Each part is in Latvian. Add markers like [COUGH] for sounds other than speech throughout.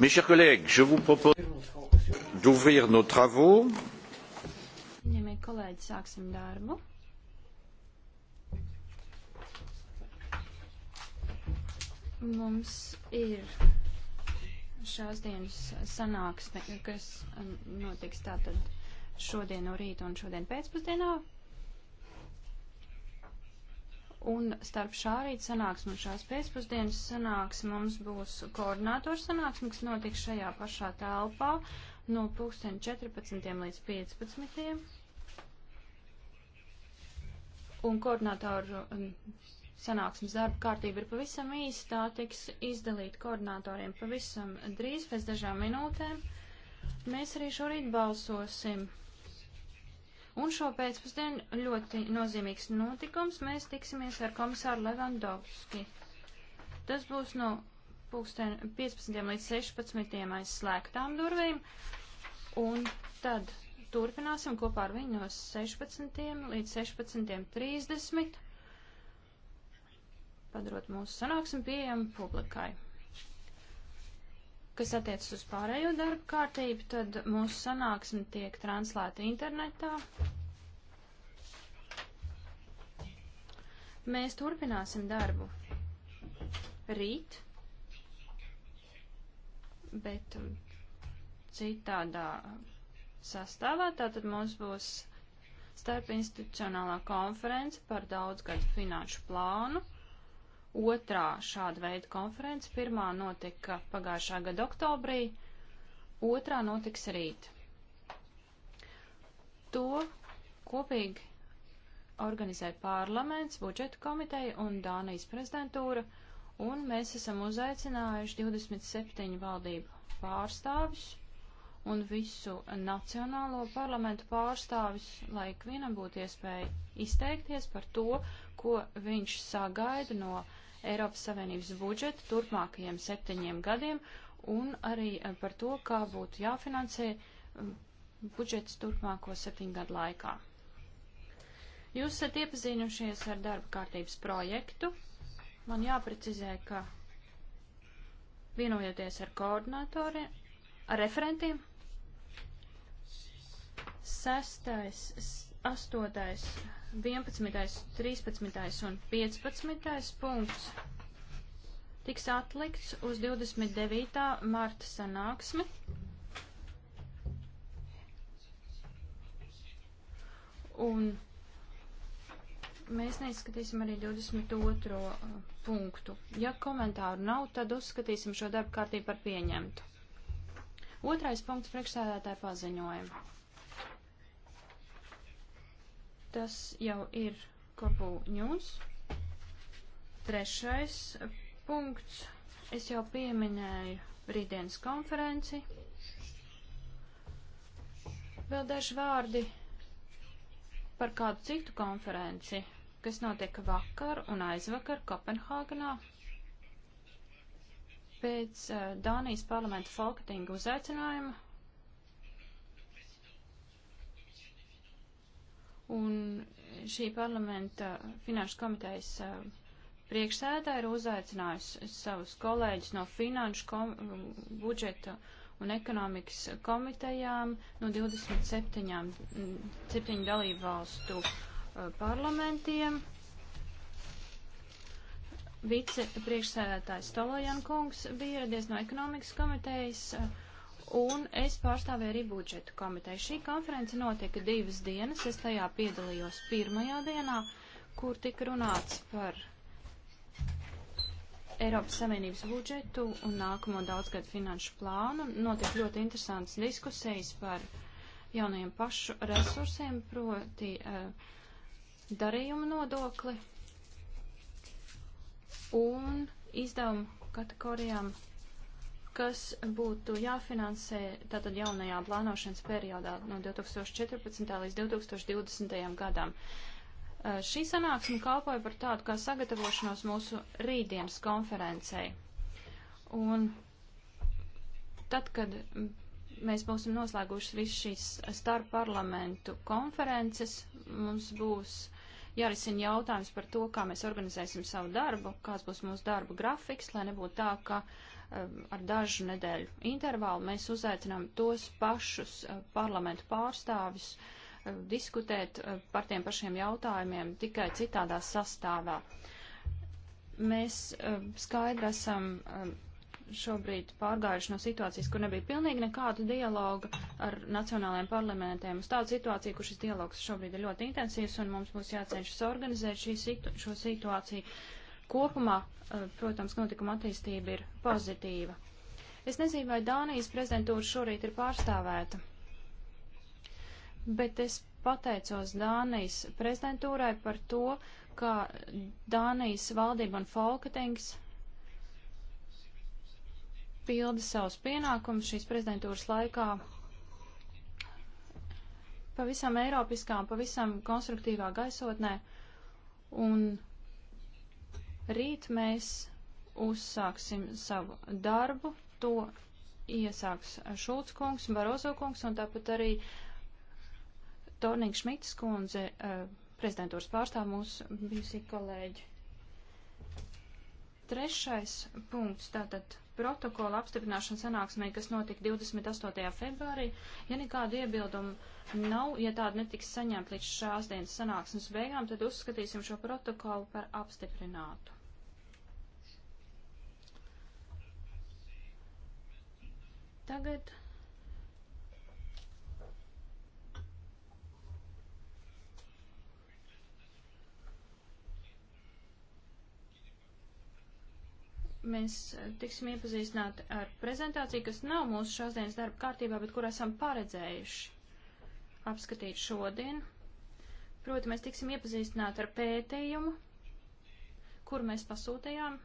Mes chers collègues, je vous propose d'ouvrir nos travaux. Ņemie kolēģi, sāksim darbu. Mums ir šās dienas sanāksme, kas um, notiks tātad šodien no rīta un šodien pēcpusdienā. Un starp šā rīta sanāksmu un šās pēcpusdienas sanāksmu mums būs koordinātors sanāksme, kas notiks šajā pašā telpā no 14. līdz 15. Un koordinātoru um, sanāksmes darba kārtība ir pavisam īsta, tā tiks izdalīta koordinātoriem pavisam drīz, pēc dažām minūtēm. Mēs arī šorīt balsosim Un šo pēcpusdienu ļoti nozīmīgs notikums. Mēs tiksimies ar komisāru Levandovski. Tas būs no 15. līdz 16. aizslēgtām durvīm. Un tad turpināsim kopā ar viņu no 16. līdz 16.30. Padarot mūsu sanāksmi pieejamu publikai. Kas attiecas uz pārējo darbu kārtību, tad mūsu sanāksme tiek translēta internetā. Mēs turpināsim darbu rīt, bet citādā sastāvā. Tātad mums būs starpinstitucionālā konference par daudzgadu finanšu plānu otrā šāda veida konference. Pirmā notika pagājušā gada oktobrī, otrā notiks rīt. To kopīgi organizē parlaments, budžeta komiteja un Dānijas prezidentūra, un mēs esam uzaicinājuši 27 valdību pārstāvis un visu nacionālo parlamentu pārstāvis, lai ikvienam būtu iespēja izteikties par to, ko viņš sagaida no uh, Eiropas Savienības budžetu turpmākajiem septiņiem gadiem un arī eh, par to, kā būtu jāfinansē mm, budžets turpmāko septiņu gadu laikā. Jūs esat iepazinušies ar darba kārtības projektu. Man jāprecizē, ka vienojoties ar koordinatoriem, ar referentiem, sestais, astotais, 11., 13. un 15. punkts tiks atlikts uz 29. marta sanāksmi. Un mēs neizskatīsim arī 22. Uh, punktu. Ja komentāru nav, tad uzskatīsim šo darbu kārtību par pieņemtu. Otrais punkts priekšsēdētāja paziņojuma. Tas jau ir kopu ņūs. Trešais punkts. Es jau pieminēju rītdienas konferenci. Vēl daži vārdi par kādu citu konferenci, kas notiek vakar un aizvakar Kopenhāgenā. Pēc uh, Dānijas parlamenta folketinga uzaicinājuma Un šī parlamenta finanšu komitejas eh, priekšsēdā ir uzaicinājusi savus kolēģus no finanšu kom budžeta un ekonomikas komitejām no 27 7 dalību valstu eh, parlamentiem. Vice priekšsēdētājs Stolojan kungs bija ieradies no ekonomikas komitejas. Uh, un es pārstāvēju arī budžetu komiteju. Šī konference notika divas dienas, es tajā piedalījos pirmajā dienā, kur tika runāts par Eiropas Savienības budžetu un nākamo daudzgadu finanšu plānu. Notika ļoti interesants diskusijas par jaunajiem pašu resursiem, proti uh, eh, darījumu nodokli un izdevumu kategorijām kas būtu jāfinansē tātad jaunajā plānošanas periodā no 2014. līdz 2020. gadam. Šī sanāksme kalpoja par tādu kā sagatavošanos mūsu rītdienas konferencei. Un tad, kad mēs būsim noslēguši visu šīs starp parlamentu konferences, mums būs jārisina jautājums par to, kā mēs organizēsim savu darbu, kāds būs mūsu darba grafiks, lai nebūtu tā, ka uh, Um, ar dažu nedēļu intervālu mēs uzaicinām tos pašus uh, parlamentu pārstāvis uh, diskutēt uh, par tiem pašiem jautājumiem tikai citādā sastāvā. Mēs um, skaidri esam um, šobrīd pārgājuši no situācijas, kur nebija pilnīgi nekāda dialoga ar nacionālajiem parlamentiem, uz tādu situāciju, kur šis dialogs šobrīd ir ļoti intensīvs, un mums būs jācenšas organizēt situ šo situāciju kopumā, eh, protams, notikuma attīstība ir pozitīva. Es nezinu, vai Dānijas prezidentūra šorīt ir pārstāvēta, bet es pateicos Dānijas prezidentūrai par to, kā Dānijas valdība un Folketings pilda savus pienākumus šīs prezidentūras laikā pavisam eiropiskā un pavisam konstruktīvā gaisotnē. Un Rīt mēs uzsāksim savu darbu, to iesāks Šulc kungs un Barozo kungs, un tāpat arī Tornīgi Šmitas kundze, eh, prezidentūras pārstāv mūsu bijusī kolēģi. Trešais punkts, tātad protokola apstiprināšana sanāksmē, kas notika 28. februārī. Ja nekādu iebildumu nav, ja tāda netiks saņemta līdz šās dienas sanāksmes beigām, tad uzskatīsim šo protokolu par apstiprinātu. Tagad mēs tiksim iepazīstināti ar prezentāciju, kas nav mūsu šodienas darba kārtībā, bet kur esam paredzējuši apskatīt šodien. Proti, mēs tiksim iepazīstināti ar pētījumu, kur mēs pasūtījām.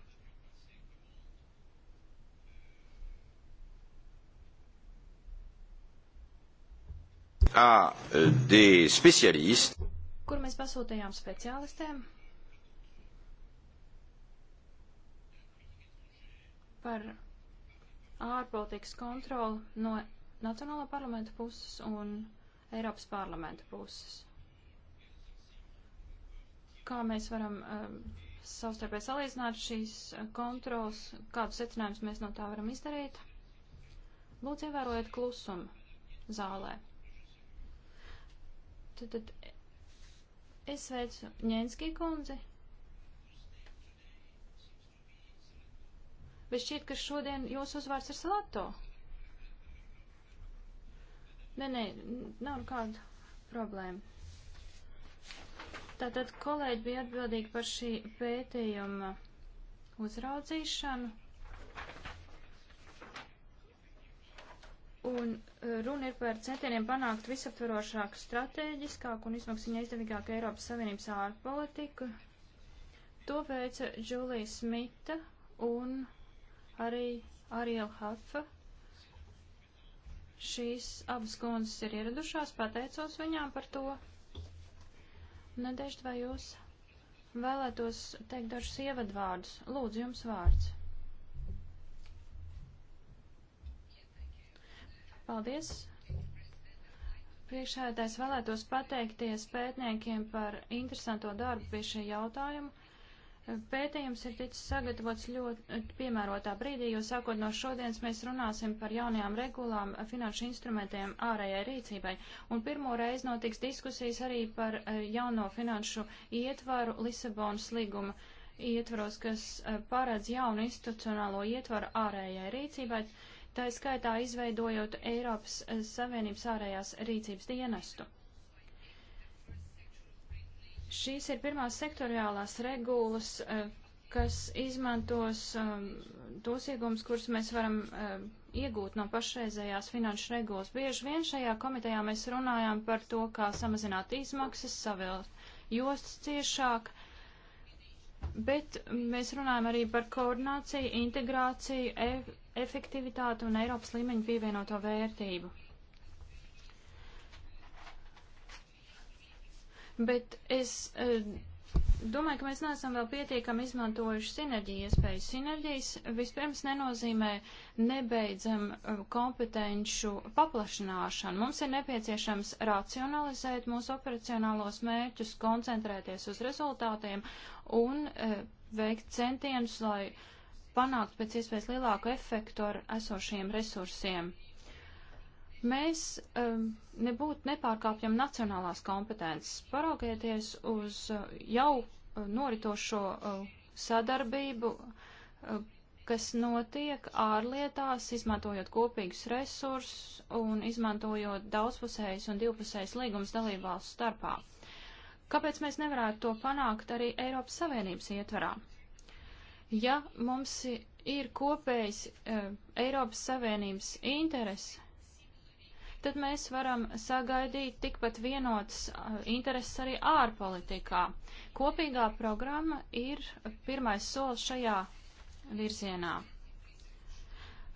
À ah, eh, des spécialistes. Kur mēs pasūtījām speciālistiem? par ārpolitikas kontroli no Nacionālā parlamenta puses un Eiropas parlamenta puses. Kā mēs varam um, savstarpēji salīdzināt šīs kontrols, kādus secinājumus mēs no tā varam izdarīt? Lūdzu, ievērojiet klusumu zālē. Tad, tad es veicu Ņēnskī kundzi, bet šķiet, ka šodien jūsu uzvārds ir Salato. Nē, nē, nav nekāda problēma. Tātad kolēģi bija atbildīgi par šī pētījuma uzraudzīšanu. Un e, runa ir par centieniem panākt visaptvarošāku, strateģiskāku un izmaksiņā izdevīgāku Eiropas Savienības ārpolitiku. To veica Džulija Smita un arī Ariel Hafa. Šīs abas kundzes ir ieradušās, pateicos viņām par to. Nedēļšķi, vai jūs vēlētos teikt dažus ievadvārdus? Lūdzu, jums vārds. Paldies. Priekšēdētājs vēlētos pateikties pētniekiem par interesanto darbu pie šī jautājuma Pētījums ir ticis sagatavots ļoti piemērotā brīdī, jo sākot no šodienas mēs runāsim par jaunajām regulām, finanšu instrumentiem ārējai rīcībai. Un pirmo reizi notiks diskusijas arī par eh, jauno finanšu ietvaru Lisabonas līguma ietvaros, kas eh, paredz jaunu institucionālo ietvaru ārējai rīcībai, tā skaitā izveidojot Eiropas eh, Savienības ārējās rīcības dienestu. Šīs ir pirmās sektoriālās regulas, eh, kas izmantos ehm, tos iegums, kurus mēs varam eh, iegūt no pašreizējās finanšu regulas. Bieži vien šajā komitejā mēs runājām par to, kā samazināt izmaksas, savilkt jostas ciešāk, bet mēs runājam arī par koordināciju, integrāciju, e efektivitāti un Eiropas līmeņu pievienoto vērtību. bet es eh, domāju, ka mēs neesam vēl pietiekami izmantojuši sinerģiju iespējas. Sinerģijas vispirms nenozīmē nebeidzam eh, kompetenšu paplašināšanu. Mums ir nepieciešams racionalizēt mūsu operacionālos mērķus, koncentrēties uz rezultātiem un e, veikt centienus, lai panākt pēc iespējas lielāku efektu ar esošiem resursiem. Mēs um, nebūtu nepārkāpjam nacionālās kompetences. Paraugieties uz uh, jau uh, noritošo uh, sadarbību, uh, kas notiek ārlietās, izmantojot kopīgus resursus un izmantojot daudzpusējas un divpusējas līgumas dalībvalstu starpā. Kāpēc mēs nevarētu to panākt arī Eiropas Savienības ietvarā? Ja mums ir kopējs e, Eiropas Savienības interesi, tad mēs varam sagaidīt tikpat vienotas uh, intereses arī ārpolitikā. Kopīgā programma ir pirmais solis šajā virzienā.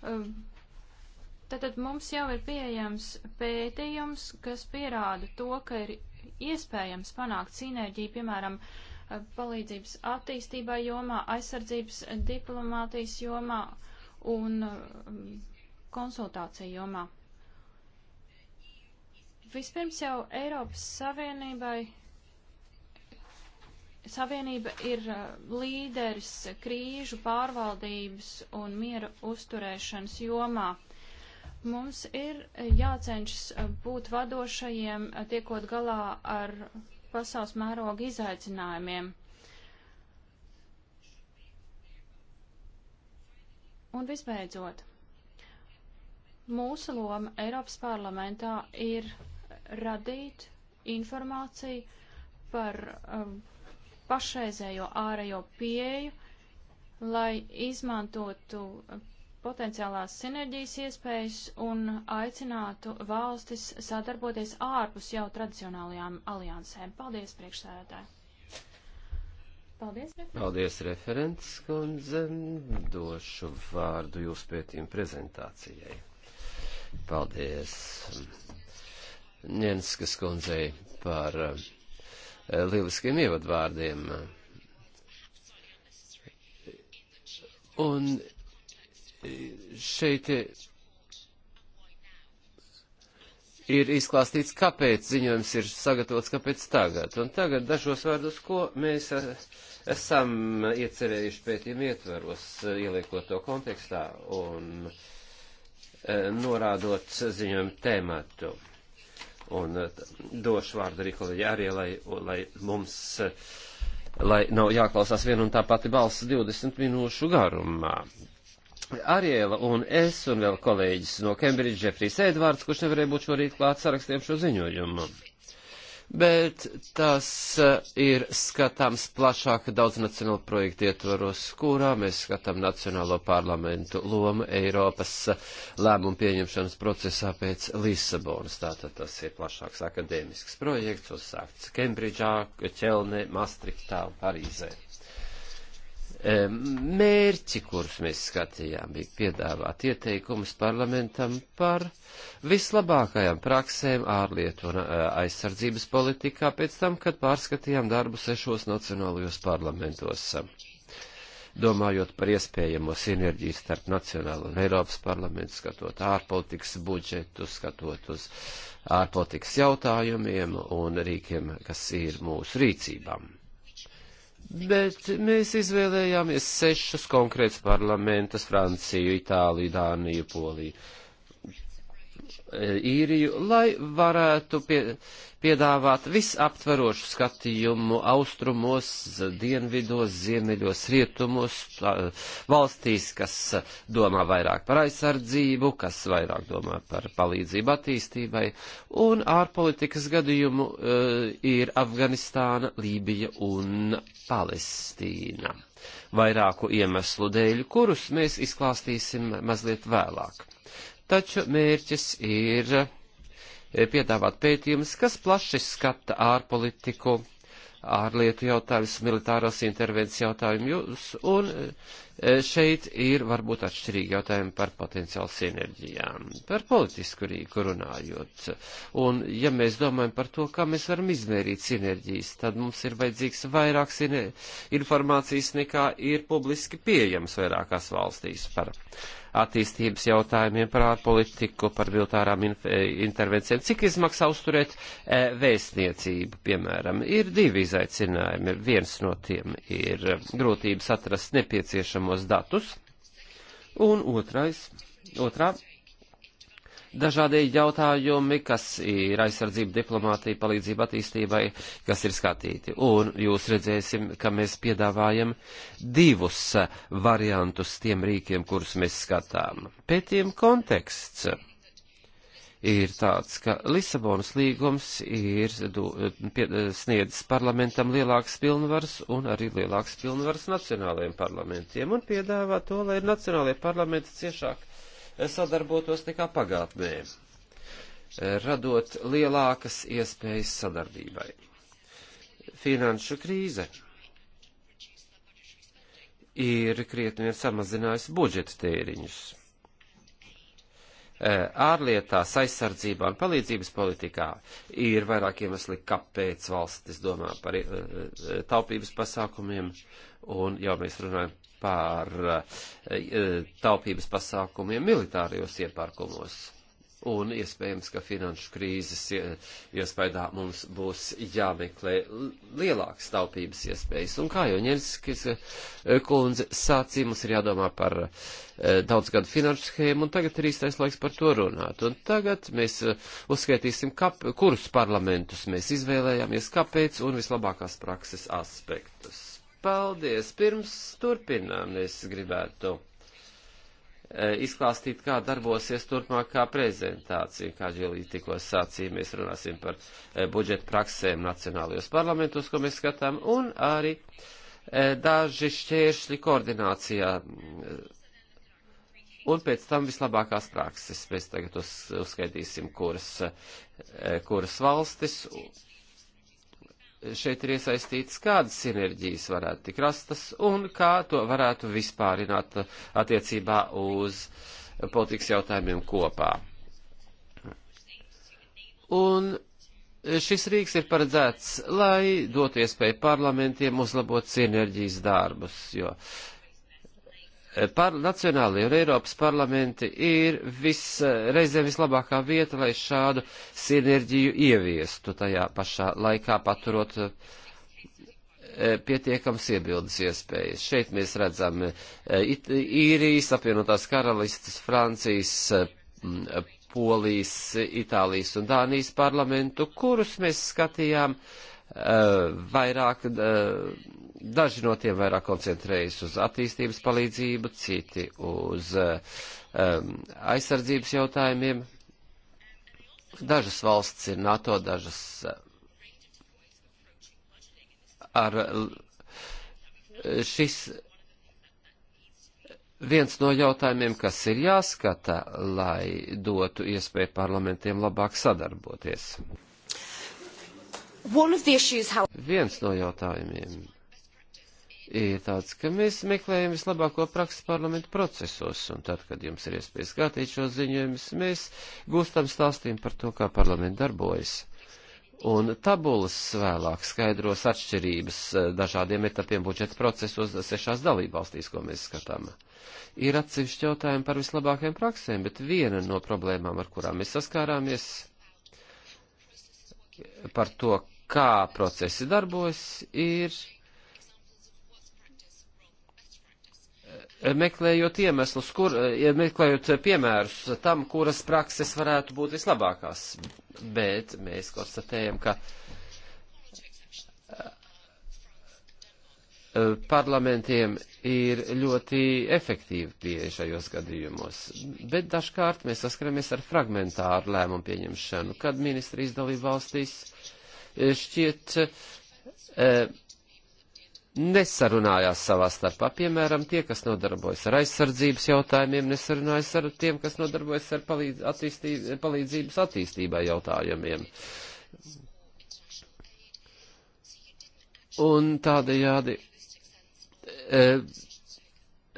Tātad um, mums jau ir pieejams pētījums, kas pierāda to, ka ir iespējams panākt sinerģiju, piemēram, uh, palīdzības attīstībai jomā, aizsardzības diplomātijas jomā un um, konsultāciju jomā. Vispirms jau Eiropas Savienībai Savienība ir uh, līderis krīžu pārvaldības un miera uzturēšanas jomā. Mums ir jācenšas uh, būt vadošajiem, uh, tiekot galā ar pasaules mēroga izaicinājumiem. Un visbeidzot, mūsu loma Eiropas parlamentā ir radīt informāciju par um, pašreizējo ārējo pieeju, lai izmantotu potenciālās sinerģijas iespējas un aicinātu valstis sadarboties ārpus jau tradicionālajām aliansēm. Paldies, priekšsēdētāji! Paldies, referents. Paldies, referents, kundze. Došu vārdu jūsu pētījumu prezentācijai. Paldies. Ņenskas kundzei par eh, lieliskiem ievadvārdiem. Un šeit ir izklāstīts, kāpēc ziņojums ir sagatavots, kāpēc tagad. Un tagad dažos vārdus, ko mēs eh, esam iecerējuši pētījumu ietvaros, eh, ieliekot to kontekstā un norādot ziņojumu tēmatu un eh, došu vārdu arī kolēģi arī, lai, lai mums, eh, lai nav jāklausās viena un tā pati balss 20 minūšu garumā. Ariela un es un vēl kolēģis no Cambridge, Jeffrey Edvards, kurš nevarēja būt šorīt klāt sarakstiem šo ziņojumu bet tas eh, ir skatāms plašāka daudznacionāla projekta ietvaros, kurā mēs skatām Nacionālo parlamentu lomu Eiropas eh, lēmumu pieņemšanas procesā pēc Lisabonas. Tātad tas ir plašāks akadēmisks projekts, uzsākts Kembridžā, Ķelnē, Mastriktā un Parīzē mērķi, kurus mēs skatījām, bija piedāvāt ieteikumus parlamentam par vislabākajām praksēm ārlietu un eh, aizsardzības politikā pēc tam, kad pārskatījām darbu sešos nacionālajos parlamentos. Domājot par iespējamo sinerģiju starp Nacionālo un Eiropas parlamentu, skatot ārpolitikas budžetu, skatot uz ārpolitikas jautājumiem un rīkiem, kas ir mūsu rīcībām. Bet mēs izvēlējāmies sešus konkrētus parlamentus - Franciju, Itāliju, Dāniju, Poliju. E, īriju, lai varētu pie, piedāvāt visaptverošu skatījumu austrumos, dienvidos, ziemeļos, rietumos, valstīs, kas domā vairāk par aizsardzību, kas vairāk domā par palīdzību attīstībai, un ārpolitikas gadījumu e, ir Afganistāna, Lībija un Palestīna. Vairāku iemeslu dēļ, kurus mēs izklāstīsim mazliet vēlāk taču mērķis ir eh, piedāvāt pētījumus, kas plaši skata ārpolitiku, ārlietu jautājumus, militārās intervences jautājumus un eh, E, šeit ir varbūt atšķirīgi jautājumi par potenciālu sinerģijām, par politisku rīku runājot. Un, ja mēs domājam par to, kā mēs varam izmērīt sinerģijas, tad mums ir vajadzīgs vairāk informācijas nekā ir publiski pieejams vairākās valstīs par attīstības jautājumiem, par ārpolitiku, par militārām e, intervencijām. Cik izmaksā uzturēt e, vēstniecību, piemēram? Ir divi izaicinājumi. Viens no tiem ir grūtības atrast nepieciešamo pieejamos datus. Un otrais, otrā, dažādie jautājumi, kas ir aizsardzība diplomātija, palīdzība attīstībai, kas ir skatīti. Un jūs redzēsim, ka mēs piedāvājam divus variantus tiem rīkiem, kurus mēs skatām. Pētījuma konteksts ir tāds, ka Lisabonas līgums ir sniedzis parlamentam lielākas pilnvaras un arī lielākas pilnvaras nacionālajiem parlamentiem un piedāvā to, lai nacionālajie parlamenti ciešāk eh, sadarbotos nekā pagātnē, eh, radot lielākas iespējas sadarbībai. Finanšu krīze ir krietni samazinājusi budžeta tēriņus Eh, ārlietās, aizsardzībā un palīdzības politikā ir vairāk iemesli, kāpēc valstis domā par eh, eh, taupības pasākumiem, un jau mēs runājam par taupības pasākumiem militārijos iepirkumos un iespējams, ka finanšu krīzes iespējā mums būs jāmeklē lielākas taupības iespējas. Un kā jau Ņemskis e, kundze sācīja, mums ir jādomā par e, daudzgadu finanšu schēmu, un tagad ir īstais laiks par to runāt. Un tagad mēs e, uzskaitīsim, kap, kurus parlamentus mēs izvēlējāmies, kāpēc un vislabākās prakses aspektus. Paldies! Pirms turpinām, es gribētu E, izklāstīt, kā darbosies turpmākā prezentācija, kā Džilī tikko sacīja, mēs runāsim par e, budžeta praksēm nacionālajos parlamentos, ko mēs skatām, un arī e, daži šķēršļi koordinācijā. Un pēc tam vislabākās prakses mēs tagad uz, uzskaitīsim, kuras, kuras valstis šeit ir iesaistītas, kādas sinerģijas varētu tik rastas un kā to varētu vispārināt attiecībā uz politikas jautājumiem kopā. Un šis rīks ir paredzēts, lai dotu iespēju parlamentiem uzlabot sinerģijas darbus, jo uh, par, nacionālajie un Eiropas parlamenti ir vis, reizēm vislabākā vieta, lai šādu sinerģiju ieviestu tajā pašā laikā paturot eh, pietiekams iebildes iespējas. Šeit mēs redzam eh, it, īrijas, apvienotās karalistas, Francijas, eh, Polijas, Itālijas un Dānijas parlamentu, kurus mēs skatījām uh, Eh, vairāk, eh, daži no tiem vairāk koncentrējas uz attīstības palīdzību, citi uz eh, aizsardzības jautājumiem. Dažas valsts ir NATO, dažas ar šis viens no jautājumiem, kas ir jāskata, lai dotu iespēju parlamentiem labāk sadarboties. Viens no jautājumiem ir tāds, ka mēs meklējam vislabāko praksi parlamentu procesos, un tad, kad jums ir iespēja skatīt šo ziņojumus, mēs gūstam stāstījumu par to, kā parlamenti darbojas. Un tabulas vēlāk skaidros atšķirības eh, dažādiem etapiem budžeta procesos sešās dalībvalstīs, ko mēs skatām. Ir atsevišķi jautājumi par vislabākajām praksēm, bet viena no problēmām, ar kurām mēs saskārāmies, par to, kā procesi darbojas, ir eh, meklējot iemeslus, kur, eh, meklējot piemērus tam, kuras prakses varētu būt vislabākās. Bet mēs konstatējam, ka uh, Eh, parlamentiem ir ļoti efektīva pieeja šajos gadījumos, bet dažkārt mēs saskaramies ar fragmentāru lēmumu pieņemšanu, kad ministri izdalība valstīs eh, šķiet eh, nesarunājās savā starpā. Piemēram, tie, kas nodarbojas ar aizsardzības jautājumiem, nesarunājas ar tiem, kas nodarbojas ar palīdz, attīstī, palīdzības attīstībai jautājumiem. Un tādējādi E,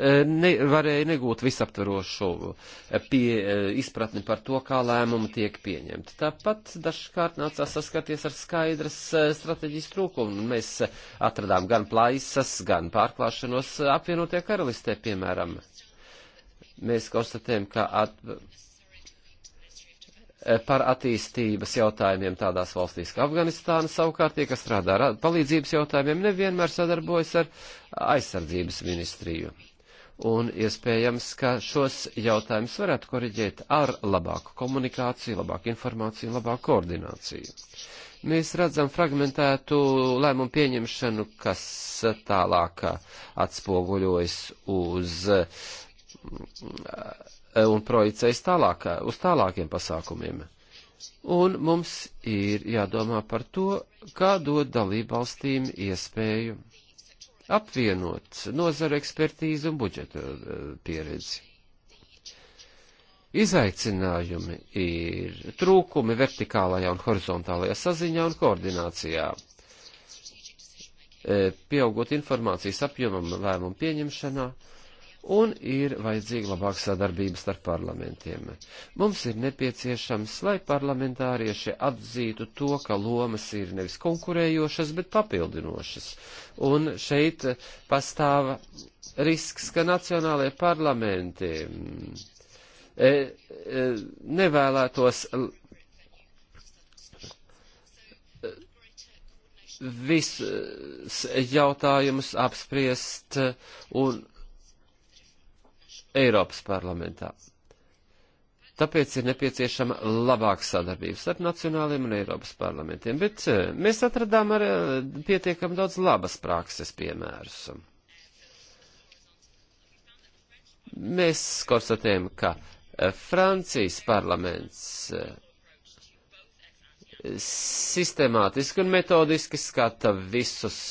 e, ne, varēja negūt visaptverošu e, pie, izpratni par to, kā lēmumi tiek pieņemti. Tāpat dažkārt nācās saskaties ar skaidras strateģijas trūkumu. Mēs atradām gan plaisas, gan pārklāšanos apvienotie karalistē, piemēram. Mēs konstatējam, ka at, Eh, par attīstības jautājumiem tādās valstīs kā Afganistāna, savukārt tie, kas strādā ar palīdzības jautājumiem, nevienmēr sadarbojas ar aizsardzības ministriju. Un iespējams, ka šos jautājumus varētu koriģēt ar labāku komunikāciju, labāku informāciju un labāku koordināciju. Mēs redzam fragmentētu lēmumu pieņemšanu, kas tālāk atspoguļojas uz Eh, un projicējas tālāk, eh, uz tālākiem pasākumiem. Un mums ir jādomā par to, kā dot dalībvalstīm iespēju apvienot nozaru ekspertīzi un budžeta eh, pieredzi. Izaicinājumi ir trūkumi vertikālajā un horizontālajā saziņā un koordinācijā. Pieaugot informācijas apjomam lēmumu pieņemšanā, uh, un ir vajadzīga labāka sadarbība starp parlamentiem. Mums ir nepieciešams, lai parlamentārieši atzītu to, ka lomas ir nevis konkurējošas, bet papildinošas. Un šeit pastāv risks, ka nacionālajie parlamenti e, e, nevēlētos visus jautājumus apspriest un Eiropas parlamentā. Tāpēc ir nepieciešama labāka sadarbība starp nacionāliem un Eiropas parlamentiem, bet eh, mēs atradām ar eh, pietiekam daudz labas prakses piemērus. Mēs konstatējam, ka eh, Francijas parlaments sistemātiski un metodiski skata visus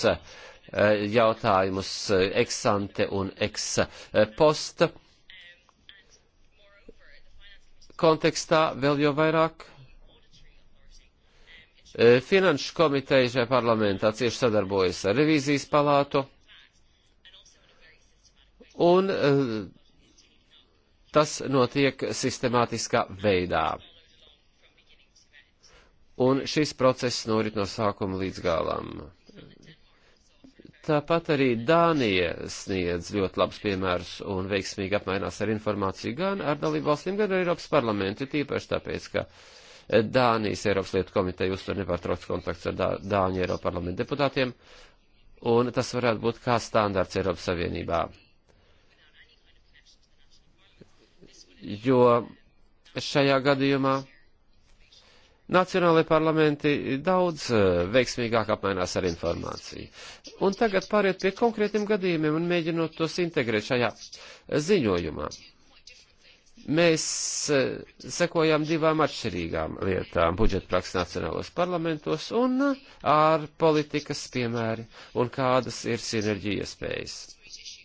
jautājumus ex ante un ex posta kontekstā vēl jau vairāk e, Finanšu komiteja šajā parlamentā cieši sadarbojas ar revīzijas palātu, un e, tas notiek sistemātiskā veidā. Un šis process norit no sākuma līdz galam. Tāpat arī Dānija sniedz ļoti labus piemērus un veiksmīgi apmainās ar informāciju gan ar dalību valstīm, gan ar Eiropas parlamentu, tīpaši tāpēc, ka Dānijas Eiropas lietu komiteja uztur nepārtraukts kontakts ar Dā Dāņu Eiropas parlamentu deputātiem, un tas varētu būt kā standārts Eiropas Savienībā. Jo šajā gadījumā Nacionālajie parlamenti daudz eh, veiksmīgāk apmainās ar informāciju. Un tagad pāriet pie konkrētiem gadījumiem un mēģinot tos integrēt šajā eh, ziņojumā. Mēs eh, sekojām divām atšķirīgām lietām - budžeta praksa nacionālos parlamentos un ārpolitikas piemēri un kādas ir sinerģija iespējas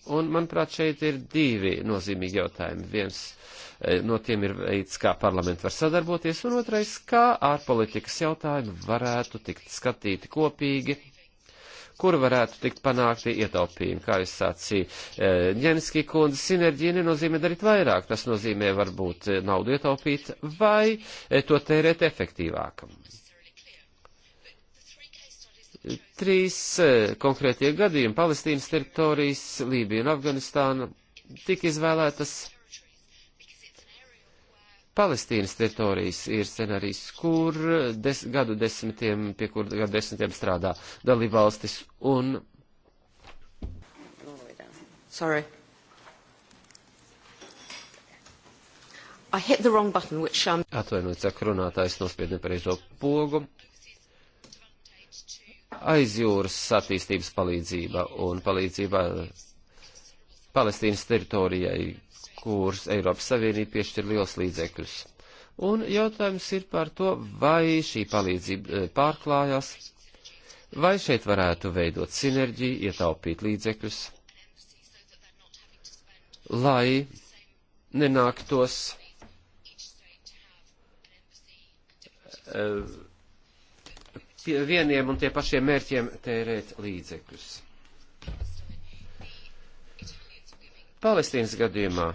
Un, manuprāt, šeit ir divi nozīmīgi jautājumi. Viens e, no tiem ir veids, kā parlamenti var sadarboties, un otrais, kā ārpolitikas jautājumi varētu tikt skatīti kopīgi, kur varētu tikt panākti ietaupījumi. Kā jūs sacījāt, e, Ņemskī kundze, sinerģija nenozīmē darīt vairāk, tas nozīmē varbūt naudu ietaupīt vai e, to tērēt efektīvākam. Trīs eh, konkrētie gadījumi - Palestīnas teritorijas, Lībija un Afganistāna - tika izvēlētas. Palestīnas teritorijas ir scenārijs, kur des, gadu desmitiem, pie kur gadu desmitiem strādā dalībvalstis un. Sorry. I hit the wrong button, which um... Atvainojiet, saka runātājs nospied nepareizo pogu aizjūras attīstības palīdzība un palīdzība Palestīnas teritorijai, kuras Eiropas Savienība piešķir liels līdzekļus. Un jautājums ir par to, vai šī palīdzība eh, pārklājās, vai šeit varētu veidot sinerģiju, ietaupīt līdzekļus, lai nenāktos. Uh, vieniem un tie pašiem mērķiem tērēt līdzekļus. Palestīnas gadījumā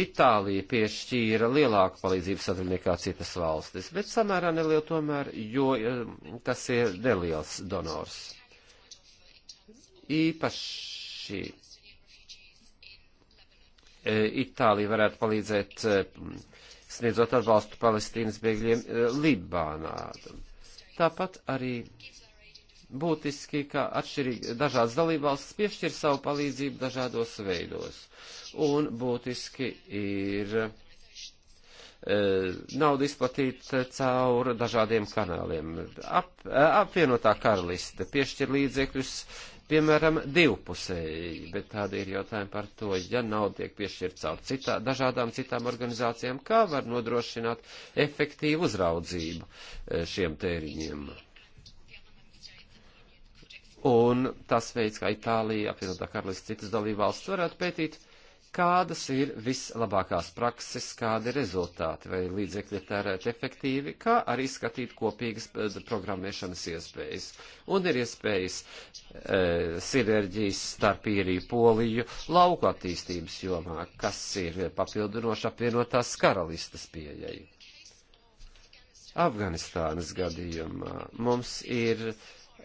Itālija piešķīra lielāku palīdzību sadaļu nekā citas valstis, bet samērā nelielu tomēr, jo eh, tas ir neliels donors. Īpaši eh, Itālija varētu palīdzēt eh, sniedzot atbalstu Palestīnas bēgļiem Libānā. Tāpat arī būtiski, ka atšķirīgi dažādas dalībvalstis piešķir savu palīdzību dažādos veidos. Un būtiski ir e, naudu izplatīt caur dažādiem kanāliem. Ap, e, apvienotā karaliste piešķir līdzekļus piemēram, divpusēji, bet tādi ir jautājumi par to, ja nauda tiek piešķirta caur citā, dažādām citām organizācijām, kā var nodrošināt efektīvu uzraudzību e, šiem tēriņiem. Un tas veids, kā Itālija, apvienotā karalists citas dalībvalsts varētu pētīt kādas ir vislabākās prakses, kādi rezultāti vai līdzekļi tērēt efektīvi, kā arī skatīt kopīgas eh, programmēšanas iespējas. Un ir iespējas e, sinerģijas starp īriju poliju lauku attīstības jomā, kas ir papildinoši apvienotās karalistas pieejai. Afganistānas gadījumā mums ir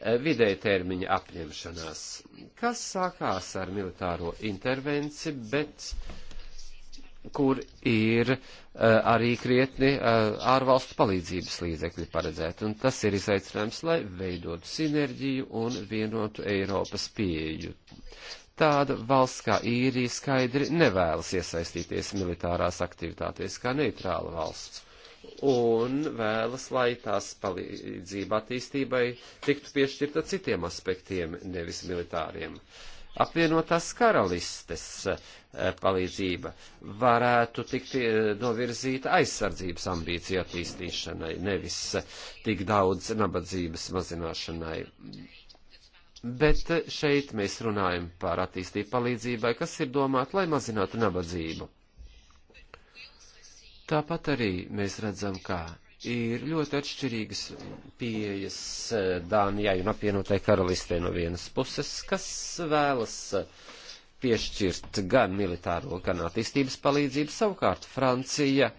Eh, vidēja termiņa apņemšanās, kas sākās ar militāro intervenci, bet kur ir uh, arī krietni uh, ārvalstu palīdzības līdzekļi paredzēti. Un tas ir izaicinājums, lai veidotu sinerģiju un vienotu Eiropas pieeju. Tāda valsts kā īrija skaidri nevēlas iesaistīties militārās aktivitātēs kā neitrāla valsts un vēlas, lai tās palīdzība attīstībai tiktu piešķirta citiem aspektiem, nevis militāriem. Apvienotās karalistes eh, palīdzība varētu tikt eh, novirzīta aizsardzības ambīcija attīstīšanai, nevis eh, tik daudz nabadzības mazināšanai. Bet šeit mēs runājam par attīstību palīdzībai, kas ir domāta, lai mazinātu nabadzību. Tāpat arī mēs redzam, ka ir ļoti atšķirīgas pieejas eh, Dānijai un apvienotai karalistē no vienas puses, kas vēlas eh, piešķirt gan militāro, gan attīstības palīdzību. Savukārt Francija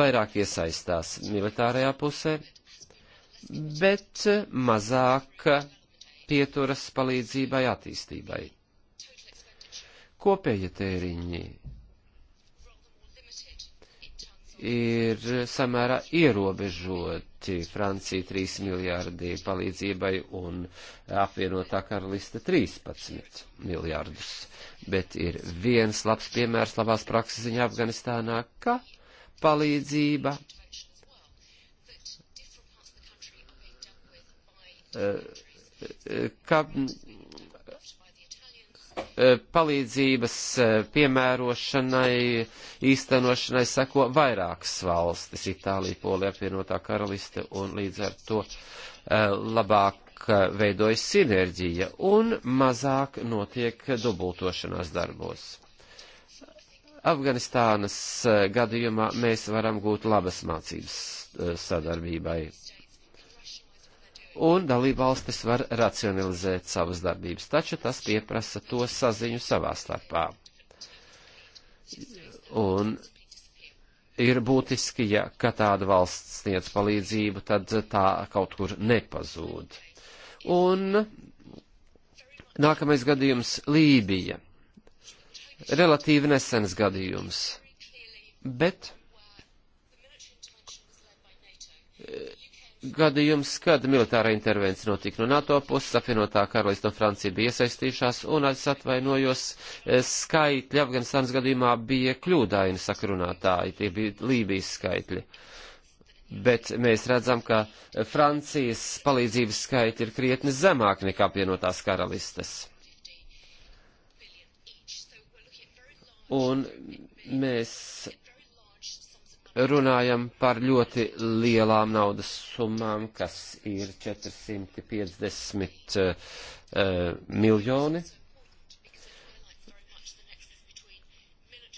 vairāk iesaistās militārajā pusē, bet eh, mazāk pieturas palīdzībai attīstībai. Kopēja tēriņi ir samērā ierobežoti. Francija 3 miljārdi palīdzībai un apvienotā karaliste 13 miljārdus. Bet ir viens labs piemērs labās prakses ziņā Afganistānā, ka palīdzība eh, eh, ka Eh, palīdzības eh, piemērošanai, īstenošanai sako vairākas valstis - Itālija, Polija, apvienotā karaliste, un līdz ar to eh, labāk veidojas sinerģija un mazāk notiek dubultošanās darbos. Afganistānas gadījumā mēs varam gūt labas mācības sadarbībai un dalībvalstis var racionalizēt savas darbības, taču tas pieprasa to saziņu savā starpā. Un ir būtiski, ja ka tāda valsts sniedz palīdzību, tad tā kaut kur nepazūd. Un nākamais gadījums - Lībija. Relatīvi nesens gadījums. Bet gadījums, kad militārā intervencija notika no NATO puses, apvienotā karalista un Francija bija iesaistījušās, un es atvainojos, eh, skaitļi Afganistānas gadījumā bija kļūdaini sakrunātāji, tie bija Lībijas skaitļi. Bet mēs redzam, ka Francijas palīdzības skaitļi ir krietni zemāk nekā apvienotās karalistes. Un mēs runājam par ļoti lielām naudas summām, kas ir 450 uh, eh, miljoni.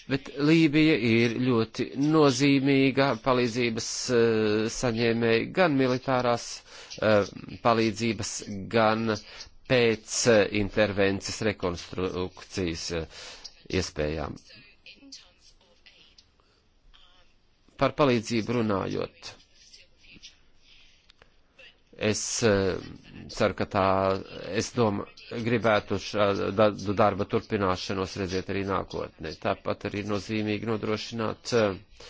Bet Lībija ir ļoti nozīmīga palīdzības uh, saņēmēja gan militārās uh, palīdzības, gan pēc intervences rekonstrukcijas iespējām. par palīdzību runājot. Es eh, ceru, ka tā, es domāju, gribētu šādu darba turpināšanos redzēt arī nākotnē. Tāpat arī nozīmīgi nodrošināt uh,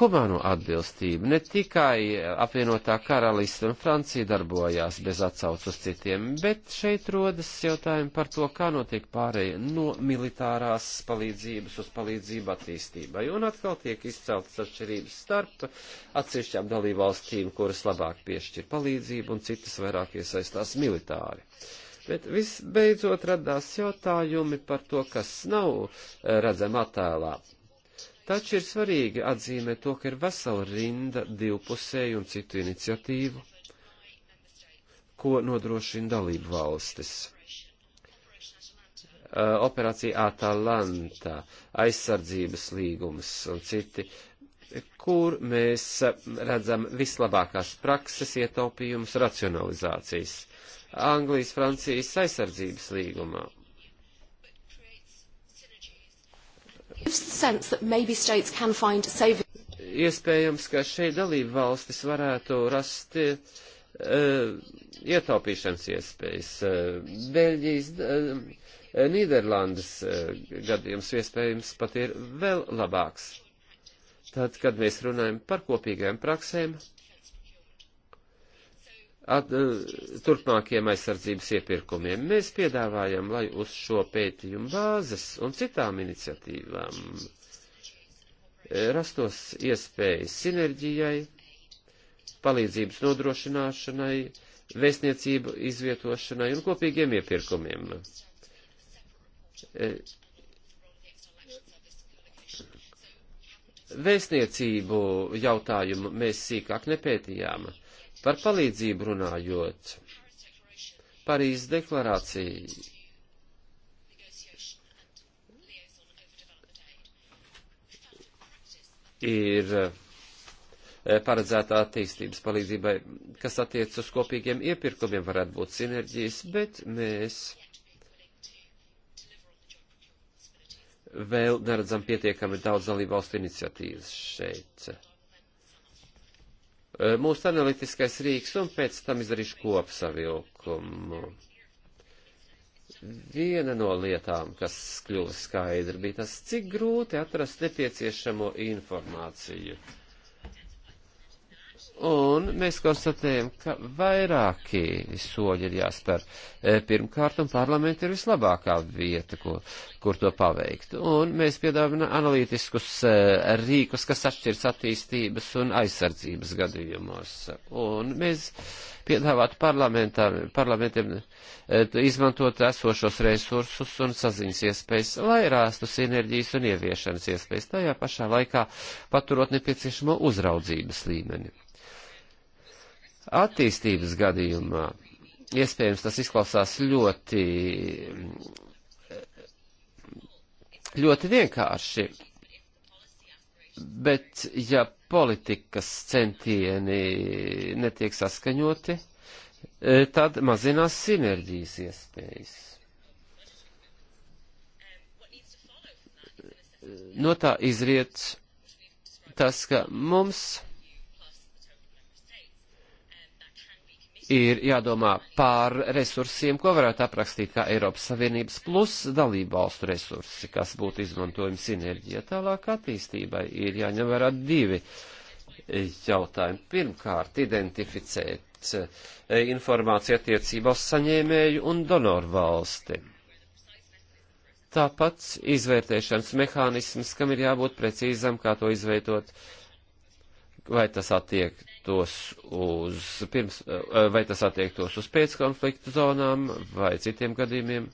humāno atbilstību. Ne tikai apvienotā karalista un Francija darbojās bez atsauc uz citiem, bet šeit rodas jautājumi par to, kā notiek pārēja no militārās palīdzības uz palīdzību attīstībai. Un atkal tiek izceltas atšķirības starp atsevišķām dalībvalstīm, kuras labāk piešķir palīdzību un citas vairāk iesaistās militāri. Bet visbeidzot radās jautājumi par to, kas nav eh, redzama attēlā Taču ir svarīgi atzīmēt to, ka ir vesela rinda divpusēju un citu iniciatīvu, ko nodrošina dalību valstis. Operācija Atalanta, aizsardzības līgums un citi, kur mēs redzam vislabākās prakses ietaupījumus racionalizācijas. Anglijas, Francijas aizsardzības līgumā Iespējams, ka šeit dalību valstis varētu rast uh, ietaupīšanas iespējas. Uh, Beļģijas, uh, Nīderlandes uh, gadījums iespējams pat ir vēl labāks. Tad, kad mēs runājam par kopīgajām praksēm, uh, at, eh, turpmākiem aizsardzības iepirkumiem. Mēs piedāvājam, lai uz šo pētījumu bāzes un citām iniciatīvām eh, rastos iespējas sinerģijai, palīdzības nodrošināšanai, vēstniecību izvietošanai un kopīgiem iepirkumiem. Eh, vēstniecību jautājumu mēs sīkāk nepētījām Par palīdzību runājot, Parīzes deklarācija ir eh, paredzēta attīstības palīdzībai, kas attiec uz kopīgiem iepirkumiem, varētu būt sinerģijas, bet mēs vēl neredzam pietiekami daudz dalībvalstu iniciatīvas šeit. Eh, mūsu analītiskais rīks un pēc tam izdarīšu kopsavilkumu. Viena no lietām, kas kļuva skaidra, bija tas, cik grūti atrast nepieciešamo informāciju. Uh, Un mēs konstatējam, ka vairāki soļi ir jāspēr e, pirmkārt, un parlamenta ir vislabākā vieta, ko, kur to paveikt. Un mēs piedāvājam analītiskus e, rīkus, kas atšķirs attīstības un aizsardzības gadījumos. Un mēs piedāvātu parlamentiem e, izmantot esošos resursus un saziņas iespējas, lai rāstu sinerģijas un ieviešanas iespējas, tajā pašā laikā paturot nepieciešamo uzraudzības līmeni Attīstības gadījumā, iespējams, tas izklausās ļoti, ļoti vienkārši, bet ja politikas centieni netiek saskaņoti, e, tad mazinās sinerģijas iespējas. No tā izriet tas, ka mums ir jādomā par resursiem, ko varētu aprakstīt kā Eiropas Savienības plus dalību valstu resursi, kas būtu izmantojumi sinerģija. Tālāk attīstībai ir jāņem vērā divi jautājumi. Pirmkārt, identificēt e, informāciju attiecībā uz saņēmēju un donoru valsti. Tāpat izvērtēšanas mehānisms, kam ir jābūt precīzam, kā to izveidot, vai tas attiek attiektos uz pirms, eh, vai tas attiektos uz pēckonfliktu zonām vai citiem gadījumiem?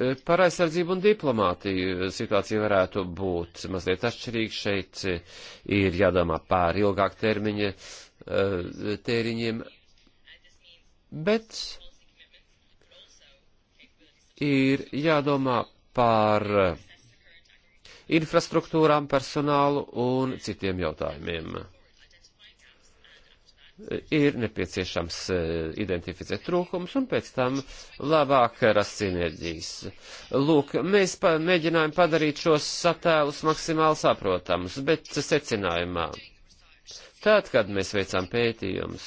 Eh, par aizsardzību un diplomātiju situācija varētu būt mazliet atšķirīga. Šeit eh, ir jādomā pār ilgāk termiņa tēriņiem, bet ir jādomā par eh, infrastruktūrām, personālu un citiem jautājumiem. Eh, ir nepieciešams eh, identificēt trūkums un pēc tam labāk rast sinerģijas. Lūk, mēs pa mēģinājām padarīt šos satēlus maksimāli saprotamus, bet secinājumā. Tad, kad mēs veicām pētījumus,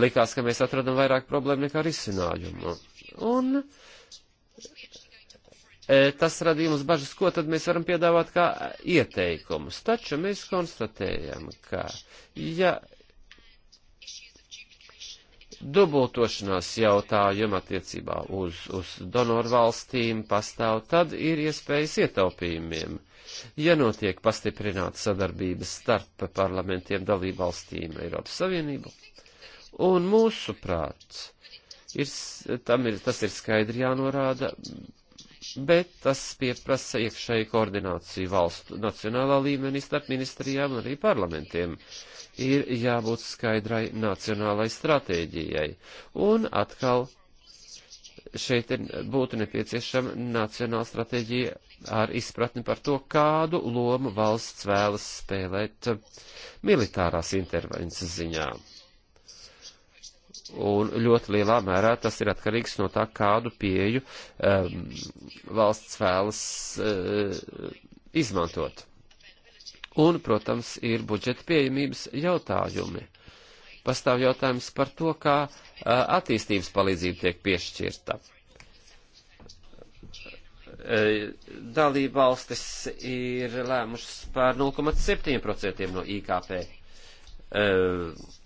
likās, ka mēs atradam vairāk problēmu nekā risinājumu. Un uh, E, tas radīja mums bažas, ko tad mēs varam piedāvāt kā ieteikumus. Taču mēs konstatējam, ka ja dubultošanās jautājuma attiecībā uz, uz donoru valstīm pastāv, tad ir iespējas ietaupījumiem. Ja notiek pastiprināta sadarbības starp parlamentiem dalībvalstīm Eiropas Savienību, un mūsu prāts, ir, ir, tas ir skaidri jānorāda, bet tas pieprasa iekšēju koordināciju valstu nacionālā līmenī starp ministrijām un arī parlamentiem. Ir jābūt skaidrai nacionālai stratēģijai. Un atkal šeit ir, būtu nepieciešama nacionāla stratēģija ar izpratni par to, kādu lomu valsts vēlas spēlēt militārās intervences ziņā. Un ļoti lielā mērā tas ir atkarīgs no tā, kādu pieju um, valsts vēlas uh, izmantot. Un, protams, ir budžeta pieejamības jautājumi. Pastāv jautājums par to, kā uh, attīstības palīdzība tiek piešķirta. Uh, dalība valstis ir lēmušas par 0,7% no IKP. Uh,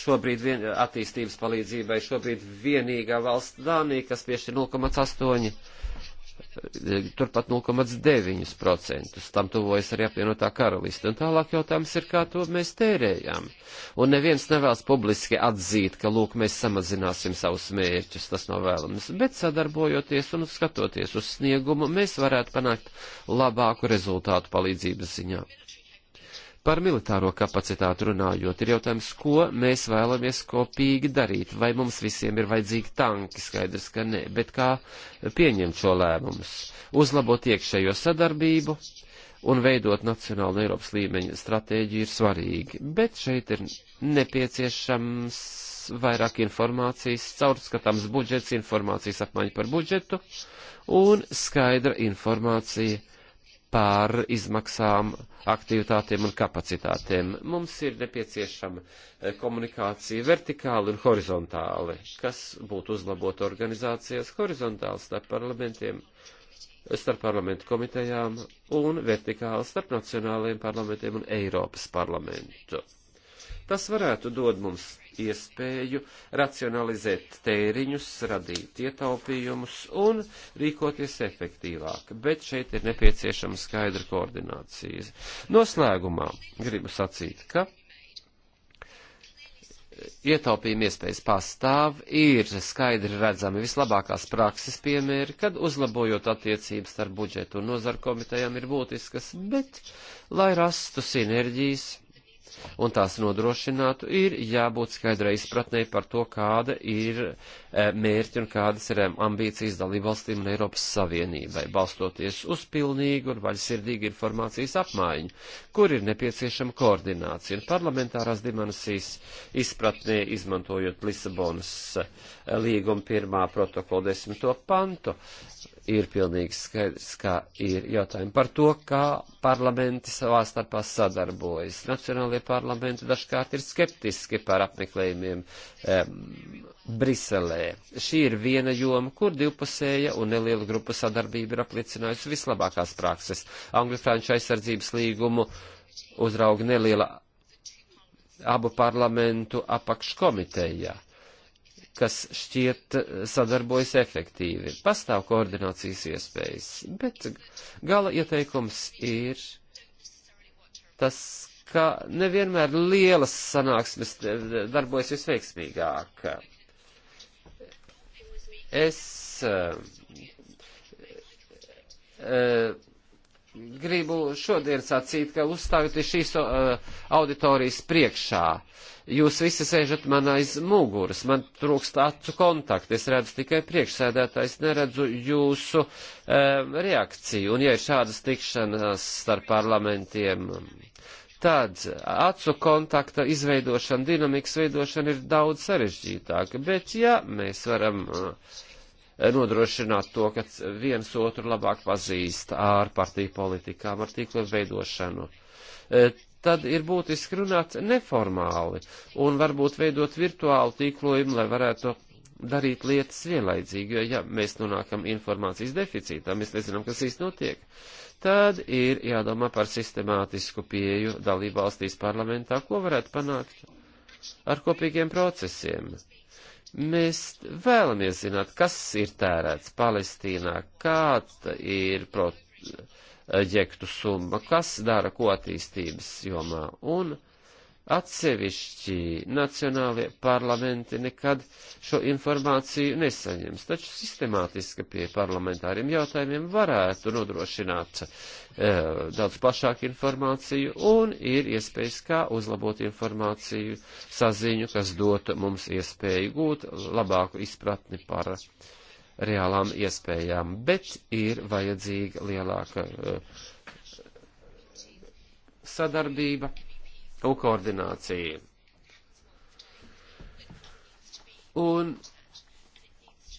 šobrīd vien, attīstības palīdzībai, šobrīd vienīgā valsts Dānija, kas piešķir 0,8, eh, turpat 0,9%. Tam tuvojas arī apvienotā karaliste. Un tālāk jautājums ir, kā to mēs tērējam. Un neviens nevēlas publiski atzīt, ka, lūk, mēs samazināsim savus mērķus, tas nav vēlams. Bet sadarbojoties un skatoties uz sniegumu, mēs varētu panākt labāku rezultātu palīdzības ziņā. Par militāro kapacitātu runājot, ir jautājums, ko mēs vēlamies kopīgi darīt. Vai mums visiem ir vajadzīgi tanki, skaidrs, ka nē, bet kā pieņemt šo lēmumus? Uzlabot iekšējo sadarbību un veidot nacionālu un Eiropas līmeņa stratēģiju ir svarīgi, bet šeit ir nepieciešams vairāk informācijas, caurskatāms budžets, informācijas apmaiņa par budžetu un skaidra informācija par izmaksām, aktivitātiem un kapacitātēm. Mums ir nepieciešama eh, komunikācija vertikāli un horizontāli, kas būtu uzlabota organizācijas horizontāli starp parlamentiem, starp parlamentu komitejām un vertikāli starp nacionālajiem parlamentiem un Eiropas parlamentu. Tas varētu dod mums iespēju racionalizēt tēriņus, radīt ietaupījumus un rīkoties efektīvāk, bet šeit ir nepieciešama skaidra koordinācija. Noslēgumā gribu sacīt, ka ietaupījuma iespējas pastāv, ir skaidri redzami vislabākās prakses piemēri, kad uzlabojot attiecības starp budžetu un nozaru komitejām ir būtiskas, bet, lai rastu sinerģijas, un tās nodrošinātu, ir jābūt skaidrai izpratnē par to, kāda ir e, mērķi un kādas ir e, ambīcijas dalībvalstīm un Eiropas Savienībai, balstoties uz pilnīgu un vaļsirdīgu informācijas apmaiņu, kur ir nepieciešama koordinācija un parlamentārās dimensijas izpratnē, izmantojot Lisabonas e, līguma pirmā protokola desmito pantu ir pilnīgi skaidrs, ka ir jautājumi par to, kā parlamenti savā starpā sadarbojas. Nacionālajie parlamenti dažkārt ir skeptiski par apmeklējumiem um, Briselē. Šī ir viena joma, kur divpusēja un neliela grupa sadarbība ir apliecinājusi vislabākās prakses. Angļu franču aizsardzības līgumu uzrauga neliela abu parlamentu apakškomitejā. Uh, kas šķiet eh, sadarbojas efektīvi. Pastāv koordinācijas iespējas, bet gala ieteikums ir tas, ka nevienmēr lielas sanāksmes eh, darbojas visveiksmīgāk. Es uh, uh, gribu šodien sacīt, ka uzstājoties šīs uh, auditorijas priekšā, jūs visi sēžat man aiz muguras, man trūkst acu kontaktu, es redzu tikai priekšsēdētājs, neredzu jūsu uh, reakciju. Un ja ir šādas tikšanās starp parlamentiem, tad acu kontakta izveidošana, dinamikas veidošana ir daudz sarežģītāka. Bet ja mēs varam. Uh, nodrošināt to, ka viens otru labāk pazīst ar partiju politikām, ar tīklu veidošanu. E, tad ir būtiski runāt neformāli un varbūt veidot virtuālu tīklojumu, lai varētu darīt lietas vienlaidzīgi, jo ja mēs nonākam informācijas deficītā, mēs nezinām, kas īsti notiek, tad ir jādomā par sistemātisku pieju dalībvalstīs parlamentā, ko varētu panākt ar kopīgiem procesiem Mēs vēlamies zināt, kas ir tērēts Palestīnā, kāda ir protekta ģektu summa, kas dara ko attīstības jomā. Un uh, Atsevišķi nacionālie parlamenti nekad šo informāciju nesaņems, taču sistemātiska pie parlamentāriem jautājumiem varētu nodrošināt e, daudz plašāku informāciju un ir iespējas kā uzlabot informāciju saziņu, kas dotu mums iespēju gūt labāku izpratni par eh, reālām iespējām, bet ir vajadzīga lielāka e, sadarbība un koordinācija. Un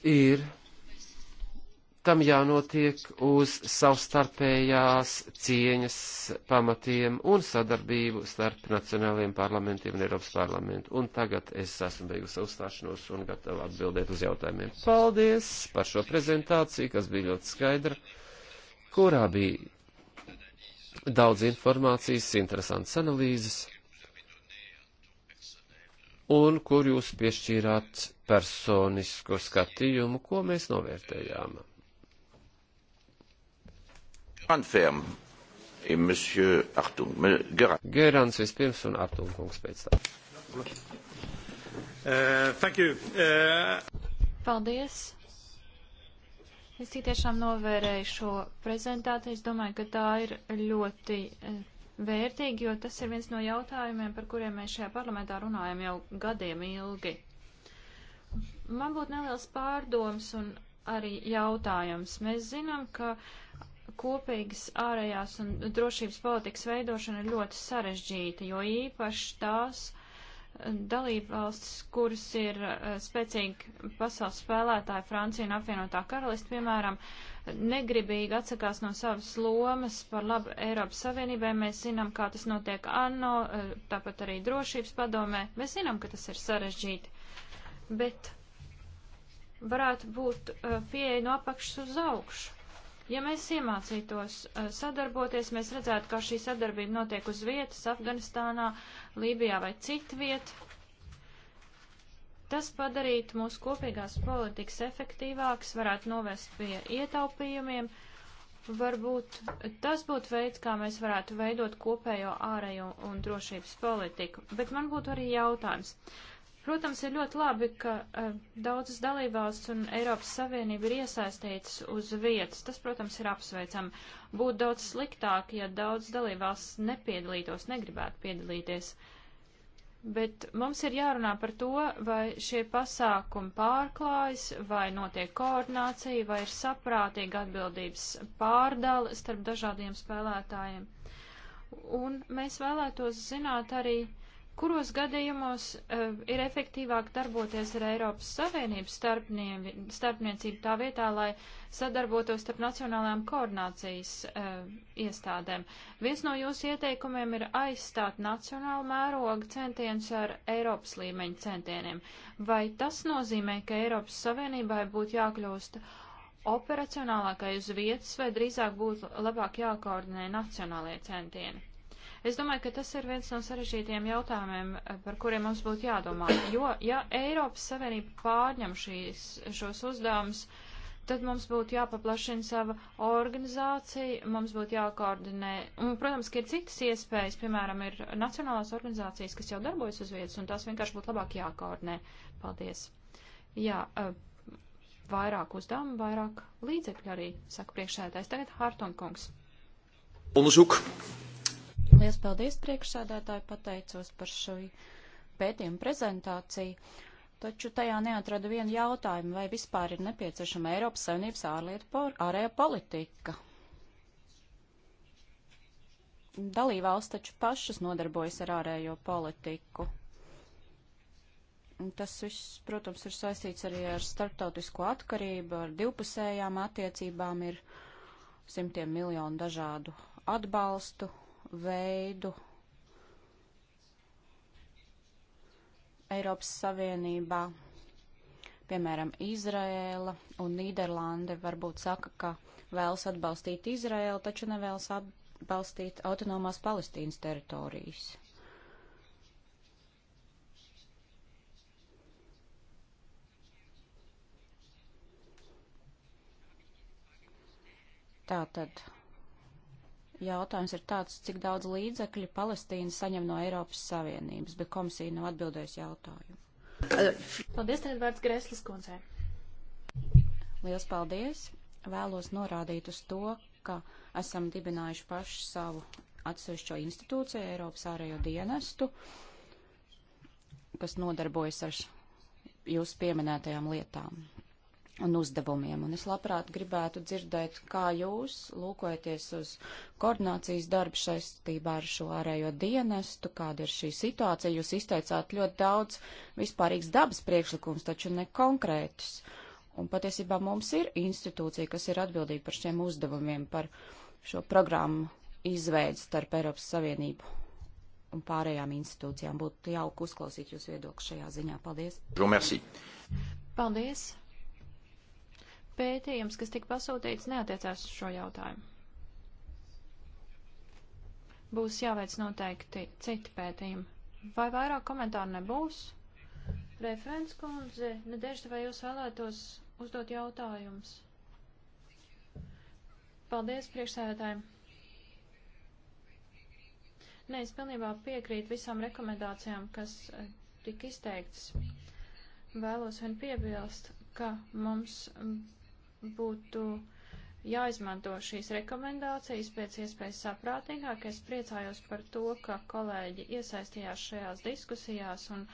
ir tam jānotiek uz savstarpējās cieņas pamatiem un sadarbību starp nacionālajiem parlamentiem un Eiropas parlamentu. Un tagad es esmu beigusi uzstāšanos un gatava atbildēt uz jautājumiem. Paldies par šo prezentāciju, kas bija ļoti skaidra, kurā bija daudz informācijas, interesants analīzes un kur jūs piešķīrāt personisko skatījumu, ko mēs novērtējām. Gerants vispirms un Artunkungs pēc tam. Uh, uh... Paldies. Es tiešām novērēju šo prezentāciju. Es domāju, ka tā ir ļoti eh, vērtīgi, jo tas ir viens no jautājumiem, par kuriem mēs šajā parlamentā runājam jau gadiem ilgi. Man būtu neliels pārdoms un arī jautājums. Mēs zinām, ka kopīgas ārējās un drošības politikas veidošana ir ļoti sarežģīta, jo īpaši tās, uh, dalībvalstis, kuras ir eh, spēcīgi pasaules spēlētāji, Francija un apvienotā karalista, piemēram, negribīgi atsakās no savas lomas par labu Eiropas Savienībai. Mēs zinām, kā tas notiek ANO, eh, tāpat arī drošības padomē. Mēs zinām, ka tas ir sarežģīti. Bet varētu būt eh, pieeja no apakšas uz augšu. Ja mēs iemācītos eh, sadarboties, mēs redzētu, ka šī sadarbība notiek uz vietas Afganistānā, Lībijā vai citviet. Tas padarītu mūsu kopīgās politikas efektīvāks, varētu novest pie ietaupījumiem. Varbūt tas būtu veids, kā mēs varētu veidot kopējo ārējo un drošības politiku. Bet man būtu arī jautājums. Uh, Protams, ir ļoti labi, ka uh, daudzas dalībvalsts un Eiropas Savienība ir iesaistītas uz vietas. Tas, protams, ir apsveicami. Būtu daudz sliktāk, ja daudz dalībvalsts nepiedalītos, negribētu piedalīties. Bet mums ir jārunā par to, vai šie pasākumi pārklājas, vai notiek koordinācija, vai ir saprātīga atbildības pārdala starp dažādiem spēlētājiem. Un mēs vēlētos zināt arī, uh, kuros gadījumos uh, ir efektīvāk darboties ar Eiropas Savienības starpnie, starpniecību tā vietā, lai sadarbotos starp nacionālajām koordinācijas uh, iestādēm. Viens no jūsu ieteikumiem ir aizstāt nacionālu mērogu centienus ar Eiropas līmeņa centieniem. Vai tas nozīmē, ka Eiropas Savienībai būtu jākļūst operacionālākai uz vietas, vai drīzāk būtu labāk jākoordinē nacionālie centieni? Es domāju, ka tas ir viens no sarežģītiem jautājumiem, par kuriem mums būtu jādomā. Jo, ja Eiropas Savienība pārņem šīs, šos uzdevumus, tad mums būtu jāpaplašina sava organizācija, mums būtu jākoordinē. Un, protams, ka ir citas iespējas, piemēram, ir nacionālās organizācijas, kas jau darbojas uz vietas, un tās vienkārši būtu labāk jākoordinē. Paldies. Jā, eh, vairāk uzdevumu, vairāk līdzekļu arī, saka priekšsēdājs. Tagad Hartonkungs. Onderzoek Lies paldies priekšsādātāji, pateicos par šo pētījumu prezentāciju. Taču tajā neatrada vienu jautājumu, vai vispār ir nepieciešama Eiropas Savienības ārlietu por, ārējā politika. Dalībvalsts taču pašas nodarbojas ar ārējo politiku. Tas viss, protams, ir saistīts arī ar starptautisko atkarību, ar divpusējām attiecībām, ir simtiem miljonu dažādu atbalstu veidu Eiropas Savienībā. Piemēram, Izraēla un Nīderlande varbūt saka, ka vēlas atbalstīt Izraēlu, taču nevēlas atbalstīt autonomās Palestīnas teritorijas. Tātad Jautājums ir tāds, cik daudz līdzekļu Palestīna saņem no Eiropas Savienības, bet komisija nav atbildējusi jautājumu. Paldies, tev vārds Grēslis kundzē. Liels paldies! Vēlos norādīt uz to, ka esam dibinājuši pašu savu atsevišķo institūciju, Eiropas ārējo dienestu, kas nodarbojas ar jūsu pieminētajām lietām un uzdevumiem. Un es labprāt gribētu dzirdēt, kā jūs lūkojaties uz koordinācijas darbu saistībā ar šo ārējo dienestu, kāda ir šī situācija. Jūs izteicāt ļoti daudz vispārīgs dabas priekšlikums, taču ne konkrētus. Un patiesībā mums ir institūcija, kas ir atbildīga par šiem uzdevumiem, par šo programmu izveidu starp Eiropas Savienību un pārējām institūcijām. Būtu jauki uzklausīt jūs viedokli šajā ziņā. Paldies! Paldies! Pētījums, kas tika pasūtīts, neatiecās uz šo jautājumu. Būs jāveic noteikti citi pētījumi. Vai vairāk komentāru nebūs? Referents kundze, nedēļas vai jūs vēlētos uzdot jautājumus? Paldies priekšsēdētājiem. Nē, es pilnībā piekrītu visām rekomendācijām, kas eh, tika izteikts. Vēlos vien piebilst, ka mums būtu jāizmanto šīs rekomendācijas pēc iespējas saprātīgāk. Es priecājos par to, ka kolēģi iesaistījās šajās diskusijās un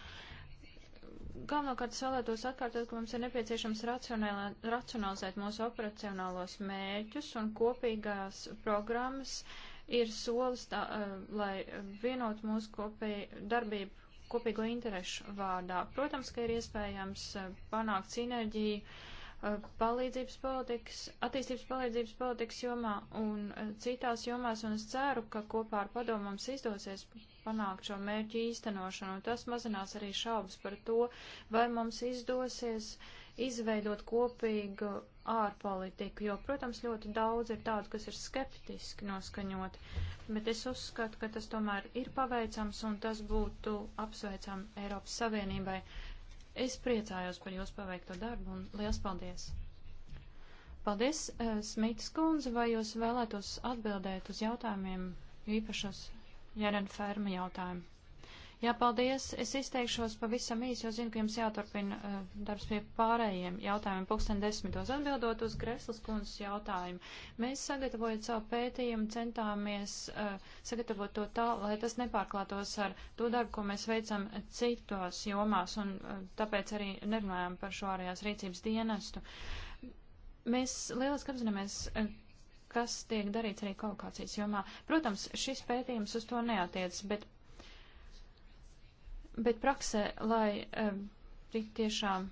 galvenokārt es vēlētos atkārtot, ka mums ir nepieciešams racionalizēt mūsu operacionālos mērķus un kopīgās programmas ir solis, tā, lai vienot mūsu kopēju darbību kopīgo interešu vārdā. Protams, ka ir iespējams panākt sinerģiju Eh, palīdzības politikas, attīstības palīdzības politikas jomā un eh, citās jomās, un es ceru, ka kopā ar padomu mums izdosies panākt šo mērķu īstenošanu, un tas mazinās arī šaubas par to, vai mums izdosies izveidot kopīgu ārpolitiku, jo, protams, ļoti daudz ir tādu, kas ir skeptiski noskaņot, bet es uzskatu, ka tas tomēr ir paveicams, un tas būtu apsveicam Eiropas Savienībai. Es priecājos par jūsu paveikto darbu un liels paldies! Paldies, eh, Smits kundze, vai jūs vēlētos atbildēt uz jautājumiem īpašas Jaren Ferma jautājumu? Jā, paldies. Es izteikšos pavisam īsi, jo zinu, ka jums jāturpina uh, darbs pie pārējiem jautājumiem. Pulksten desmitos atbildot uz Greslas kundzes jautājumu. Mēs sagatavojot savu pētījumu, centāmies uh, sagatavot to tā, lai tas nepārklātos ar to darbu, ko mēs veicam citos jomās, un uh, tāpēc arī nerunājam par šo ārējās rīcības dienestu. Mēs lieliski apzināmies, uh, kas tiek darīts arī kolokācijas jomā. Protams, šis pētījums uz to neatiec, bet Bet praksē, lai tik tiešām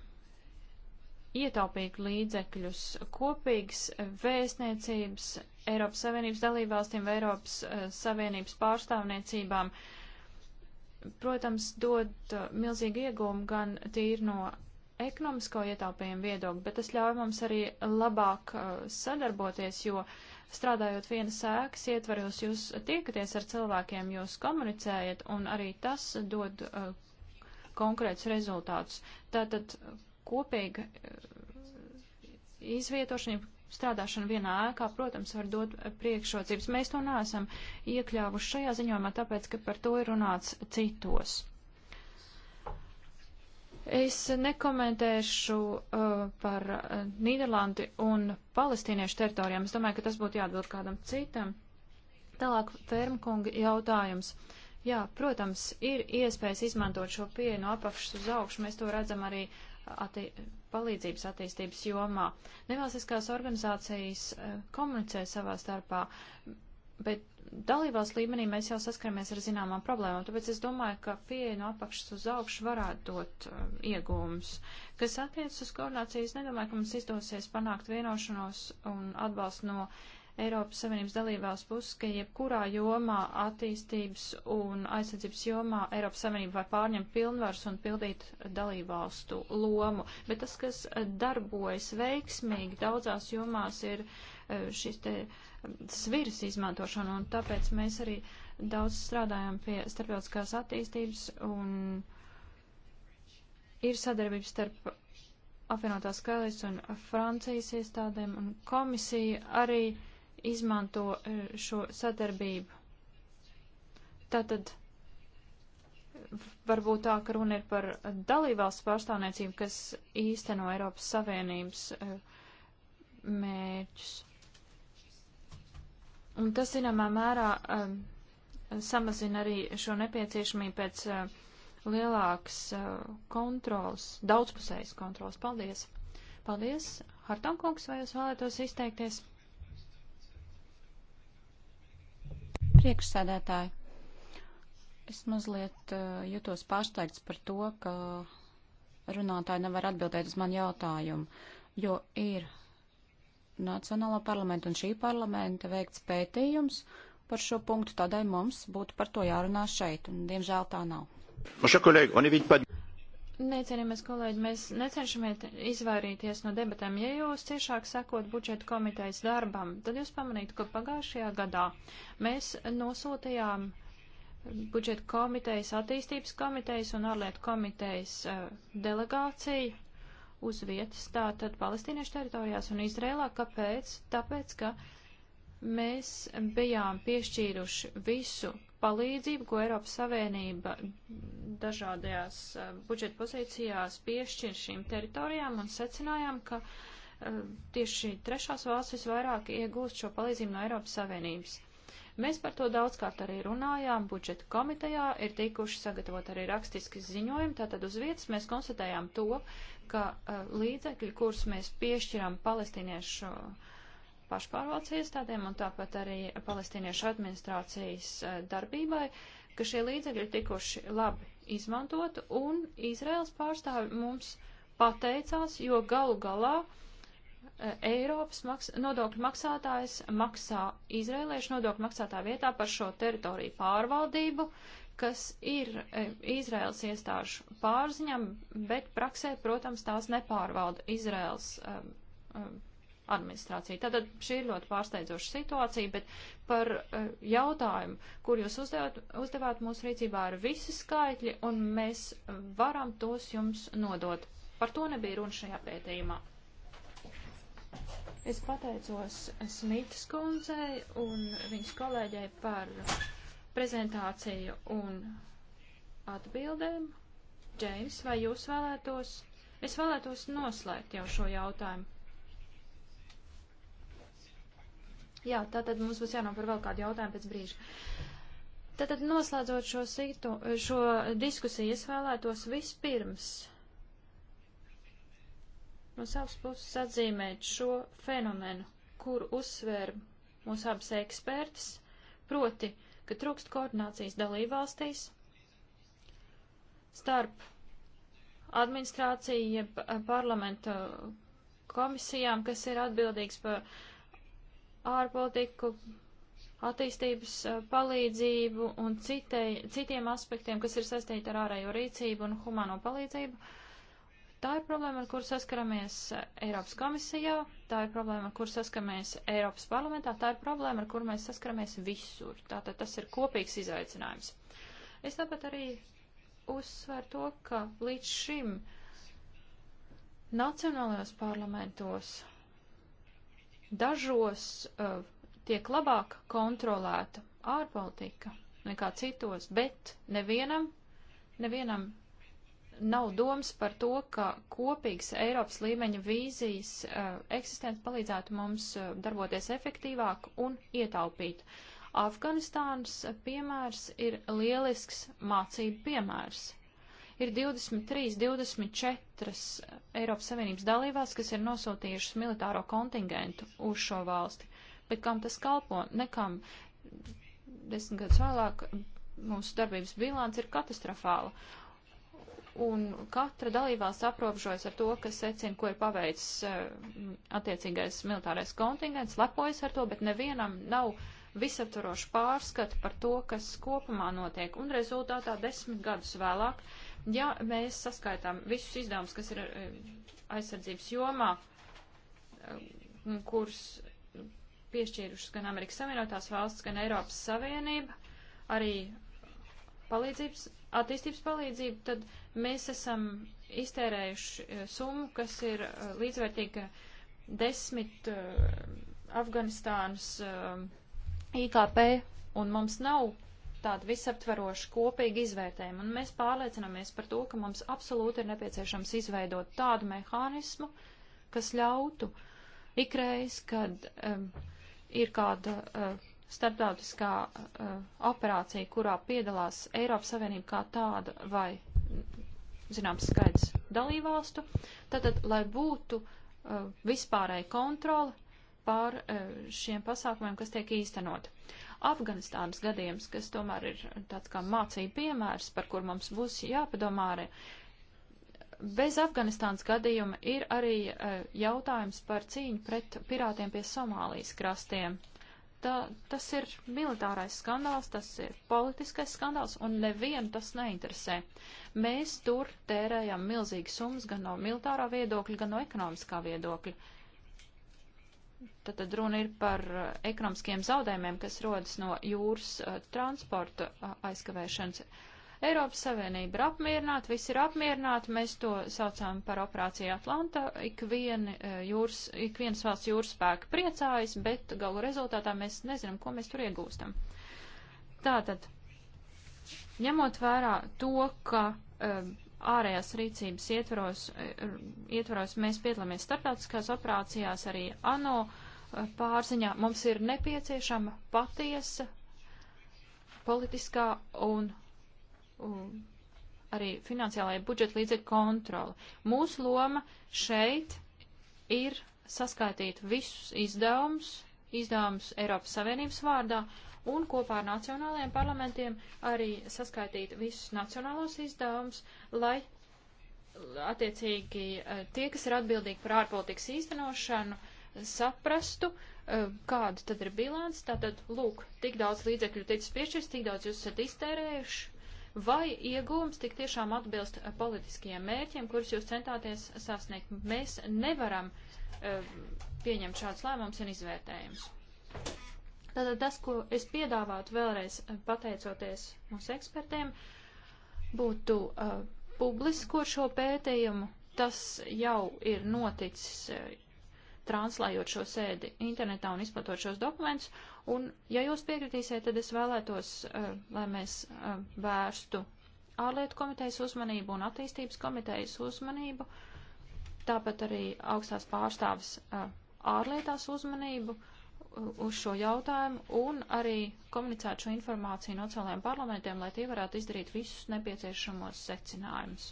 ietaupītu līdzekļus, kopīgas vēstniecības Eiropas Savienības dalībvalstīm vai Eiropas eh, Savienības pārstāvniecībām, protams, dod eh, milzīgu iegūmu gan tīri no ekonomisko ietaupījumu viedokļa, bet tas ļauj mums arī labāk eh, sadarboties, jo uh, strādājot vienas sēkas ietvaros, jūs tiekaties ar cilvēkiem, jūs komunicējat, un arī tas dod uh, konkrēts rezultātus. Tātad uh, kopīga uh, izvietošana, strādāšana vienā ēkā, protams, var dot priekšrocības. Mēs to neesam iekļāvuši šajā ziņojumā, tāpēc, ka par to ir runāts citos. Es nekomentēšu uh, par uh, Nīderlandi un palestīniešu teritorijām. Es domāju, ka tas būtu jāatbild kādam citam. Tālāk Fermkunga jautājums. Jā, protams, ir iespējas izmantot šo pieeju no apakšas uz augšu. Mēs to redzam arī uh, atti palīdzības attīstības jomā. Nevalstiskās organizācijas uh, komunicē savā starpā. Uh, bet dalībvalsts līmenī mēs jau saskaramies ar zināmām problēmām, tāpēc es domāju, ka pieeja no apakšas uz augšu varētu dot um, iegūmus. Kas attiecas uz koordināciju, es nedomāju, ka mums izdosies panākt vienošanos un atbalstu no Eiropas Savienības dalībvalsts puses, ka jebkurā jomā attīstības un aizsardzības jomā Eiropas Savienība var pārņemt pilnvars un pildīt dalībvalstu lomu. Bet tas, kas darbojas veiksmīgi daudzās jomās, ir uh, E, šis te sviras izmantošanu, un tāpēc mēs arī daudz strādājam pie starptautiskās attīstības, un ir sadarbība starp apvienotās karalists un Francijas iestādēm, un komisija arī izmanto e, šo sadarbību. Tātad varbūt tā, ka runa ir par dalībvalsts pārstāvniecību, kas īsteno Eiropas Savienības e, mērķus. Un tas, zināmā mērā, um, samazina arī šo nepieciešamību pēc uh, lielākas uh, kontrols, daudzpusējas kontrols. Paldies! Paldies! Hartonkungs, vai jūs vēlētos izteikties? Priekšsēdētāji, es mazliet uh, jutos pārsteigts par to, ka runātāji nevar atbildēt uz manu jautājumu, jo ir Nacionālā parlamenta un šī parlamenta veikts pētījums par šo punktu, tādēļ mums būtu par to jārunā šeit, un diemžēl tā nav. Necienījamies kolēģi, mēs necenšamies izvairīties no debatēm. Ja jūs ciešāk sekot budžeta komitejas darbam, tad jūs pamanītu, ka pagājušajā gadā mēs nosūtījām budžeta komitejas, attīstības komitejas un ārlietu komitejas uh, delegāciju uz vietas, tātad palestīniešu teritorijās un Izrēlā. Kāpēc? Tāpēc, ka mēs bijām piešķīruši visu palīdzību, ko Eiropas Savienība dažādajās eh, budžeta pozīcijās piešķir šīm teritorijām un secinājām, ka uh, tieši trešās valstis vairāk iegūst šo palīdzību no Eiropas Savienības. Mēs par to daudzkārt arī runājām, budžeta komitejā ir tikuši sagatavot arī rakstiski ziņojumi, tātad uz vietas mēs konstatējām to, ka e, līdzekļi, kurus mēs piešķiram palestīniešu pašpārvaldes iestādēm un tāpat arī palestīniešu administrācijas e, darbībai, ka šie līdzekļi ir tikuši labi izmantot, un Izraels pārstāvi mums pateicās, jo galu galā e, Eiropas maks nodokļu maksātājs maksā izrēliešu nodokļu maksātāju vietā par šo teritoriju pārvaldību, kas ir e, Izraels iestāžu pārziņām, bet praksē, protams, tās nepārvalda Izraels um, um, administrācija. Tātad šī ir ļoti pārsteidzoša situācija, bet par uh, jautājumu, kur jūs uzdevāt, uzdevāt mūsu rīcībā ir visi skaitļi, un mēs varam tos jums nodot. Par to nebija runa šajā pētījumā. Es pateicos Smītas kundzei un viņas kolēģei par prezentāciju un atbildēm. Džeims, vai jūs vēlētos? Es vēlētos noslēgt jau šo jautājumu. Jā, tātad mums būs jānāk par vēl kādu jautājumu pēc brīža. Tātad noslēdzot šo, situ, šo diskusiju, es vēlētos vispirms no savas puses atzīmēt šo fenomenu, kur uzsver mūsu abas ekspertas, proti uh, ka trūkst koordinācijas dalībvalstīs starp administrāciju, jeb eh, parlamenta komisijām, kas ir atbildīgs par ārpolitiku, attīstības eh, palīdzību un citai, citiem aspektiem, kas ir saistīti ar ārējo rīcību un humāno palīdzību. Uh, Tā ir problēma, ar kuru saskaramies Eiropas komisijā, tā ir problēma, ar kuru saskaramies Eiropas parlamentā, tā ir problēma, ar kuru mēs saskaramies visur. Tātad tas ir kopīgs izaicinājums. Es tāpat arī uzsveru to, ka līdz šim nacionālajos parlamentos dažos uh, tiek labāk kontrolēta ārpolitika nekā citos, bet nevienam, nevienam nav domas par to, ka kopīgs Eiropas līmeņa vīzijas eh, eksistence palīdzētu mums eh, darboties efektīvāk un ietaupīt. Afganistānas eh, piemērs ir lielisks mācību piemērs. Ir 23, 24 Eiropas Savienības dalībās, kas ir nosūtījušas militāro kontingentu uz šo valsti. Bet kam tas kalpo? Nekam. Desmit gadus vēlāk mūsu darbības bilants ir katastrofāla un katra dalībās aprobežojas ar to, kas secina, ko ir paveicis eh, attiecīgais militārais kontingents, lepojas ar to, bet nevienam nav visaptvarošu pārskatu par to, kas kopumā notiek. Un rezultātā desmit gadus vēlāk, ja mēs saskaitām visus izdevumus, kas ir eh, aizsardzības jomā, eh, kurus piešķīrušas gan Amerikas Savienotās valsts, gan Eiropas Savienība, arī palīdzības attīstības palīdzību, tad mēs esam iztērējuši eh, summu, kas ir eh, līdzvērtīga desmit eh, Afganistānas IKP, un mums nav tādu visaptverošu kopīgu izvērtējumu, un mēs pārliecināmies par to, ka mums absolūti ir nepieciešams izveidot tādu mehānismu, kas ļautu ikreiz, kad um, ir kāda uh, starptautiskā uh, operācija, kurā piedalās Eiropas Savienība kā tāda vai zināms skaidrs dalībvalstu, tātad, lai būtu uh, vispārēja kontrola pār uh, šiem pasākumiem, kas tiek īstenot. Afganistānas gadījums, kas tomēr ir tāds kā mācība piemērs, par kur mums būs jāpadomā arī, bez Afganistānas gadījuma ir arī uh, jautājums par cīņu pret pirātiem pie Somālijas krastiem tā, tas ir militārais skandāls, tas ir politiskais skandāls, un nevienu tas neinteresē. Mēs tur tērējam milzīgas summas gan no militārā viedokļa, gan no ekonomiskā viedokļa. Tad runa ir par uh, ekonomiskiem zaudējumiem, kas rodas no jūras uh, transporta uh, aizkavēšanas. Eiropas Savienība ir apmierināta, visi ir apmierināti, mēs to saucām par operāciju Atlanta, ikvien eh, jūras, ik viens valsts jūras spēka priecājas, bet galu rezultātā mēs nezinām, ko mēs tur iegūstam. Tātad, ņemot vērā to, ka um, ārējās rīcības ietvaros, eh, ietvaros mēs piedalāmies starptautiskās operācijās arī ANO pārziņā. Mums ir nepieciešama patiesa politiskā un arī finansiālajai budžeta līdzekļu kontroli. Mūsu loma šeit ir saskaitīt visus izdevumus, izdevumus Eiropas Savienības vārdā un kopā ar nacionālajiem parlamentiem arī saskaitīt visus nacionālos izdevumus, lai attiecīgi eh, tie, kas ir atbildīgi par ārpolitikas īstenošanu, saprastu, eh, kāda tad ir bilants. Tātad, lūk, tik daudz līdzekļu tiks piešķirts, tik daudz jūs esat iztērējuši, vai iegūms tik tiešām atbilst politiskajiem mērķiem, kurus jūs centāties sasniegt. Mēs nevaram uh, pieņemt šādus lēmumus un izvērtējumus. Tātad tas, ko es piedāvātu vēlreiz eh, pateicoties mūsu ekspertiem, būtu uh, eh, publisko šo pētījumu. Tas jau ir noticis uh, translējot šo sēdi internetā un izplatot šos dokumentus, Un, ja jūs piekritīsiet, tad es vēlētos, uh, lai mēs uh, vērstu ārlietu komitejas uzmanību un attīstības komitejas uzmanību, tāpat arī augstās pārstāvis uh, ārlietās uzmanību uz šo jautājumu un arī komunicēt šo informāciju nacionālajiem parlamentiem, lai tie varētu izdarīt visus nepieciešamos secinājumus.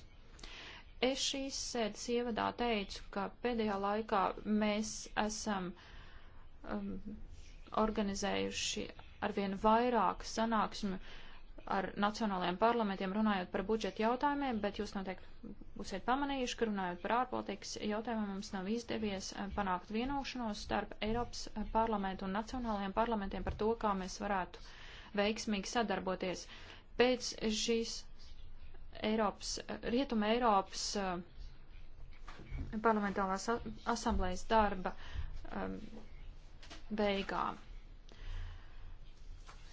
Es šīs sēdes ievadā teicu, ka pēdējā laikā mēs esam um, organizējuši arvien vairāk sanāksmi ar nacionālajiem parlamentiem runājot par budžeta jautājumiem, bet jūs noteikti būsiet pamanījuši, ka runājot par ārpolitikas jautājumiem mums nav izdevies eh, panākt vienošanos starp Eiropas eh, parlamentu un nacionālajiem parlamentiem par to, kā mēs varētu veiksmīgi sadarboties. Pēc šīs Eiropas, eh, Rietuma Eiropas parlamentārās asamblējas darba um, beigām.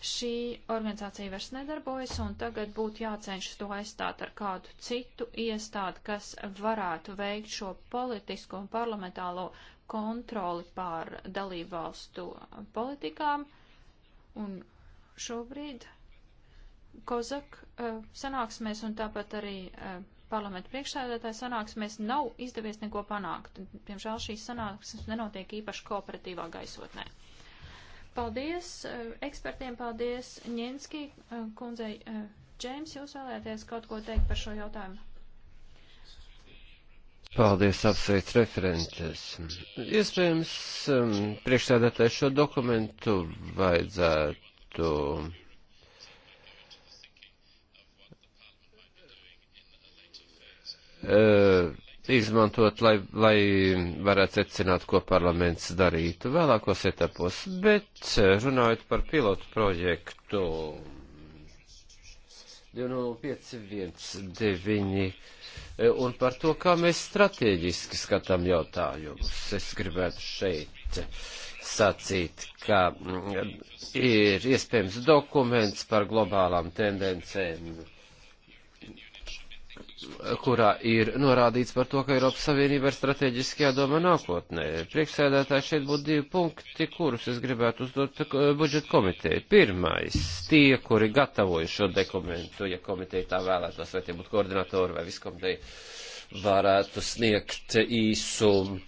Šī organizācija vairs nedarbojas, un tagad būtu jācenšas to aizstāt ar kādu citu iestādi, kas varētu veikt šo politisko un parlamentālo kontroli pār dalību valstu politikām. Un šobrīd Kozak uh, eh, sanāksmēs un tāpat arī uh, parlamentu priekšsēdētāja sanāksmēs nav izdevies neko panākt. Piemžēl šīs sanāksmes nenotiek īpaši kooperatīvā gaisotnē. Paldies eh, ekspertiem, paldies Ņenskī eh, kundzei. Eh, Džēms, jūs vēlēties kaut ko teikt par šo jautājumu? Paldies, apsveic referentes. Iespējams, um, priekšsēdētāju šo dokumentu vajadzētu Eh, izmantot, lai, lai varētu secināt, ko parlaments darītu vēlākos etapos. Bet eh, runājot par pilotu projektu 2051 eh, un par to, kā mēs strateģiski skatām jautājumus. Es gribētu šeit sacīt, ka mm, ir iespējams dokuments par globālām tendencēm kurā ir norādīts par to, ka Eiropas Savienība ir strateģiski jādoma nākotnē. Priekšsēdētāji šeit būtu divi punkti, kurus es gribētu uzdot eh, budžeta komiteju. Pirmais, tie, kuri gatavoja šo dokumentu, ja komiteja tā vēlētos, vai tie būtu koordinatori vai viskomiteja, varētu sniegt īsumu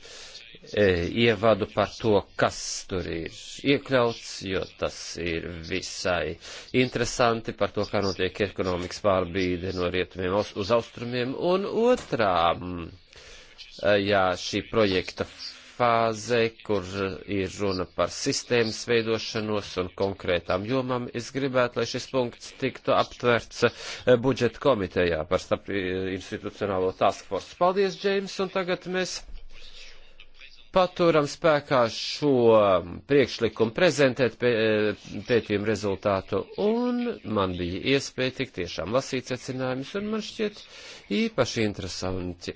E, ievadu par to, kas tur ir iekļauts, jo tas ir visai interesanti par to, kā notiek ekonomikas pārbīde no rietumiem uz austrumiem. Un otrā, e, jā, šī projekta fāze, kur ir runa par sistēmas veidošanos un konkrētām jomām, es gribētu, lai šis punkts tiktu aptverts e, budžeta komitejā par starp institucionālo taskforce. Paldies, Džeims, un tagad mēs paturam spēkā šo priekšlikumu prezentēt pē, pētījumu rezultātu, un man bija iespēja tik tiešām lasīt secinājumus, un man šķiet īpaši interesanti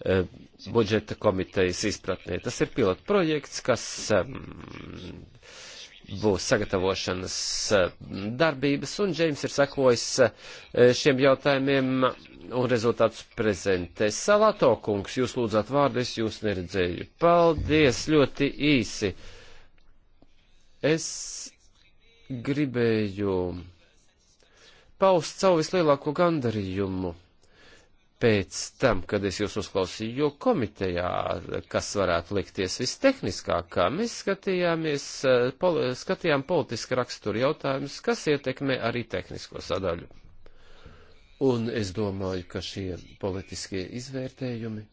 e, budžeta komitejas izpratnē. Tas ir pilotprojekts, kas um, būs sagatavošanas eh, darbības, un Džeims ir sekojis eh, šiem jautājumiem un rezultātus prezentē. Salato kungs, jūs lūdzāt vārdu, es jūs neredzēju. Paldies, ļoti īsi. Es gribēju paust savu vislielāko gandarījumu pēc tam, kad es jūs uzklausīju, jo komitejā, kas varētu likties vistehniskākā, mēs skatījāmies, eh, poli, skatījām politiski raksturu jautājumus, kas ietekmē arī tehnisko sadaļu. Un es domāju, ka šie politiskie izvērtējumi,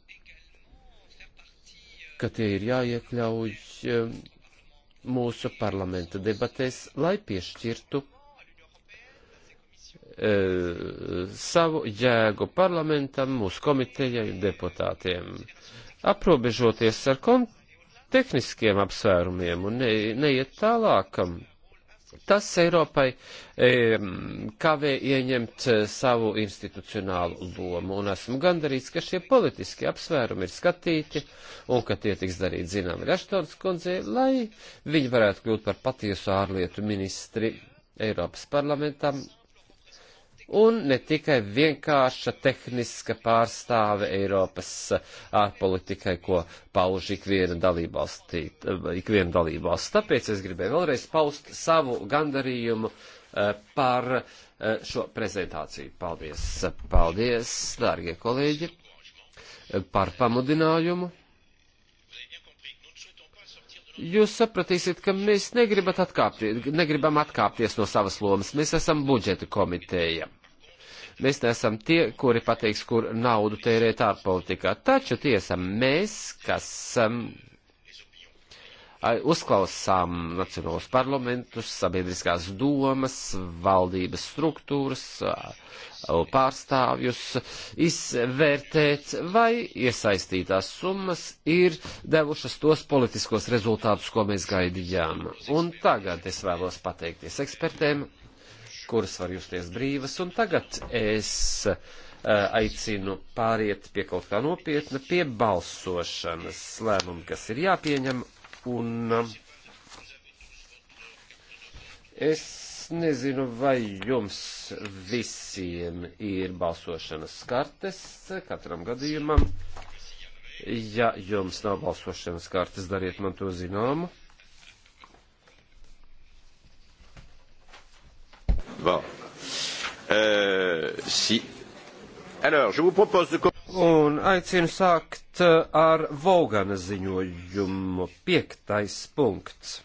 ka tie ir jāiekļauj eh, mūsu parlamenta debatēs, lai piešķirtu E, savu jēgu parlamentam, mūsu komitejai un deputātiem. Aprobežoties ar tehniskiem apsvērumiem un ne, neiet tālākam, tas Eiropai e, kavē ieņemt e, savu institucionālu lomu, un esmu gandarīts, ka šie politiskie apsvērumi ir skatīti, un ka tie tiks darīt zinām ir Aštons kundzei, lai viņi varētu kļūt par patiesu ārlietu ministri Eiropas parlamentam un ne tikai vienkārša tehniska pārstāve Eiropas eh, ārpolitikai, ko pauž ikviena dalībvalstī. Eh, ikviena dalībvalsts. Tāpēc es gribēju vēlreiz paust savu gandarījumu eh, par šo prezentāciju. Paldies, paldies, dārgie kolēģi, par pamudinājumu jūs sapratīsiet, ka mēs atkāpties, negribam atkāpties no savas lomas. Mēs esam budžeta komiteja. Mēs neesam tie, kuri pateiks, kur naudu tērēt ārpolitikā. Taču tiesa mēs, kas um, uzklausām nacionālos parlamentus, sabiedriskās domas, valdības struktūras, pārstāvjus, izvērtēt, vai iesaistītās summas ir devušas tos politiskos rezultātus, ko mēs gaidījām. Un tagad es vēlos pateikties ekspertēm kuras var justies brīvas, un tagad es eh, aicinu pāriet pie kaut kā nopietna, pie balsošanas lēmumu, kas ir jāpieņem, un eh, es nezinu, vai jums visiem ir balsošanas kartes eh, katram gadījumam. Ja jums nav balsošanas kartes, dariet man to zināmu. Bon. Euh, si. Alors, je vous propose de... Un aicinu sākt uh, ar Vaugana ziņojumu. Piektais punkts.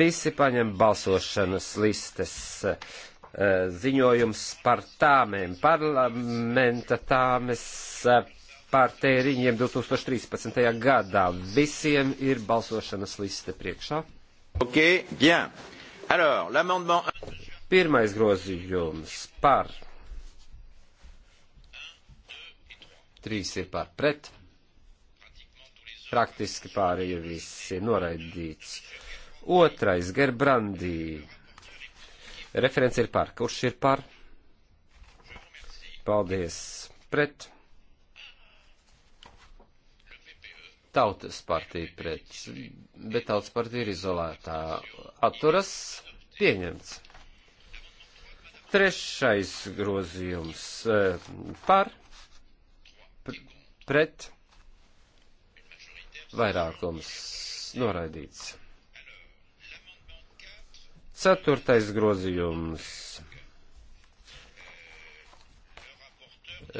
Visi paņem balsošanas listes uh, ziņojums par tāmēm, parlamenta tāmes uh, par tēriņiem 2013. gadā. Visiem ir balsošanas liste priekšā. Ok, bien. Yeah. Alors, l'amendement. Pirmais grozījums par. Trīs ir par pret. Praktiski pārējie visi noraidīts. Otrais Gerbrandī. Referents ir par. Kurš ir par? Paldies. Pret. tautas partija pret, bet tautas partija ir izolētā. Atturas pieņemts. Trešais grozījums eh, par, pret, vairākums noraidīts. Ceturtais grozījums.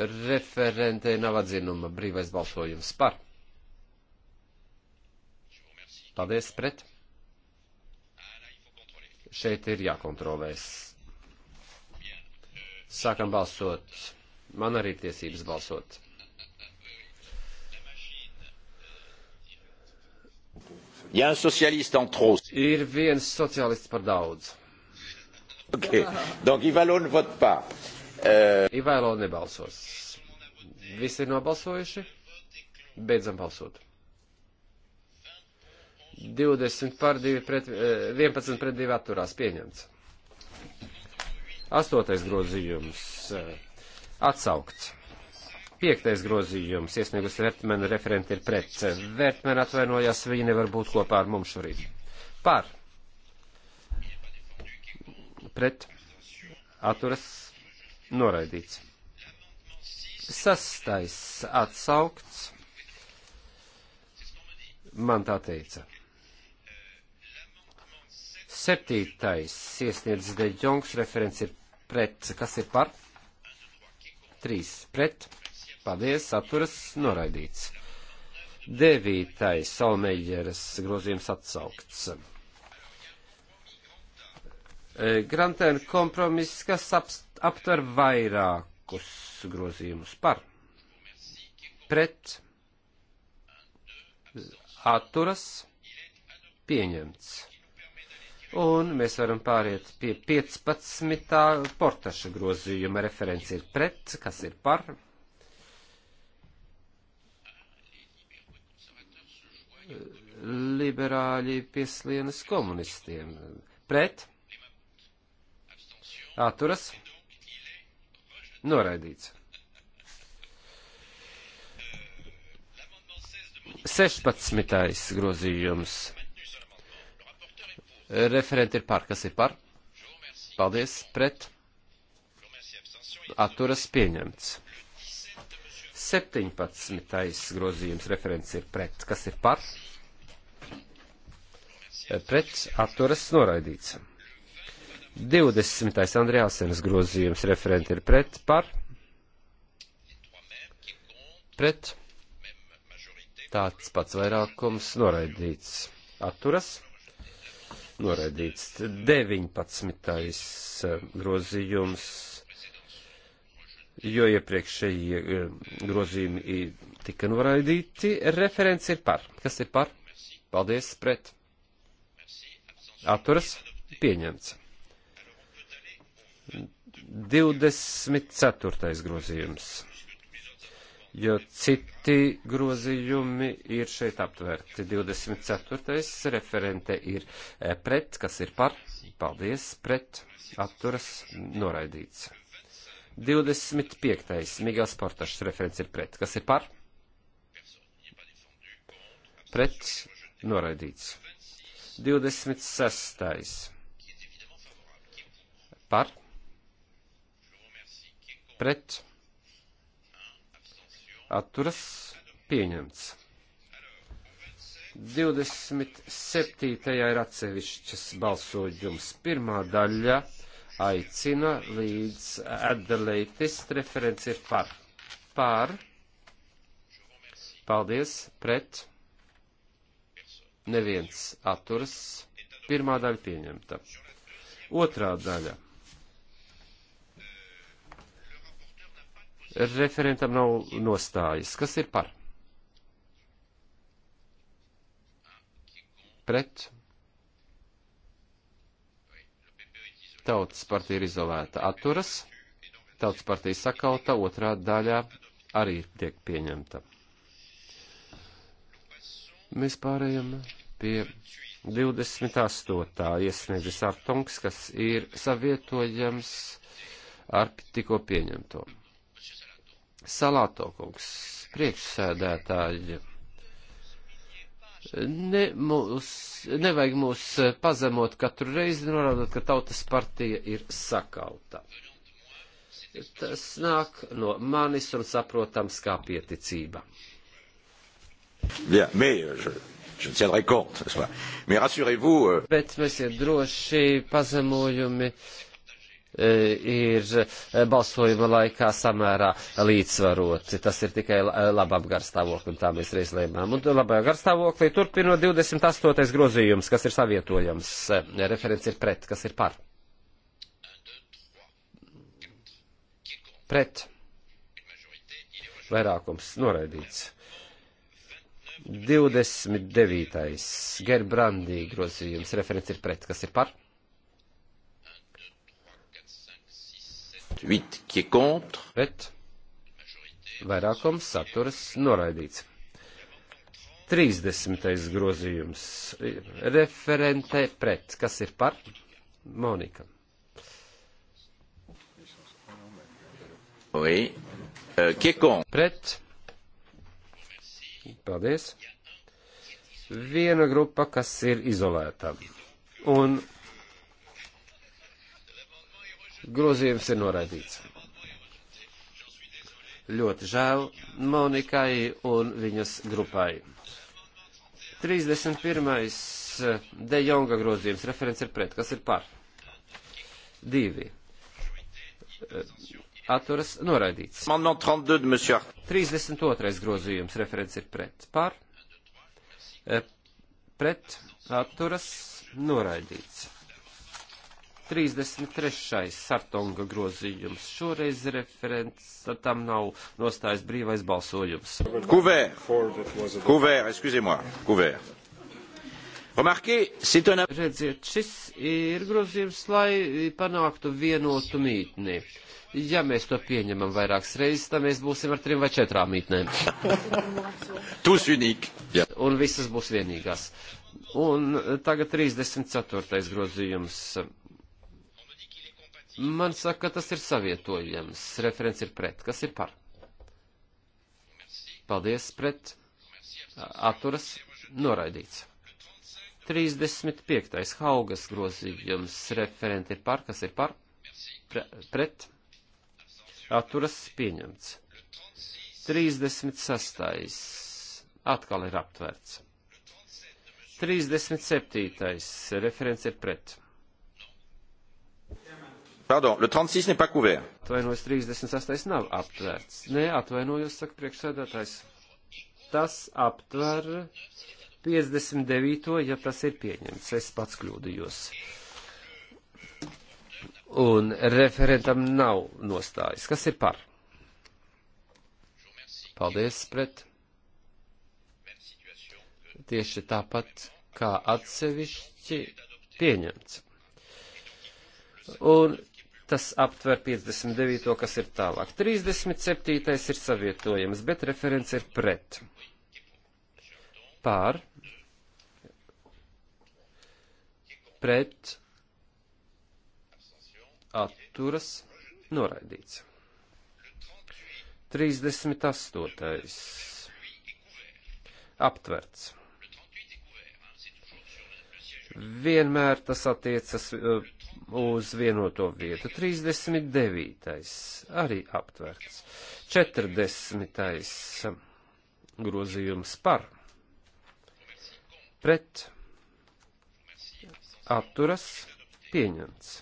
Referentei nav atzinuma brīvais balsojums par. Paldies pret. Šeit ir jākontrolēs. Sākam balsot. Man arī ir tiesības balsot. Ir viens sociālists par daudz. Okay. Donc, Ivalo ne vote pas. Euh... Ivalo nebalsos. Visi ir nobalsojuši? Beidzam balsot. 20 par 2 pret, 11 eh, pret 2 atturās pieņemts. Astotais grozījums eh, atsaukts. Piektais grozījums iesniegus Vertmena referenti ir pret. Vertmena atvainojās, viņi nevar būt kopā ar mums šorīt. Par. Pret. Atturas. Noraidīts. Sastais atsaukts. Man tā teica. Septītais iesniedzis Deģongs, referents ir pret, kas ir par? Trīs pret, paldies, atturas, noraidīts. Devītais Salmeģeres grozījums atsaukts. E, Grantēna kompromiss, kas aptver vairākus grozījumus par, pret, atturas, pieņemts. Un mēs varam pāriet pie 15. portaša grozījuma. Referents ir pret, kas ir par. Liberāļi pieslienas komunistiem. Pret. Atturas. Noraidīts. 16. grozījums Referenti ir par. Kas ir par? Paldies. Pret. Atturas pieņemts. 17. grozījums referents ir pret. Kas ir par? Pret atturas noraidīts. 20. Andrijāsenes grozījums referenti ir pret par. Pret. Tāds pats vairākums noraidīts. Atturas noraidīts. 19. Eh, grozījums, jo iepriekšējie eh, grozījumi tika noraidīti. Referents ir par. Kas ir par? Paldies, pret. Atturas pieņemts. 24. grozījums jo citi grozījumi ir šeit aptverti. 24. referente ir e, pret, kas ir par, paldies, pret, apturas, noraidīts. 25. Migels Portašs referents ir pret, kas ir par, pret, noraidīts. 26. par, pret, noraidīts atturas pieņemts. 27. ir atsevišķas balsojums. Pirmā daļa aicina līdz Adelaitis referents ir par. Par. Paldies. Pret. Neviens atturas. Pirmā daļa pieņemta. Otrā daļa. Referentam nav nostājas. Kas ir par? Pret? Tautas partija ir izolēta. Atturas. Tautas partija sakauta. Otrā daļā arī tiek pieņemta. Mēs pārējām pie 28. iesniedzis Artungs, kas ir savietojams ar tikko pieņemto. Salātokungs, priekšsēdētāji, ne mūs, nevajag mūs pazemot katru reizi, norādot, ka tautas partija ir sakauta. Tas nāk no manis un saprotams kā pieticība. Bien, mais euh, je, je ne tiendrai compte, n'est-ce pas? Mais rassurez-vous. Euh... Bet mēs ir droši pazemojumi. Uh, Eh, ir eh, balsojuma laikā samērā līdzsvaroti. Tas ir tikai eh, labā garstāvoklim, tā mēs reiz lēmām. Un labā garstāvoklī turpino 28. grozījums, kas ir savietojams. Referents ir pret, kas ir par. Pret. Vairākums noraidīts. 29. Gerbrandī grozījums. Referents ir pret, kas ir par 28, qui est contre. Bet vairākums saturas noraidīts. 30. grozījums referente pret. Kas ir par? Monika. Oui. Euh, qui est contre? Pret. Paldies. Viena grupa, kas ir izolēta. Un Grozījums ir noraidīts. Ļoti žēl Monikai un viņas grupai. 31. Eh, de Jonga grozījums. Referents ir pret. Kas ir par? Divi. Eh, atturas noraidīts. 32. grozījums. Referents ir pret. Par? Eh, pret. Atturas noraidīts. 33. sartonga grozījums. Šoreiz referents tam nav nostājis brīvais balsojums. Couvert. Couvert, excusez-moi. Couvert. Remarquez, c'est un... Redziet, šis ir grozījums, lai panāktu vienotu mītni. Ja mēs to pieņemam vairākas reizes, tad mēs būsim ar trim vai četrām mītnēm. [LAUGHS] Tous unique. Yeah. Un visas būs vienīgās. Un tagad 34. grozījums Man saka, ka tas ir savietojams. Referents ir pret. Kas ir par? Paldies, pret. Atturas noraidīts. 35. Haugas grozījums. Referenti ir par. Kas ir par? Pre, pret. Atturas pieņemts. 36. Atkal ir aptverts. 37. Referents ir pret Pardon, le 36 n'est pas couvert. Atvainojos, 38 nav aptvērts. Nē, atvainojos, saka priekšsēdētājs. Tas aptver 59. ja tas ir pieņemts. Es pats kļūdījos. Un referentam nav nostājis. Kas ir par? Paldies pret. Tieši tāpat kā atsevišķi pieņemts. Un tas aptver 59. kas ir tālāk. 37. ir savietojams, bet referents ir pret. Pār. Pret. Atturas. Noraidīts. 38. Aptverts vienmēr tas attiecas uh, uz vienoto vietu. 39. arī aptverts. 40. grozījums par. Pret. Apturas. Pieņemts.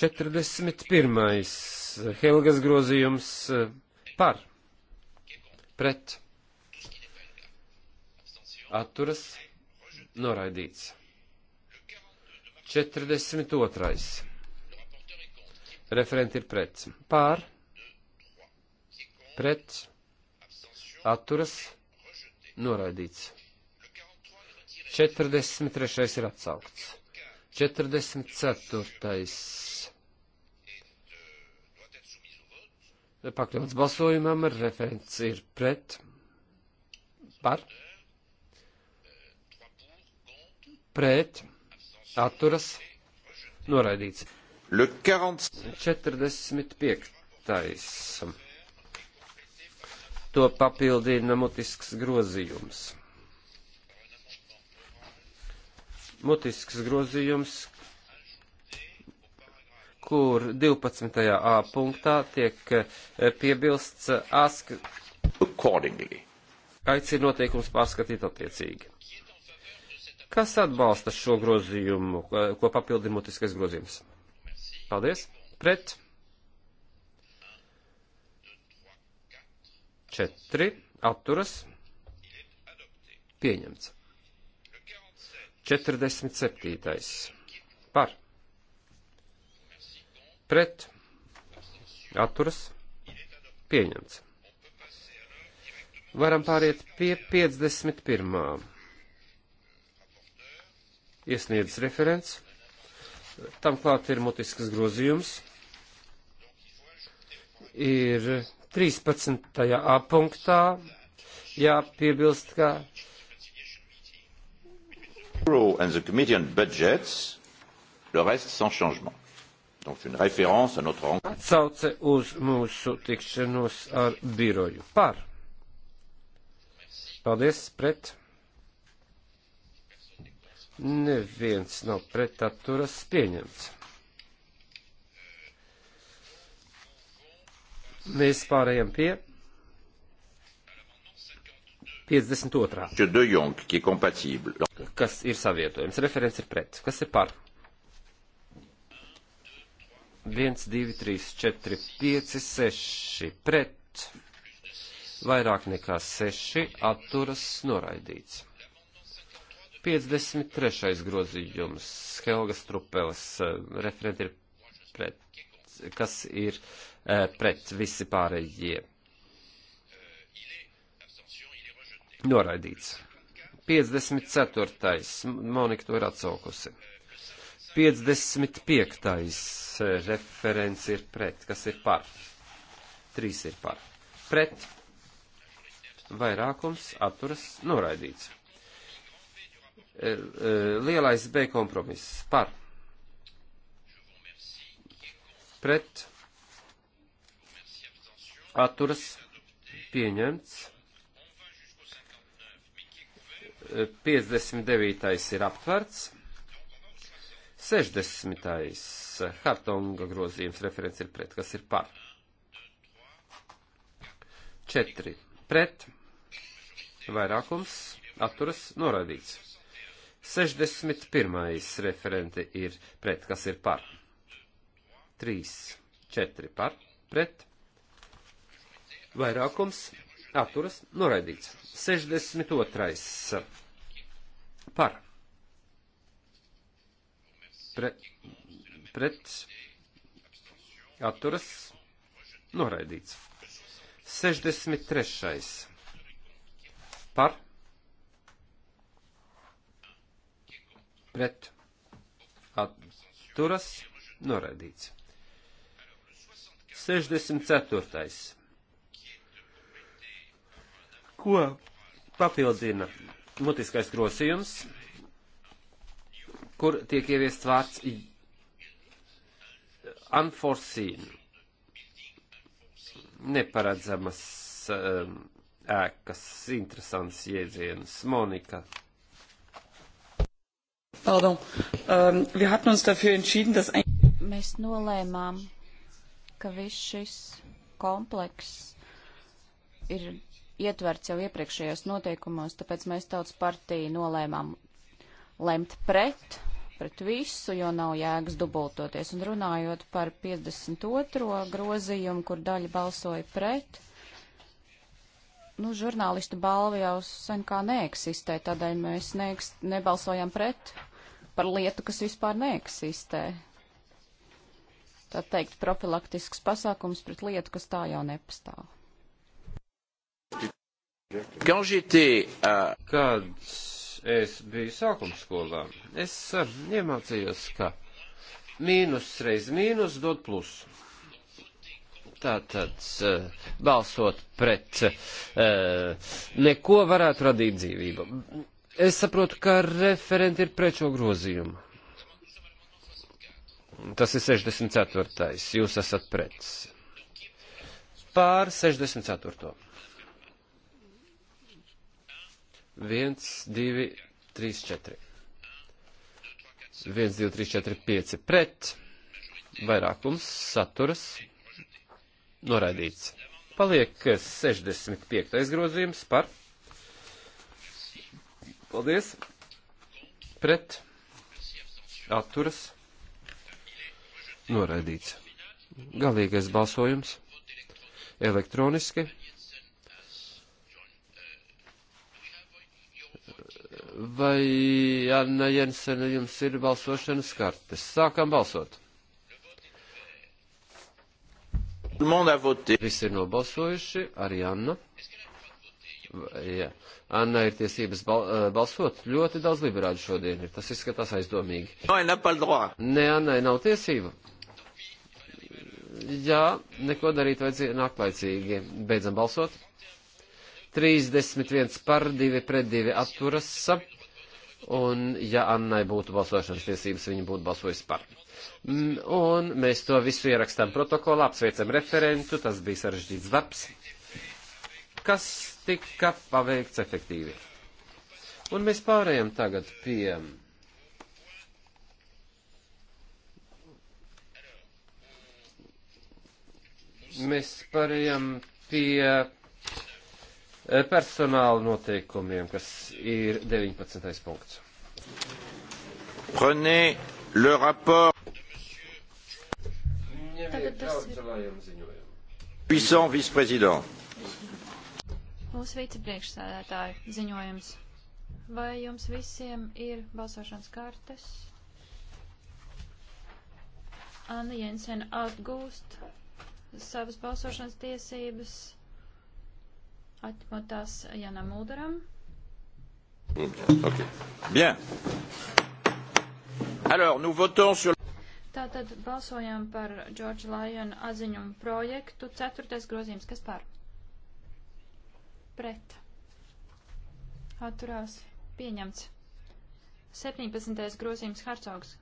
41. Helgas grozījums par. Pret. Atturas. Eh, Noraidīts. 42. Referenti ir pret. Pār. Pret. Atturas. Noraidīts. 43. ir atsaukts. 44. Pakļauts balsojumam, referents ir pret. Par. Pret atturas noraidīts. 45. To papildina mutisks grozījums. Mutisks grozījums, kur 12. A punktā tiek eh, piebilsts ask. Aici noteikums pārskatīt attiecīgi. Kas atbalsta šo grozījumu, ko papildina mutiskais grozījums? Paldies. Pret. 4. Atturas. Pieņemts. 47. Par. Pret. Atturas. Pieņemts. Varam pāriet pie 51 iesniedzis referents. Tam klāt ir mutisks grozījums. Ir 13. apunktā jāpiebilst, ka. And the committee on budgets, le reste sans changement. Donc une référence à notre rencontre. Atsauce uz mūsu tikšanos ar biroju. Par. Paldies, pret. Neviens nav pret atturas pieņemts. Mēs pārējām pie 52. Kas ir savietojums? Referents ir pret. Kas ir par? 1, 2, 3, 4, 5, 6 pret. Vairāk nekā 6 atturas noraidīts. 53. grozījums. Helga Strupelas eh, referenti ir pret, kas ir eh, pret visi pārējie. Noraidīts. 54. Monika to ir atsaukusi. 55. referents ir pret, kas ir par. 3 ir par. Pret. Vairākums atturas noraidīts. E, e, lielais B kompromiss par pret atturas pieņemts. 59. E, ir aptverts. 60. Hartonga grozījums referents ir pret, kas ir par. 4. Pret. Vairākums. Atturas. Noraidīts. 61. referente ir pret, kas ir par. 3, 4 par, pret. Vairākums atturas noraidīts. 62. par. Pret, pret atturas noraidīts. 63. par pret atturas noraidīts. 64. Ko papildina mutiskais grosījums, kur tiek ieviests vārds unforeseen, neparedzamas um, ēkas, interesants jēdziens. Monika Pardon. Um, wir hatten uns dafür entschieden, dass ein... Mēs nolēmām, ka viss šis komplekss ir ietverts jau iepriekšējos noteikumos, tāpēc mēs tautas partiju nolēmām lemt pret, pret visu, jo nav jēgas dubultoties. Un runājot par 52. grozījumu, kur daļa balsoja pret, nu, žurnālistu balva jau sen kā neeksistē, tādēļ mēs neeks, nebalsojam pret par lietu, kas vispār neeksistē. Tā teikt, profilaktisks pasākums pret lietu, kas tā jau nepastāv. Kad es biju sākumskolā, es iemācījos, ka mīnus reiz mīnus dod plusu tātad eh, balsot pret eh, neko varētu radīt dzīvību. Es saprotu, ka referenti ir pret šo grozījumu. Tas ir 64. Jūs esat pret. Pār 64. 1, 2, 3, 4. 1, 2, 3, 4, 5 pret. Vairākums saturas noraidīts. Paliek 65. grozījums par Paldies. Pret. Atturas. Noraidīts. Galīgais balsojums. Elektroniski. Vai Anna Jensena jums ir balsošanas kartes? Sākam balsot. Visi ir nobalsojuši, arī Anna ja. Anna ir tiesības bal, balsot. Ļoti daudz liberāļu šodien ir. Tas izskatās aizdomīgi. Nē, Annai nav tiesību. Jā, neko darīt vajadzēja nāklaicīgi. Beidzam balsot. 31 par 2 pret 2 atturas. Un, ja Annai būtu balsošanas tiesības, viņa būtu balsojusi par. Un mēs to visu ierakstām protokolā, apsveicam referentu, tas bija sarežģīts darbs. Kas tika paveikts efektīvi. Un mēs pārējām tagad pie mēs pārējām pie eh, personāla noteikumiem, kas ir 19. punkts. Prenez le rapport. Tagad tas ir. Puissant vice-président. Mūsu vicepriekšsēdētāja ziņojums. Vai jums visiem ir balsošanas kartes? Anna Jensen atgūst savas balsošanas tiesības, atņemot tās Janam Mulderam. Okay. Bien. Alors, nous votons sur. Tātad balsojam par George Lyon atziņumu projektu. Ceturtais grozījums, kas par? pret atturās pieņemts. 17. grozījums Harcogs.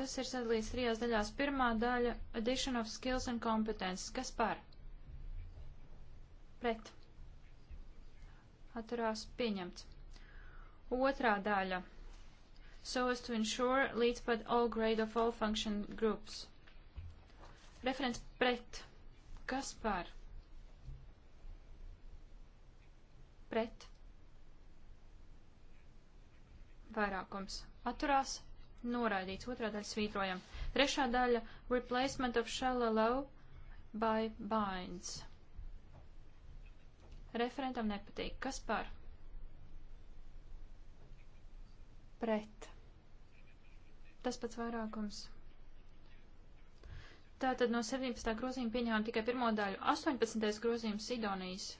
Tas ir sadalīts trijās daļās. Pirmā daļa - Addition of Skills and Competences. Kas par? Pret. Atturās pieņemts. Otrā daļa - So as to ensure līdz pat all grade of all function groups. Referents pret. Kas par? pret, vairākums atturās, noraidīts, otrā daļa svītrojam. Trešā daļa replacement of shallow by binds. Referentam nepatīk. Kas par? Pret. Tas pats vairākums. Tātad no 17. grozījuma pieņēmām tikai pirmo daļu. 18. grozījums Sidonijas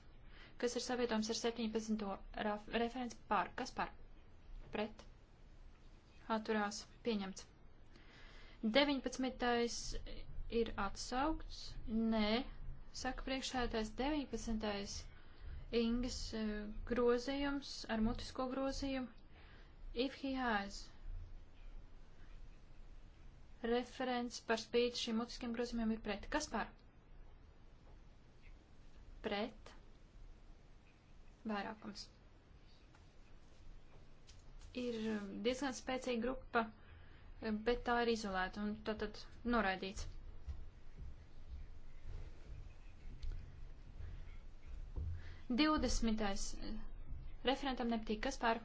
kas ir savietojums ar 17. referents par, kas par, pret, atturās, pieņemts. 19. ir atsaukts, nē, saka priekšsēdētājs 19. Ingas e, grozījums ar mutisko grozījumu. If he has referents par spīti šiem mutiskiem grozījumiem ir pret. Kas par? Pret vairākums. Ir um, diezgan spēcīga grupa, um, bet tā ir izolēta un tad, tad noraidīts. Divdesmitais eh, referentam nepatīk, kas pār?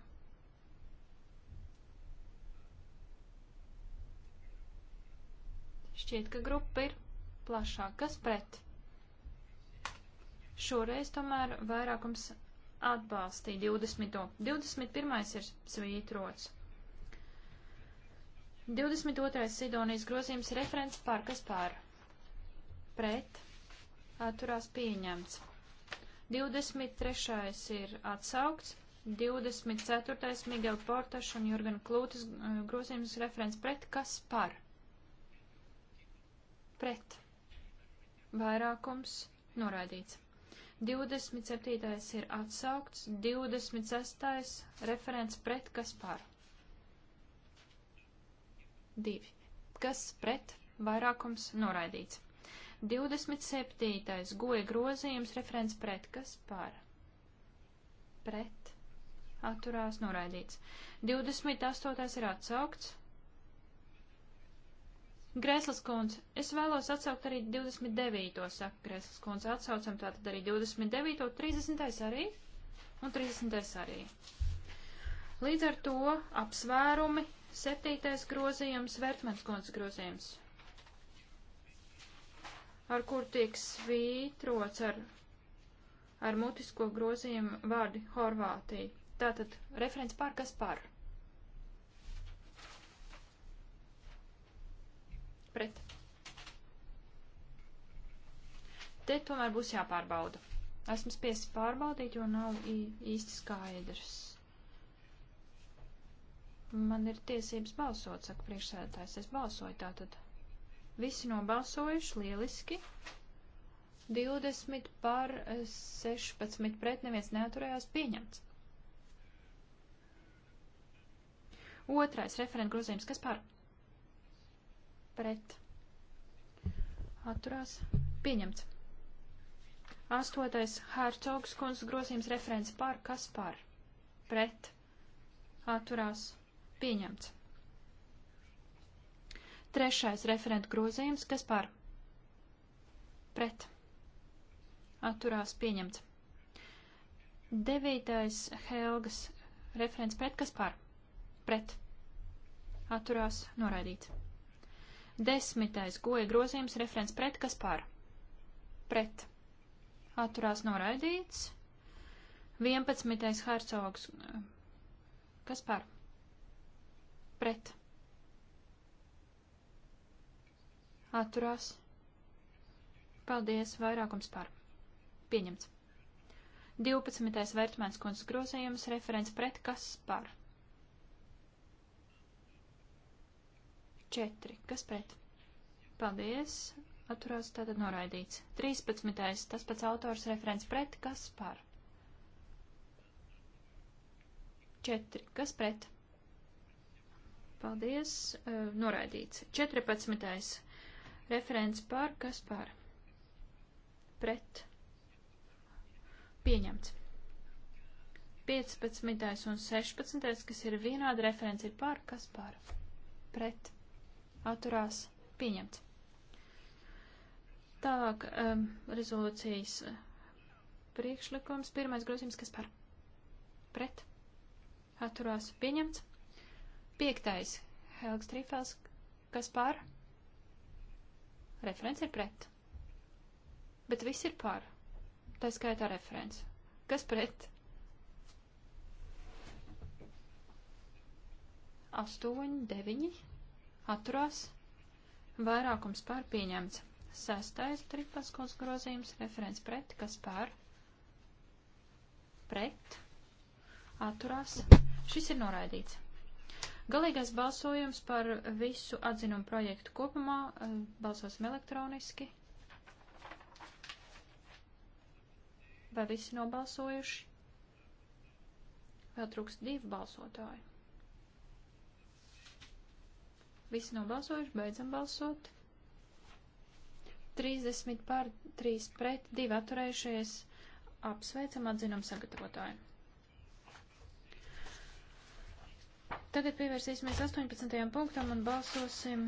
Šķiet, ka grupa ir plašāka. Kas pret? Šoreiz tomēr vairākums atbalstīja 20. 21. ir svītrots. 22. Sidonijas grozījums referents par kas par. Pret. Atturās pieņemts. 23. ir atsaukts. 24. Miguel Portaš un Jurgen Klūtas uh, grozījums referents pret kas par. Pret. Vairākums noraidīts. 27. ir atsaukts, 26. referents pret, kas par. 2. Kas pret, vairākums noraidīts. 27. goja grozījums, referents pret, kas par. Pret, atturās, noraidīts. 28. ir atsaukts, Grēslas kundze, es vēlos atsaukt arī 29. saka Grēslas kundze, atsaucam tātad arī 29. 30. arī un 30. arī. Līdz ar to apsvērumi 7. grozījums, Vērtmens kundze grozījums, ar kur tiek svītrots ar, ar mutisko grozījumu vārdi Horvātija. Tātad referents par kas par? pret. Te tomēr būs jāpārbauda. Esmu spiesis pārbaudīt, jo nav īsti skaidrs. Man ir tiesības balsot, saka priekšsēdētājs. Es balsoju tātad. Visi nobalsojuši, lieliski. 20 par 16 eh, pret neviens neaturējās pieņemts. Otrais referenta grozījums, kas par? pret atturās pieņemts. Astotais Hērcogs kundzes grozījums referents par kas par pret atturās pieņemts. Trešais referenta grozījums, kas par pret atturās pieņemts. Devītais Helgas referents pret, kas par pret atturās noraidīts. Desmitais goja grozījums referents pret, kas par? Pret. Atturās noraidīts. Vienpadsmitais hercogs. Kas par? Pret. Atturās. Paldies, vairākums par. Pieņemts. 12. vērtmēns kundzes grozījums referents pret kas par? 4. Kas pret? Paldies. Atturās tātad noraidīts. 13. Tas pats autors referents pret. Kas par? 4. Kas pret? Paldies. Noraidīts. 14. Referents par. Kas par? Pret. Pieņemts. 15. un 16. kas ir vienāda referents ir par. Kas par? Pret atturās pieņemts. Tālāk um, rezolūcijas priekšlikums. Pirmais grozījums, kas par pret atturās pieņemts. Piektais Helgs Trīfels, kas par referents ir pret. Bet viss ir par. Tā skaitā referents. Kas pret? Astoņi, deviņi atturās, vairākums pār pieņemts. Sestais tripaskos grozījums, referents pret, kas pār, pret, atturās, šis ir noraidīts. Galīgais balsojums par visu atzinumu projektu kopumā, eh, balsosim elektroniski. Vai visi nobalsojuši? Vēl trūkst divi balsotāji. Visi nobalsojuši, beidzam balsot. 30 pār 3 pret 2 atturējušies. Apsveicam atzinam sagatavotāju. Tagad pievērsīsimies 18. punktam un balsosim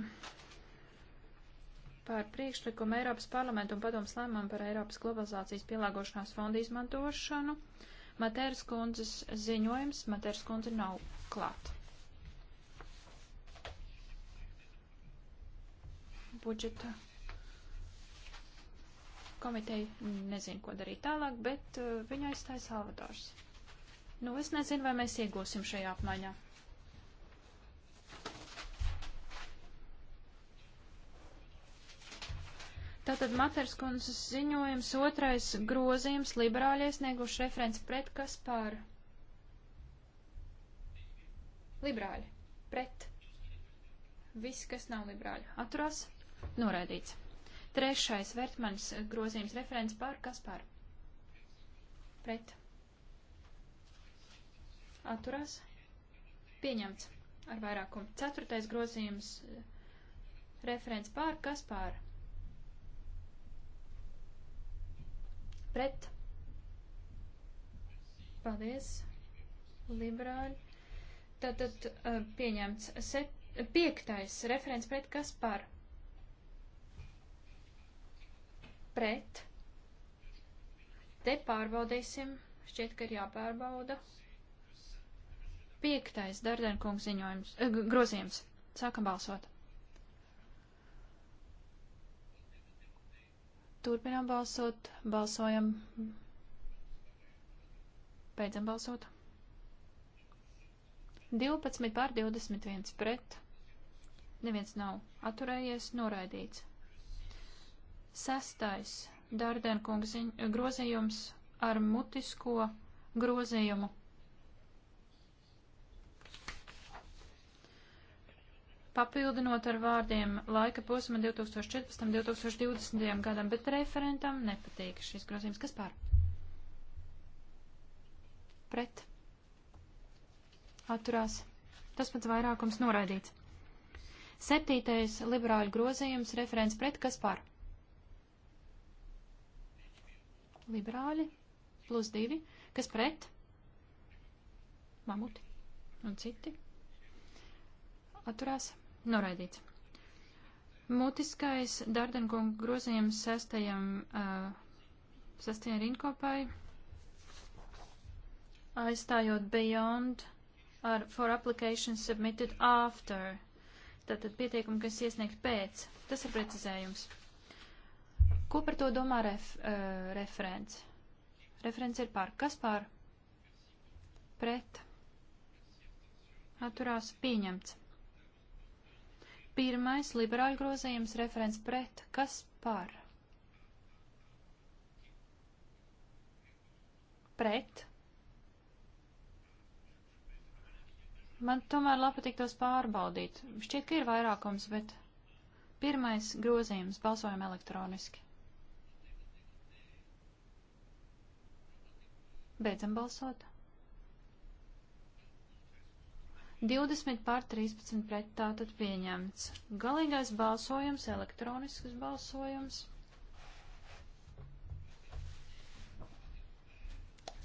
par priekšlikumu Eiropas parlamentu un padomus lēmumu par Eiropas globalizācijas pielāgošanās fondu izmantošanu. Matēras kundzes ziņojums. Matēras kundze nav klāt. budžeta komiteja nezina, ko darīt tālāk, bet uh, viņa aizstāja Salvadors. Nu, es nezinu, vai mēs iegūsim šajā apmaiņā. Tātad Materskundzes ziņojums otrais grozījums liberāļi iesnieguši referents pret kas pār? Liberāļi. Pret. Visi, kas nav liberāļi. Atturās. Noraidīts. Trešais Vertmanis grozījums referents par kas par? Pret. Atturās. Pieņemts ar vairākumu. Ceturtais grozījums eh, referents par kas par? Pret. Paldies. Liberāļi. Tātad eh, pieņemts set, piektais referents pret kas par? pret. Te pārbaudīsim, šķiet, ka ir jāpārbauda. Piektais Dardenkungs ziņojums, eh, grozījums. Sākam balsot. Turpinām balsot, balsojam, beidzam balsot. 12 pār 21 pret. Neviens nav atturējies, noraidīts. Sestais Dārdēnkungs grozījums ar mutisko grozījumu. Papildinot ar vārdiem laika posma 2014-2020 gadam, bet referentam nepatīk šis grozījums. Kas pār? Pret. Atturās. Tas pats vairākums noraidīts. Septītais liberāļu grozījums referents pret kas pār? liberāļi, plus divi, kas pret, mamuti un citi, atturās, noraidīts. Mutiskais Dardenkunga grozījums sestajam, uh, sestajai rinkopai, aizstājot beyond ar for application submitted after, tātad pieteikumu, kas iesniegt pēc, tas ir precizējums. Ko par to domā ref, uh, referents? Referents ir par. Kas par? Pret. Atturās pieņemts. Pirmais liberāļu grozījums referents pret. Kas par? Pret. Man tomēr labi tiktos pārbaudīt. Šķiet, ka ir vairākums, bet pirmais grozījums balsojam elektroniski. Beidzam balsot. 20 pār 13 pret tātad pieņemts. Galīgais balsojums, elektronisks balsojums.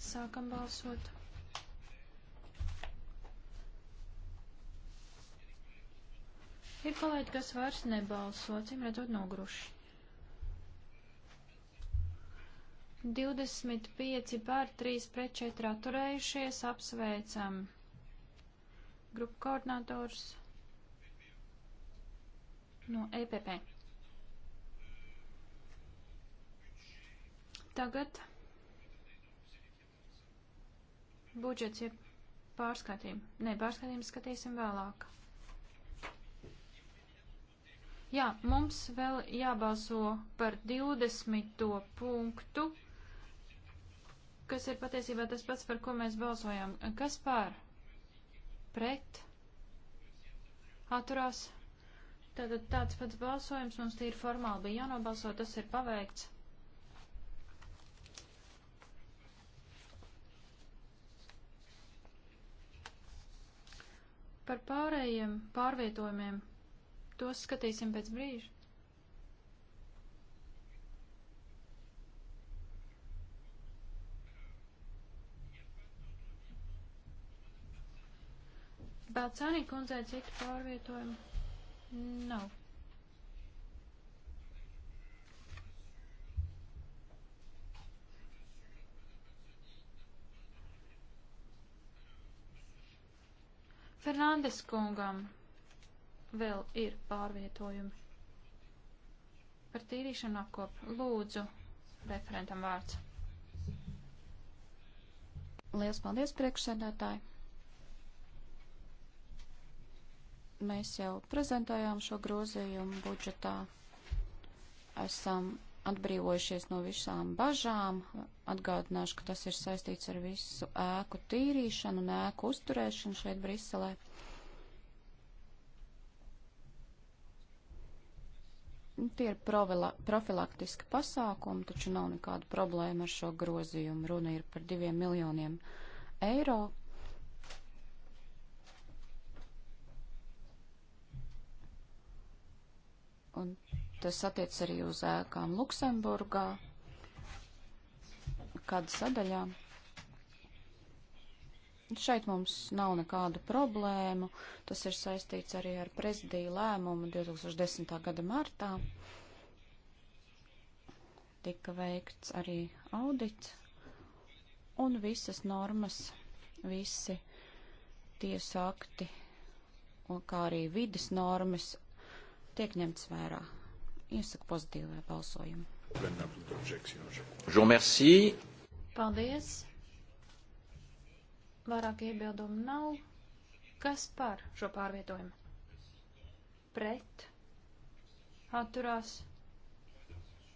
Sākam balsot. Ir kolēģi, kas vairs nebalso, cim redzot noguruši. 25 pār 3 pret 4 atturējušies, apsveicam grupu koordinators no EPP. Tagad budžets ir pārskatījumi. Nē, pārskatījumi skatīsim vēlāk. Jā, mums vēl jābalso par 20. punktu kas ir patiesībā tas pats, par ko mēs balsojām. Kas pār? Pret? Atturās? Tātad tāds pats balsojums mums tīri formāli bija jānobalso, tas ir paveikts. Par pārējiem pārvietojumiem tos skatīsim pēc brīža. Balcānī kundzē citu pārvietojumu nav. No. Fernandes kungam vēl ir pārvietojumi. Par tīrīšanu apkop lūdzu referentam vārds. Liels paldies priekšsēdētāji! Mēs jau prezentējām šo grozījumu budžetā. Esam atbrīvojušies no visām bažām. Atgādināšu, ka tas ir saistīts ar visu ēku tīrīšanu un ēku uzturēšanu šeit Briselē. Tie ir profilaktiski pasākumi, taču nav nekāda problēma ar šo grozījumu. Runa ir par diviem miljoniem eiro un tas attiec arī uz ēkām Luksemburgā, kāda sadaļā. Šeit mums nav nekādu problēmu, tas ir saistīts arī ar prezidiju lēmumu 2010. gada martā. Tika veikts arī audits, un visas normas, visi tiesakti, kā arī vidas normas tiek ņemts vērā. Iesaku pozitīvā balsojumu. Paldies. Vairāk iebildumu nav. Kas par šo pārvietojumu? Pret. Atturās.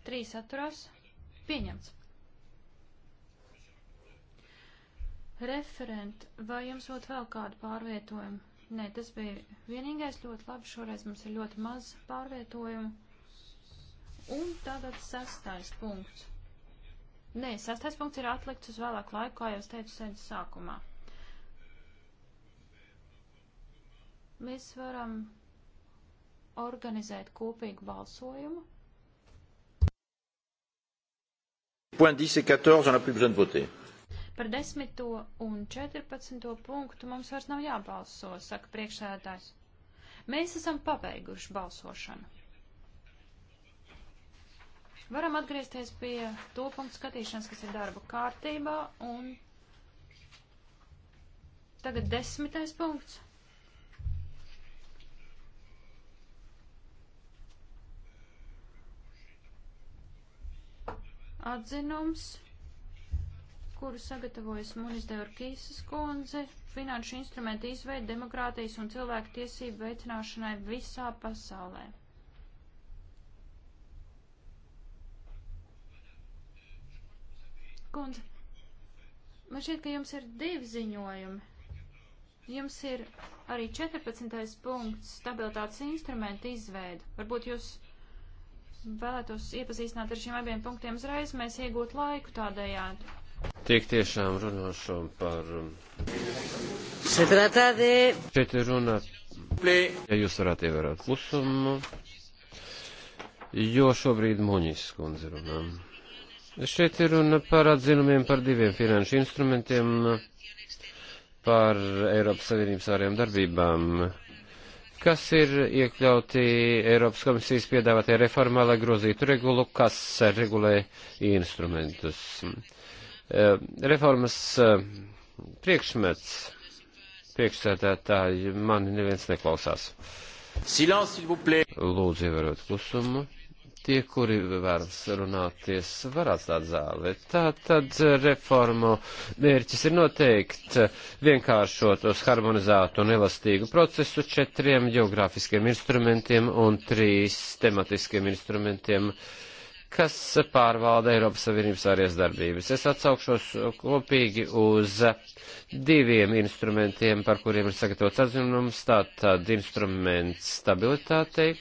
Trīs atturās. Pieņemts. Referent, vai jums būtu vēl kādu pārvietojumu? Nē, tas bija vienīgais ļoti labi. Šoreiz mums ir ļoti maz pārvietojumu. Un tagad sastais punkts. Nē, sastais punkts ir atlikts uz vēlāku laiku, kā jau es teicu sēdes sākumā. Mēs varam organizēt kopīgu balsojumu. Point 10 et 14, on n'a plus besoin de voter. Par 10. un 14. punktu mums vairs nav jābalso, saka priekšsēdētājs. Mēs esam pabeiguši balsošanu. Varam atgriezties pie to punktu skatīšanas, kas ir darba kārtībā, un tagad desmitais punkts. atzinums kuru sagatavojas Munis Deorkīsas kundze, finanšu instrumentu izveida demokrātijas un cilvēku tiesību veicināšanai visā pasaulē. Kundze, man šķiet, ka jums ir divi ziņojumi. Jums ir arī 14. punkts stabilitātes instrumentu izveida. Varbūt jūs vēlētos iepazīstināt ar šiem abiem punktiem uzreiz, mēs iegūtu laiku tādējādi. Tiek tiešām runāšu par. Um, Se trata de. Šeit ir runa. Ja jūs varētu ievērot klusumu, jo šobrīd muņis kundze runā. Šeit ir runa par atzinumiem par diviem finanšu instrumentiem, par Eiropas Savienības ārējām darbībām kas ir iekļauti Eiropas komisijas piedāvātajā reformā, lai grozītu regulu, kas regulē instrumentus. E, reformas e, priekšmets, priekšsēdētāji, mani neviens neklausās. Silence, s'il vous plaît. Lūdzu, ievērot klusumu. Tie, kuri vēlas runāties, var atstāt zāli. Tā tad reformu mērķis ir noteikt vienkāršot uz harmonizētu un elastīgu procesu četriem geogrāfiskiem instrumentiem un trīs tematiskiem instrumentiem. Uh, kas pārvalda Eiropas Savienības ārējas darbības. Es atsaukšos kopīgi uz diviem instrumentiem, par kuriem ir sagatavots atzinums, tātad instruments stabilitātei,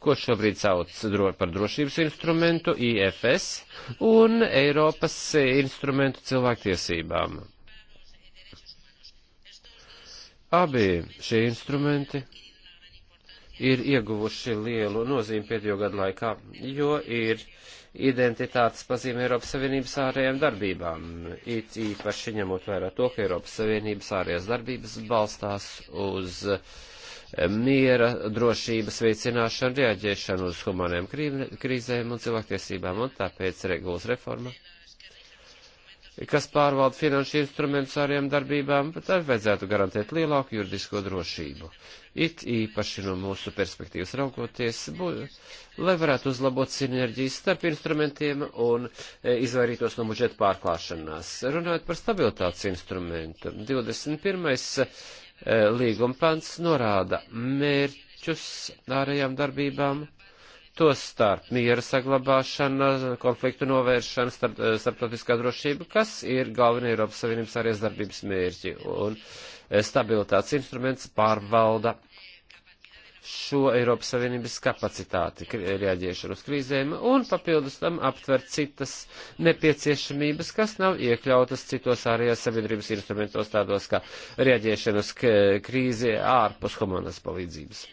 ko šobrīd sauc dro, par drošības instrumentu, IFS, un Eiropas instrumentu cilvēktiesībām. Abi šie instrumenti ir ieguvuši lielu nozīmi pēdējo gadu laikā, jo ir identitātes pazīme Eiropas Savienības ārējām darbībām, it īpaši ņemot vērā to, ka Eiropas Savienības ārējās darbības balstās uz eh, miera, drošības veicināšanu, reaģēšanu uz humaniem krīzēm un cilvēktiesībām, un tāpēc regulas reforma kas pārvalda finanšu instrumentus ārējām darbībām, bet arī vajadzētu garantēt lielāku juridisko drošību. It īpaši no mūsu perspektīvas raugoties, bū, lai varētu uzlabot sinerģijas starp instrumentiem un e, izvairītos no budžeta pārklāšanās. Runājot par stabilitātes instrumentu, 21. E, līguma pants norāda mērķus ārējām darbībām tos starp miera saglabāšana, konfliktu novēršana, starp, eh, starptautiskā drošība, kas ir galvenie Eiropas Savienības arī darbības mērķi. Un eh, stabilitātes instruments pārvalda šo Eiropas Savienības kapacitāti reaģēšanu uz krīzēm un papildus tam aptver citas nepieciešamības, kas nav iekļautas citos ārējās sabiedrības instrumentos, tādos kā reaģēšana uz krīzi ārpus humanās palīdzības.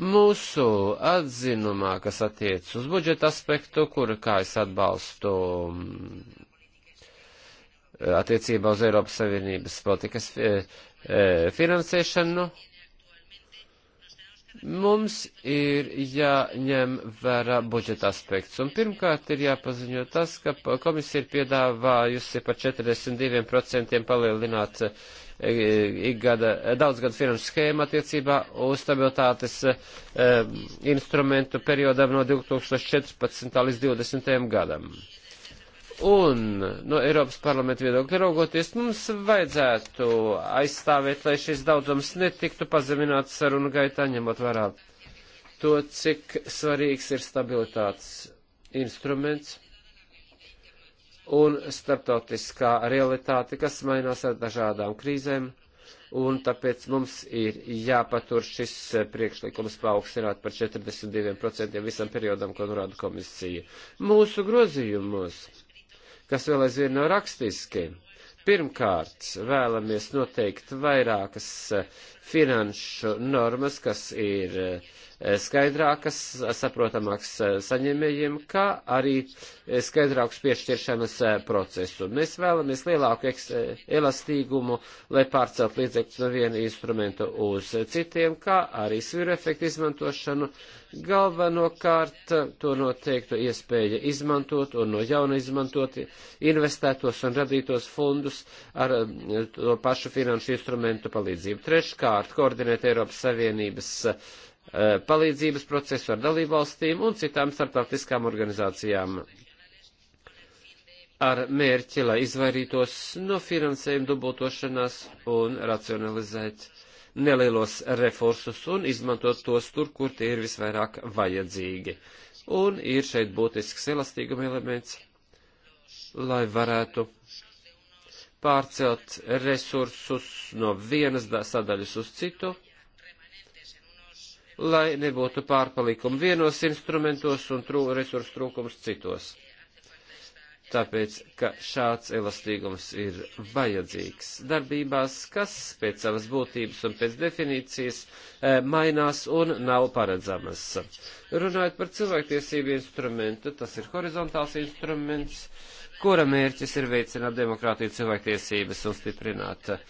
Mūsu atzinumā, kas attiec uz budžeta aspektu, kuru kā es atbalstu mm, attiecībā uz Eiropas Savienības politikas e, e, finansēšanu, mums ir jāņem vērā budžeta aspekts. Un pirmkārt ir jāpaziņo tas, ka komisija ir piedāvājusi par 42% palielināt uh, Eh, ikgada, eh, daudzgada finanšu schēma attiecībā uz stabilitātes um, instrumentu periodam no 2014. līdz 2020. gadam. Un no Eiropas parlamenta viedokļa raugoties, mums vajadzētu aizstāvēt, lai šis daudzums netiktu pazemināts sarunu gaitā, ņemot vērā to, cik svarīgs ir stabilitātes instruments un starptautiskā realitāte, kas mainās ar dažādām krīzēm, un tāpēc mums ir jāpatur šis eh, priekšlikums paaugstināt par 42% visam periodam, ko norāda komisija. Mūsu grozījumos, kas vēl aizvien nav rakstiski, Pirmkārt, vēlamies noteikt vairākas eh, finanšu normas, kas ir eh, Eh, skaidrākas, eh, saprotamākas eh, saņēmējiem, kā arī skaidrākus piešķiršanas procesu. Mēs vēlamies lielāku elastīgumu, lai pārcelt līdzekļus no viena instrumenta uz citiem, kā arī sviru efektu izmantošanu. Galvenokārt to noteiktu iespēja izmantot un no jauna izmantot investētos un radītos fondus ar to pašu finanšu instrumentu palīdzību. Treškārt, koordinēt Eiropas Savienības uh, Eh, palīdzības procesu ar dalībvalstīm un citām starptautiskām organizācijām ar mērķi, lai izvairītos no finansējuma dubultošanās un racionalizēt nelielos resursus un izmantot tos tur, kur tie ir visvairāk vajadzīgi. Un ir šeit būtisks elastīguma elements, lai varētu pārcelt resursus no vienas sadaļas uz citu lai nebūtu pārpalikumi vienos instrumentos un trū, resursu trūkums citos. Tāpēc, ka šāds elastīgums ir vajadzīgs darbībās, kas pēc savas būtības un pēc definīcijas e, mainās un nav paredzamas. Runājot par cilvēktiesību instrumentu, tas ir horizontāls instruments. E, kura mērķis ir veicināt demokrātiju cilvēktiesības un stiprināt eh,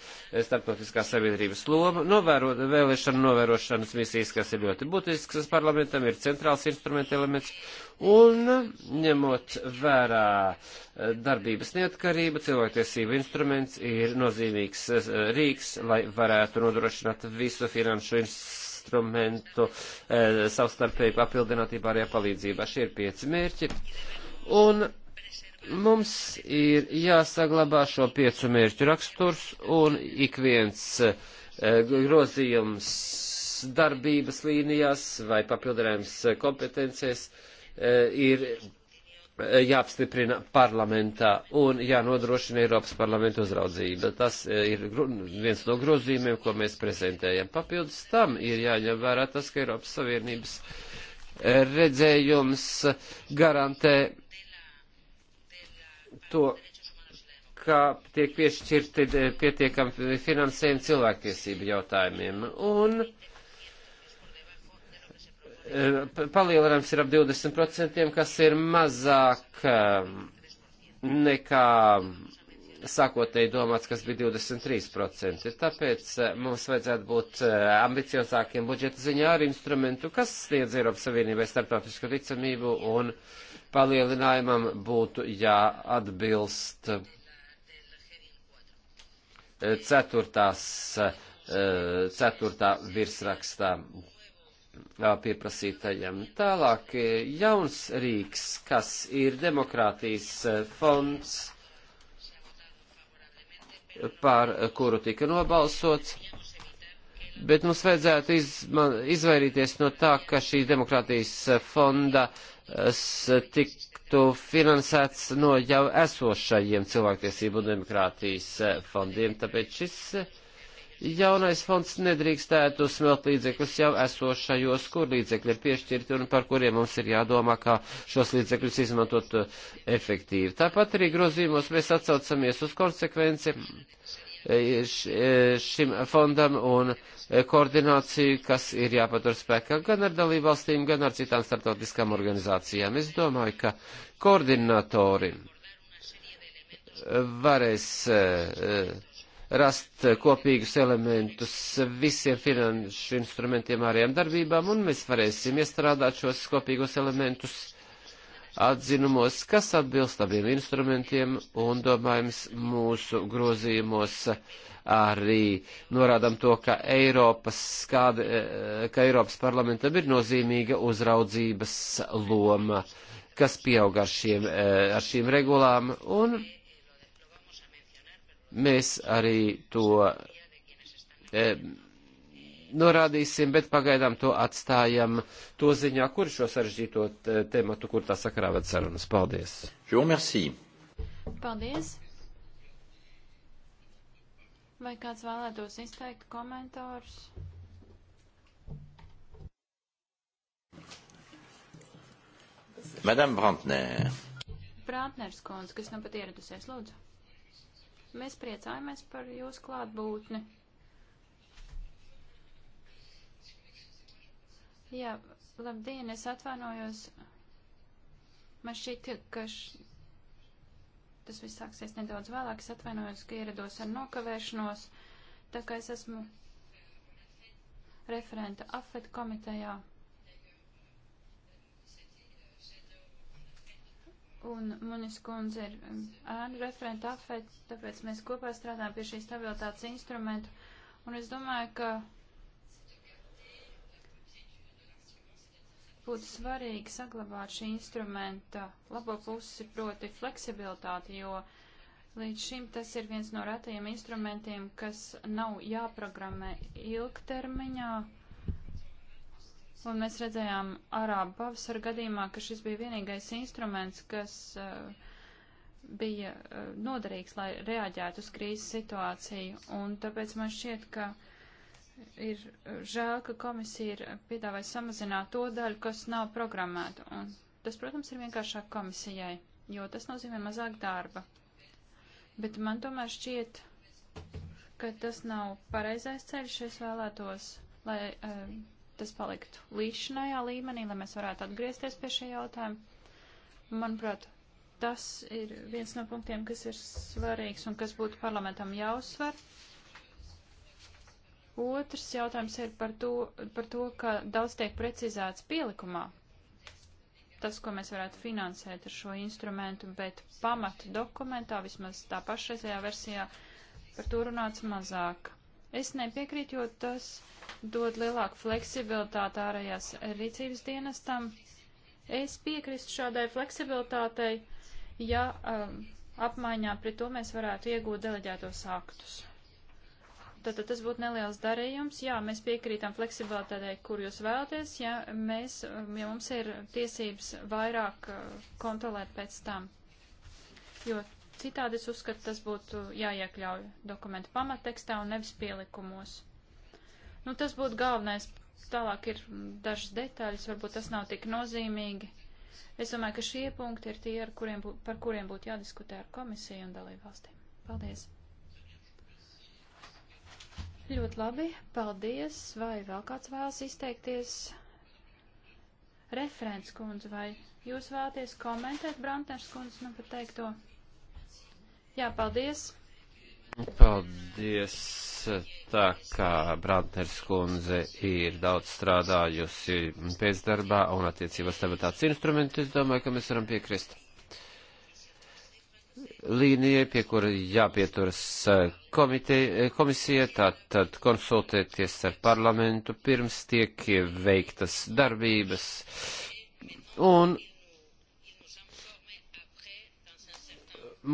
starptautiskā sabiedrības lomu. Novēro, vēlēšana novērošanas misijas, kas ir ļoti būtisks parlamentam, ir centrāls instrumenta elements. Un ņemot vērā eh, darbības neatkarību, cilvēktiesība instruments ir nozīmīgs eh, rīks, lai varētu nodrošināt visu finanšu instrumentu instrumentu e, savstarpēji papildinātībā arī palīdzībā. Šie ir pieci mērķi. Un Mums ir jāsaglabā šo piecu mērķu raksturs un ik viens e, grozījums darbības līnijās vai papildinājums kompetencēs e, ir e, jāapstiprina parlamentā un jānodrošina Eiropas parlamenta uzraudzība. Tas ir viens no grozījumiem, ko mēs prezentējam. Papildus tam ir jāņem vērā tas, ka Eiropas Savienības redzējums garantē to, ka tiek piešķirti eh, pietiekami finansējumi cilvēktiesību jautājumiem. Un eh, palielinājums ir ap 20%, kas ir mazāk eh, nekā sākotnēji domāts, kas bija 23%. Tāpēc mums vajadzētu būt ambiciozākiem budžeta ziņā ar instrumentu, kas sniedz Eiropas Savienībai starptautisku ticamību un uh, palielinājumam būtu jāatbilst eh, ceturtās, eh, ceturtā virsrakstā eh, pieprasītajam. Tālāk jauns rīks, kas ir demokrātijas fonds, par kuru tika nobalsots bet mums vajadzētu izman, izvairīties no tā, ka šī demokrātijas eh, fonda eh, tiktu finansēts no jau esošajiem cilvēktiesību un demokrātijas eh, fondiem, tāpēc šis jaunais fonds nedrīkstētu smelt līdzekļus jau esošajos, kur līdzekļi ir piešķirti un par kuriem mums ir jādomā, kā šos līdzekļus izmantot efektīvi. Tāpat arī grozījumos mēs atsaucamies uz konsekvenci E, e, šim fondam un e, koordināciju, kas ir jāpatur spēkā gan ar dalībvalstīm, gan ar citām starptautiskām organizācijām. Es domāju, ka koordinatori varēs rast kopīgus elementus visiem finanšu instrumentiem ārējām darbībām, un mēs varēsim iestrādāt šos kopīgos elementus atzinumos, kas atbilst abiem instrumentiem un, domājams, mūsu grozījumos arī norādam to, ka Eiropas, kāda, eh, ka Eiropas parlamentam ir nozīmīga uzraudzības loma, kas pieaug ar šiem, eh, ar šīm regulām, un mēs arī to eh, norādīsim, bet pagaidām to atstājam to ziņā, kur šo sarežģīto tematu, kur tā sakarā ved sarunas. Paldies! Jo, merci! Paldies! Vai kāds vēlētos izteikt komentārus? Madame Brantner. Brantners kundze, kas nu pat ieradusies, lūdzu. Mēs priecājamies par jūsu klātbūtni. Jā, labdien, es atvainojos. Man šķiet, ka š... tas viss sāksies nedaudz vēlāk. Es atvainojos, ka ierados ar nokavēšanos, tā kā es esmu referenta AFET komitejā. Un Munis kundze ir um, ēnu referenta AFET, tāpēc mēs kopā strādājam pie šī stabilitātes instrumentu. Un es domāju, ka būtu svarīgi saglabāt šī instrumenta labo pusi, proti fleksibilitāti, jo līdz šim tas ir viens no retajiem instrumentiem, kas nav jāprogrammē ilgtermiņā. Un mēs redzējām Arābu pavasara gadījumā, ka šis bija vienīgais instruments, kas uh, bija uh, noderīgs, lai reaģētu uz krīzes situāciju. Un tāpēc man šķiet, ka uh, Ir žēl, ka komisija ir piedāvājusi samazināt to daļu, kas nav programmēta. Un tas, protams, ir vienkāršāk komisijai, jo tas nozīmē mazāk darba. Bet man tomēr šķiet, ka tas nav pareizais ceļš. Es vēlētos, lai uh, tas paliktu līdzinājā līmenī, lai mēs varētu atgriezties pie šī jautājuma. Manuprāt, tas ir viens no punktiem, kas ir svarīgs un kas būtu parlamentam jāuzsver. Uh, Otrs jautājums ir par to, par to, ka daudz tiek precizēts pielikumā. Tas, ko mēs varētu finansēt ar šo instrumentu, bet pamata dokumentā, vismaz tā pašreizējā versijā, par to runāts mazāk. Es nepiekrītu, jo tas dod lielāku fleksibilitāti ārējās rīcības dienestam. Es piekrīstu šādai fleksibilitātei, ja um, apmaiņā pret to mēs varētu iegūt deleģētos aktus. Tātad tas būtu neliels darījums. Jā, mēs piekrītam fleksibilitātei, kur jūs vēlaties, ja, mēs, um, ja mums ir tiesības vairāk uh, kontrolēt pēc tam. Jo citādi es uzskatu, tas būtu jāiekļauj dokumentu pamattekstā un nevis pielikumos. Nu, tas būtu galvenais. Tālāk ir mm, dažas detaļas, varbūt tas nav tik nozīmīgi. Es domāju, ka šie punkti ir tie, kuriem, bū, par kuriem būtu jādiskutē ar komisiju un dalībvalstīm. Paldies! Mm. Ļoti labi, paldies. Vai vēl kāds vēlas izteikties? Referents kundze, vai jūs vēlaties komentēt Brantners kundze man nu, par teikto? Jā, paldies. Paldies. Tā kā Brantners kundze ir daudz strādājusi pēc darbā un attiecībā stabilitātes instrumentu, es domāju, ka mēs varam piekrist līnijai, pie kura jāpieturas eh, komite, eh, komisija, tātad konsultēties ar parlamentu pirms tiek veiktas darbības. Un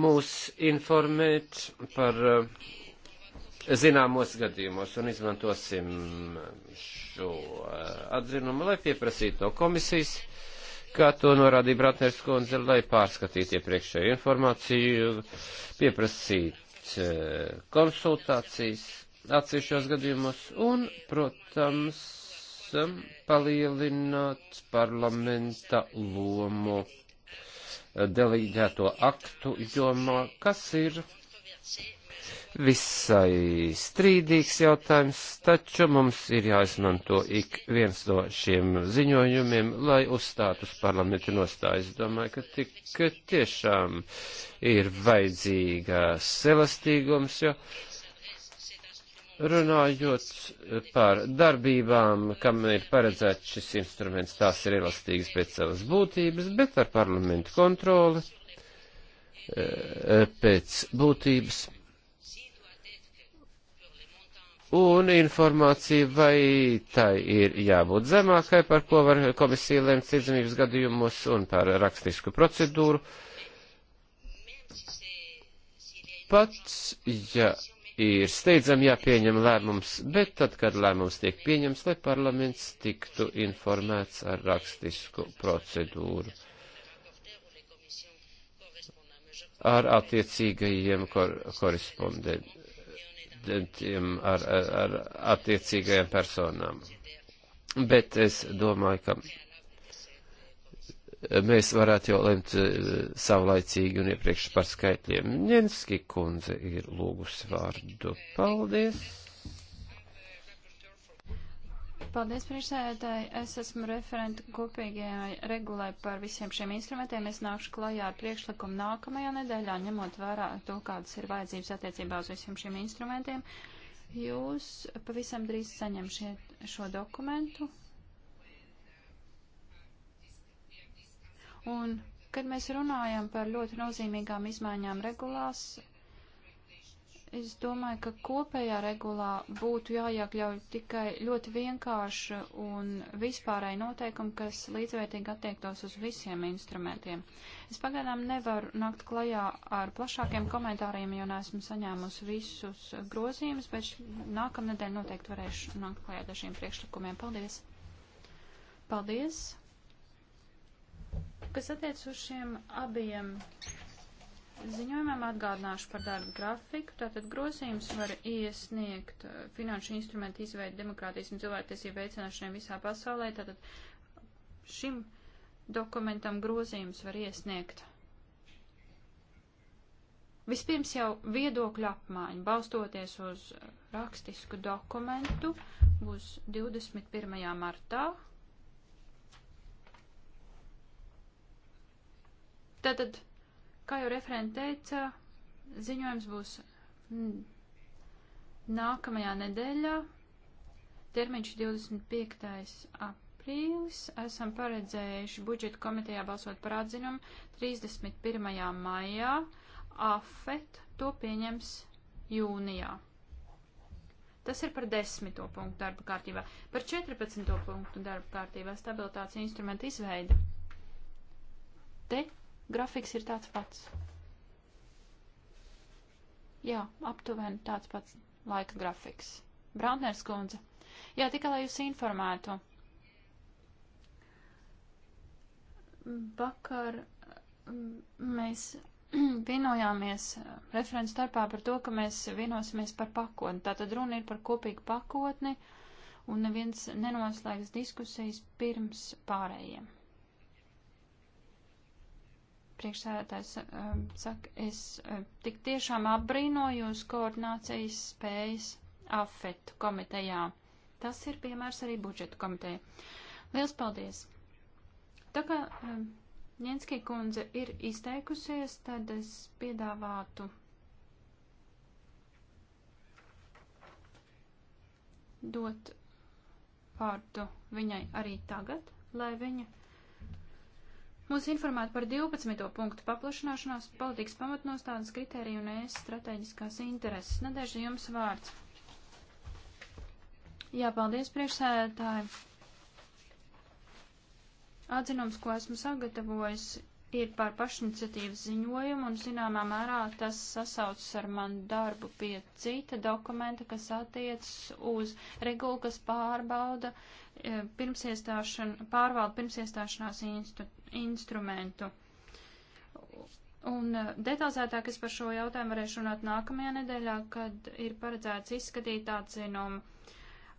mūs informēt par eh, zināmos gadījumos un izmantosim šo atzinumu, lai pieprasītu no komisijas kā to norādīja Bratners kundze, lai pārskatītu iepriekšēju informāciju, pieprasīt e, konsultācijas atsevišķos gadījumos un, protams, palielināt parlamenta lomu e, deleģēto aktu jomā, kas ir visai strīdīgs jautājums, taču mums ir jāizmanto ik viens no šiem ziņojumiem, lai uzstātu uz parlamentu nostāju. Es domāju, ka tik tiešām ir vajadzīgās elastīgums, jo runājot par darbībām, kam ir paredzēts šis instruments, tās ir elastīgas pēc savas būtības, bet ar parlamentu kontroli eh, pēc būtības un informācija, vai tai ir jābūt zemākai, par ko var komisija lēmt cīdzamības gadījumos un par rakstisku procedūru. Pats, ja ir steidzam jāpieņem lēmums, bet tad, kad lēmums tiek pieņems, lai parlaments tiktu informēts ar rakstisku procedūru ar attiecīgajiem kor korespondentiem referentiem ar, ar, ar attiecīgajām personām. Bet es domāju, ka mēs varētu jau lemt eh, savlaicīgi un iepriekš par skaitļiem. Ņenski kundze ir lūgusi vārdu. Paldies! Paldies, priekšsēdētāji. Es esmu referenta kopīgajai regulai par visiem šiem instrumentiem. Es nākšu klajā ar priekšlikumu nākamajā nedēļā, ņemot vērā to, kādas ir vajadzības attiecībā uz visiem šiem instrumentiem. Jūs pavisam drīz saņemsiet šo dokumentu. Un, kad mēs runājam par ļoti nozīmīgām izmaiņām regulās, Es domāju, ka kopējā regulā būtu jāiekļauj tikai ļoti vienkārši un vispārēji noteikumi, kas līdzvērtīgi attiektos uz visiem instrumentiem. Es pagaidām nevaru nākt klajā ar plašākiem komentāriem, jo neesmu saņēmusi visus grozījumus, bet nākamnedēļ noteikti varēšu nākt klajā dažiem priekšlikumiem. Paldies! Paldies! Kas attiec uz šiem abiem ziņojumam atgādināšu par darba grafiku. Tātad grozījums var iesniegt eh, finanšu instrumentu izveidu demokrātijas un cilvēktiesību veicināšanai visā pasaulē. Tātad šim dokumentam grozījums var iesniegt. Vispirms jau viedokļu apmaiņa, balstoties uz rakstisku dokumentu, būs 21. martā. Tātad Kā jau referent teica, ziņojums būs nākamajā nedēļā. Termiņš 25. aprīlis. Esam paredzējuši budžeta komitejā balsot par atzinumu 31. maijā. AFET to pieņems jūnijā. Tas ir par desmito punktu darba kārtībā. Par 14. punktu darba kārtībā stabilitātes instrumenta izveida. Te Grafiks ir tāds pats. Jā, aptuveni tāds pats laika grafiks. Brantners kundze. Jā, tikai lai jūs informētu. Vakar mm, mēs [CLEARS THROAT] vienojāmies eh, referents starpā par to, ka mēs vienosimies par pakotni. Tātad runa ir par kopīgu pakotni, un neviens nenoslēgs diskusijas pirms pārējiem. Priekšsēdētājs um, saka, es um, tik tiešām apbrīnoju uz koordinācijas spējas afetu komitejā. Tas ir piemērs arī budžetu komiteja. Liels paldies! Tā kā Ņenskī um, kundze ir izteikusies, tad es piedāvātu dot vārdu viņai arī tagad, lai viņa mūs informēt par 12. punktu paplašanāšanos, politikas pamatnostādes kritēriju un ēs strateģiskās intereses. Nadeži, jums vārds. Jā, paldies priekšsēdētāji. Atzinums, ko esmu sagatavojis, ir par pašiniciatīvas ziņojumu, un zināmā mērā tas sasaucas ar manu darbu pie cita dokumenta, kas attiecas uz regulu, kas pārbauda e, pārvalda pirmsiestāšanās instru, instrumentu. Un e, detalizētāk es par šo jautājumu varēšu runāt nākamajā nedēļā, kad ir paredzēts izskatīt atzinumu.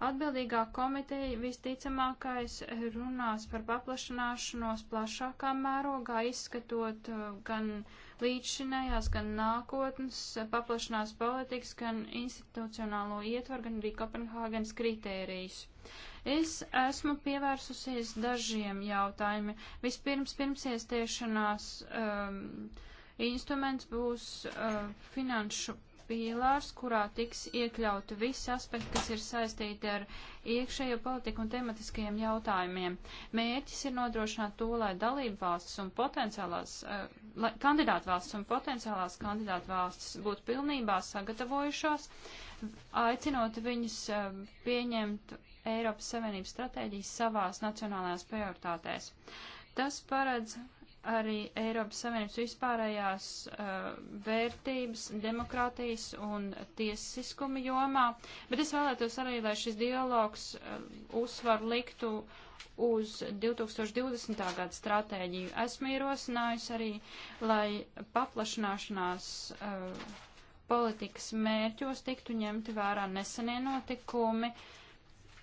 Atbildīgā komiteja visticamākais runās par paplašanāšanos plašākā mērogā, izskatot uh, gan līdzšinējās, gan nākotnes paplašanās politikas, gan institucionālo ietvaru, gan arī Kopenhāgenes kritērijus. Es esmu pievērsusies dažiem jautājumiem. Vispirms pirms iestiešanās um, instruments būs uh, finanšu pīlārs, kurā tiks iekļauti visi aspekti, kas ir saistīti ar iekšējo politiku un tematiskajiem jautājumiem. Mērķis ir nodrošināt to, lai dalību valstis un potenciālās, eh, lai kandidātu valstis un potenciālās kandidātu valstis būtu pilnībā sagatavojušās, aicinot viņus eh, pieņemt Eiropas Savienības stratēģijas savās nacionālajās prioritātēs. Tas paredz arī Eiropas Savienības vispārējās uh, vērtības, demokrātijas un tiesiskuma jomā, bet es vēlētos arī, lai šis dialogs uh, uzsvar liktu uz 2020. gada stratēģiju. Esmu ierosinājusi arī, lai paplašanāšanās uh, eh, politikas mērķos tiktu ņemti vērā nesenie notikumi, uh,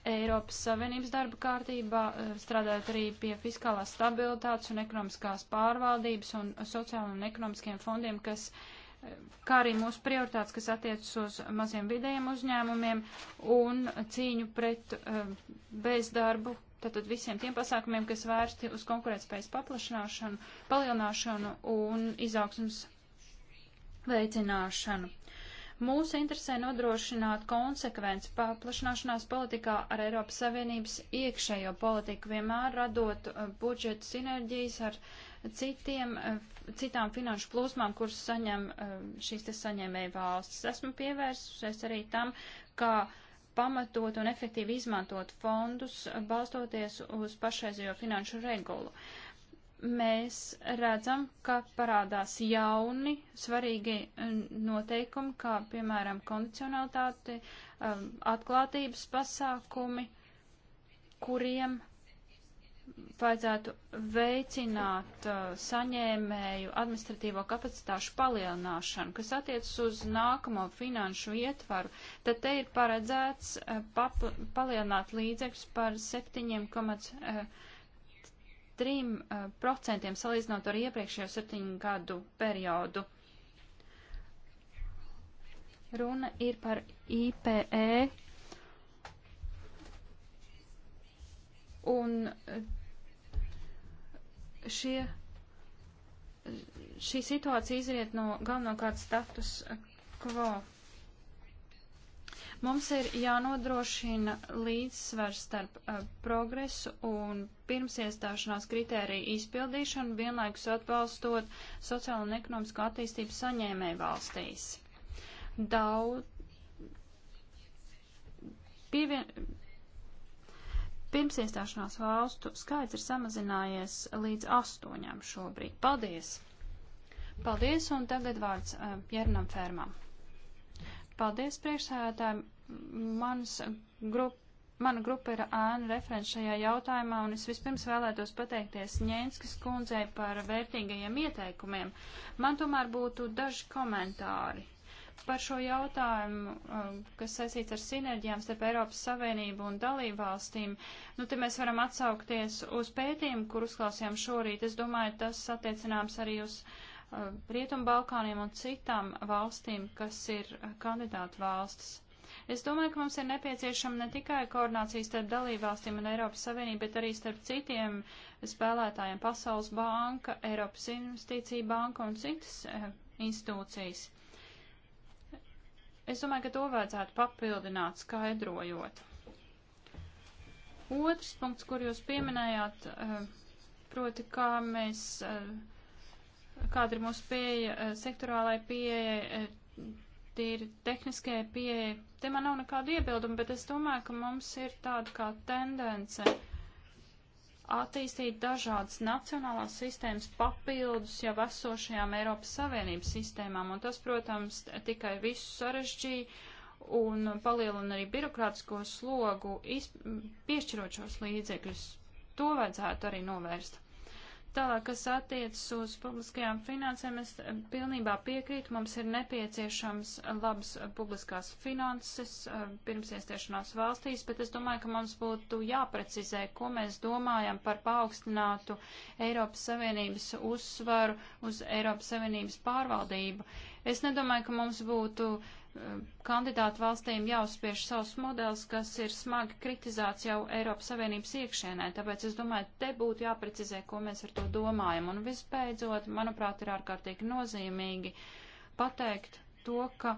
Eiropas Savienības darba kārtībā, eh, strādājot arī pie fiskālās stabilitātes un ekonomiskās pārvaldības un sociālajiem un ekonomiskiem fondiem, kas, eh, kā arī mūsu prioritātes, kas attiecas uz maziem vidējiem uzņēmumiem un cīņu pret eh, bezdarbu, tātad visiem tiem pasākumiem, kas vērsti uz konkurētspējas paplašināšanu, palielināšanu un izaugsmas veicināšanu. Mūs interesē nodrošināt konsekvenci paplašanāšanās politikā ar Eiropas Savienības iekšējo politiku, vienmēr radot uh, budžeta sinerģijas ar citiem, uh, citām finanšu plūsmām, kuras saņem uh, šīs te saņēmēja valstis. Esmu pievērsusies arī tam, kā pamatot un efektīvi izmantot fondus, balstoties uz pašreizējo finanšu regulu. Uh, mēs redzam, ka parādās jauni svarīgi eh, noteikumi, kā piemēram kondicionalitāte, eh, atklātības pasākumi, kuriem vajadzētu veicināt eh, saņēmēju administratīvo kapacitāšu palielināšanu, kas attiecas uz nākamo finanšu ietvaru, tad te ir paredzēts papl, palielināt līdzekļus par 7,5 3% eh, salīdzinot ar iepriekšējo septiņu gadu periodu. Runa ir par IPE un eh, šie, eh, šī situācija izriet no galvenokārt status quo. Mums ir jānodrošina līdzsvars starp uh, progresu un pirms iestāšanās kritēriju izpildīšanu, vienlaikus atbalstot sociālo un ekonomisko attīstību saņēmēju valstīs. Daudz pievien... Pirms iestāšanās valstu skaits ir samazinājies līdz astoņām šobrīd. Paldies! Paldies, un tagad vārds uh, Jernam Fērmam. Paldies priekšsēdētājiem. Mans grup, mana grupa ir ēna referents šajā jautājumā, un es vispirms vēlētos pateikties Ņēnskas kundzei par vērtīgajiem ieteikumiem. Man tomēr būtu daži komentāri par šo jautājumu, um, kas saistīts ar sinerģijām starp Eiropas Savienību un dalību valstīm. Nu, te mēs varam atsaukties uz pētījumu, kur uzklausījām šorīt. Es domāju, tas attiecināms arī uz. Uh, Rietumbalkāniem un citām valstīm, kas ir kandidātu valstis. Es domāju, ka mums ir nepieciešama ne tikai koordinācija starp dalībvalstīm un Eiropas Savienību, bet arī starp citiem spēlētājiem - Pasaules banka, Eiropas investīcija banka un citas eh, institūcijas. Es domāju, ka to vajadzētu papildināt, skaidrojot. Otrs punkts, kur jūs pieminējāt, eh, proti, kā mēs eh, kāda ir mūsu pieeja, eh, sektorālai pieeja, eh, tīri tehniskajai pieeja. Te man nav nekādu iebildumu, bet es domāju, ka mums ir tāda kā tendence attīstīt dažādas nacionālās sistēmas papildus jau esošajām Eiropas Savienības sistēmām, un tas, protams, tikai visu sarežģīja un palielina arī birokrātisko slogu, piešķirot šos līdzekļus. To vajadzētu arī novērst. Tālāk, kas attiecas uz publiskajām finansēm, es pilnībā piekrītu, mums ir nepieciešams labs publiskās finanses eh, pirms iestiešanās valstīs, bet es domāju, ka mums būtu jāprecizē, ko mēs domājam par paaugstinātu Eiropas Savienības uzsvaru uz Eiropas Savienības pārvaldību. Es nedomāju, ka mums būtu uh, Um, kandidātu valstīm jāuzspiež savs modelis, kas ir smagi kritizēts jau Eiropas Savienības iekšienē. Tāpēc es domāju, te būtu jāprecizē, ko mēs ar to domājam. Un visbeidzot, manuprāt, ir ārkārtīgi nozīmīgi pateikt to, ka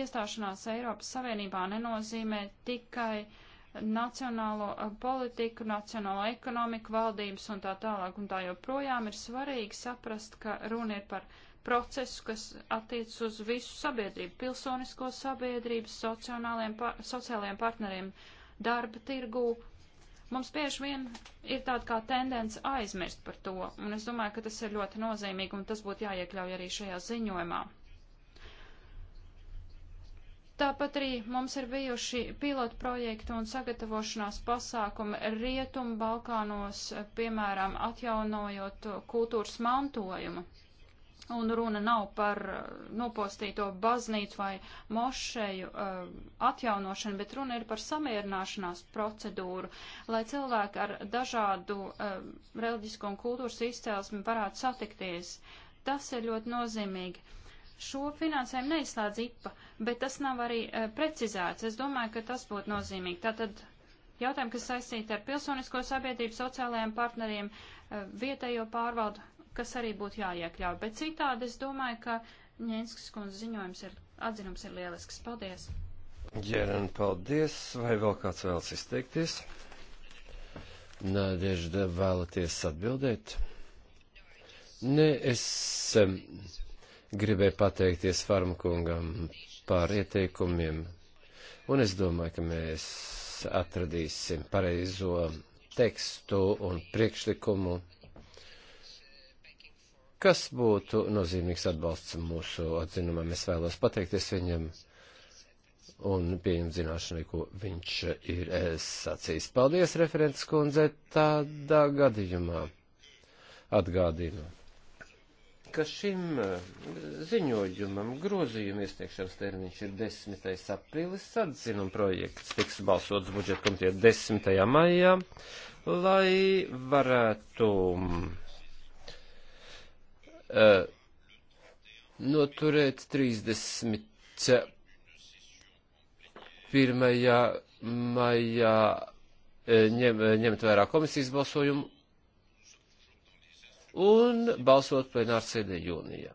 iestāšanās Eiropas Savienībā nenozīmē tikai uh, nacionālo politiku, nacionālo ekonomiku, valdības un tā tālāk un tā joprojām ir svarīgi saprast, ka runa ir par procesu, kas attiec uz visu sabiedrību, pilsonisko sabiedrību, sociālajiem, par, sociālajiem partneriem, darba tirgū. Mums bieži vien ir tāda kā tendence aizmirst par to, un es domāju, ka tas ir ļoti nozīmīgi, un tas būtu jāiekļauj arī šajā ziņojumā. Tāpat arī mums ir bijuši pilotu projekti un sagatavošanās pasākumi Rietumu Balkānos, piemēram, atjaunojot kultūras mantojumu. Un runa nav par uh, nopostīto baznīcu vai mošeju uh, atjaunošanu, bet runa ir par samierināšanās procedūru, lai cilvēki ar dažādu uh, reliģisko un kultūras izcēlesmi varētu satikties. Tas ir ļoti nozīmīgi. Šo finansējumu neizslēdz IPA. Uh, bet tas nav arī uh, precizēts. Es domāju, ka tas būtu nozīmīgi. Tātad jautājumi, kas saistīti ar pilsonisko sabiedrību, sociālajiem partneriem, uh, vietējo pārvaldu, kas arī būtu jāiekļauj. Bet citādi es domāju, ka Ņēnskas kundze ziņojums ir, atzinums ir lielisks. Paldies! Ģēran, paldies! Vai vēl kāds vēlas izteikties? Nādežda vēlaties atbildēt? Nē, es um, gribēju pateikties farmakungam par ieteikumiem, un es domāju, ka mēs atradīsim pareizo tekstu un priekšlikumu, kas būtu nozīmīgs atbalsts mūsu atzinumam. Es vēlos pateikties viņam un pieņemt zināšanai, ko viņš ir eh, sacījis. Paldies, referents kundze, tādā gadījumā atgādinu ka šim eh, ziņojumam grozījuma iesniegšanas termiņš ir 10. aprīlis, atzinuma projekts tiks balsots budžeta komitē 10. maijā, lai varētu uh, noturēt 31. maijā uh, ņem, ņemt vērā komisijas balsojumu un balsot plenārsēdē jūnijā.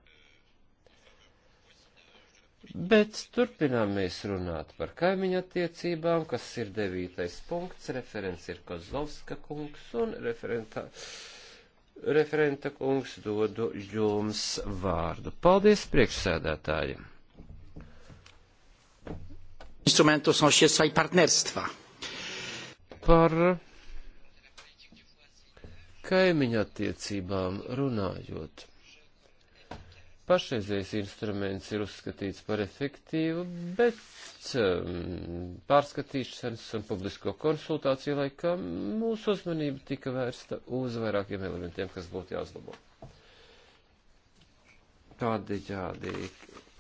Bet turpinām mēs runāt par kaimiņa attiecībām, kas ir devītais punkts, referents ir Kozlovska kungs un referenta, referenta kungs dodu jums vārdu. Paldies priekšsēdētājiem! Instrumentu sociālai partnerstva. Par kaimiņa attiecībām runājot. Pašreizējais instruments ir uzskatīts par efektīvu, bet um, pārskatīšanas un publisko konsultāciju laikā mūsu uzmanība tika vērsta uz vairākiem elementiem, kas būtu jāuzlabo. Tādējādi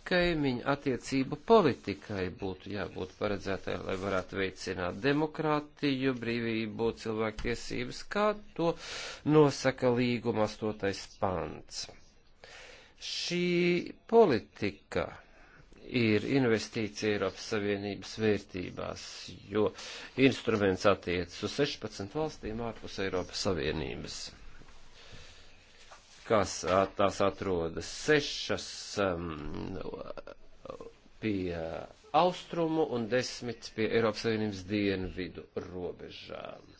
kaimiņu attiecību politikai būtu jābūt paredzētai, lai varētu veicināt demokrātiju, brīvību, cilvēktiesības, kā to nosaka līguma 8. pants. Šī politika ir investīcija Eiropas Savienības vērtībās, jo instruments attiecas uz 16 valstīm ārpus Eiropas Savienības kas tās atrodas sešas um, pie austrumu un desmit pie Eiropas Savienības dienvidu robežām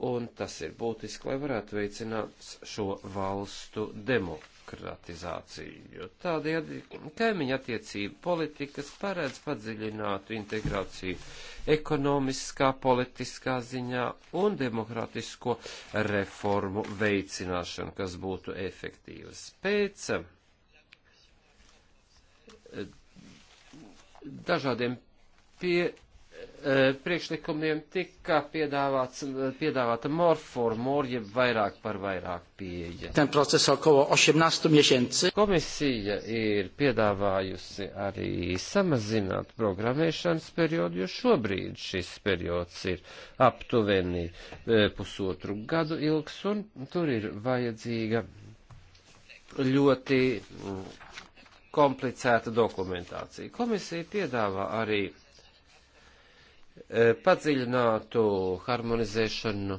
un tas ir būtiski, lai varētu veicināt šo valstu demokratizāciju, jo tādējādi kaimiņa attiecība politikas paredz padziļinātu integrāciju ekonomiskā, politiskā ziņā un demokratisko reformu veicināšanu, kas būtu efektīvas. Pēc eh, dažādiem pie E, priekšlikumiem tika piedāvāts, e, piedāvāta more for more, jeb vairāk par vairāk pieeja. Ten proces około 18 miesięcy. Komisija ir piedāvājusi arī samazināt programmēšanas periodu, jo šobrīd šis periods ir aptuveni e, pusotru gadu ilgs, un tur ir vajadzīga ļoti mm, komplicēta dokumentācija. Komisija piedāvā arī Eh, padziļinātu harmonizēšanu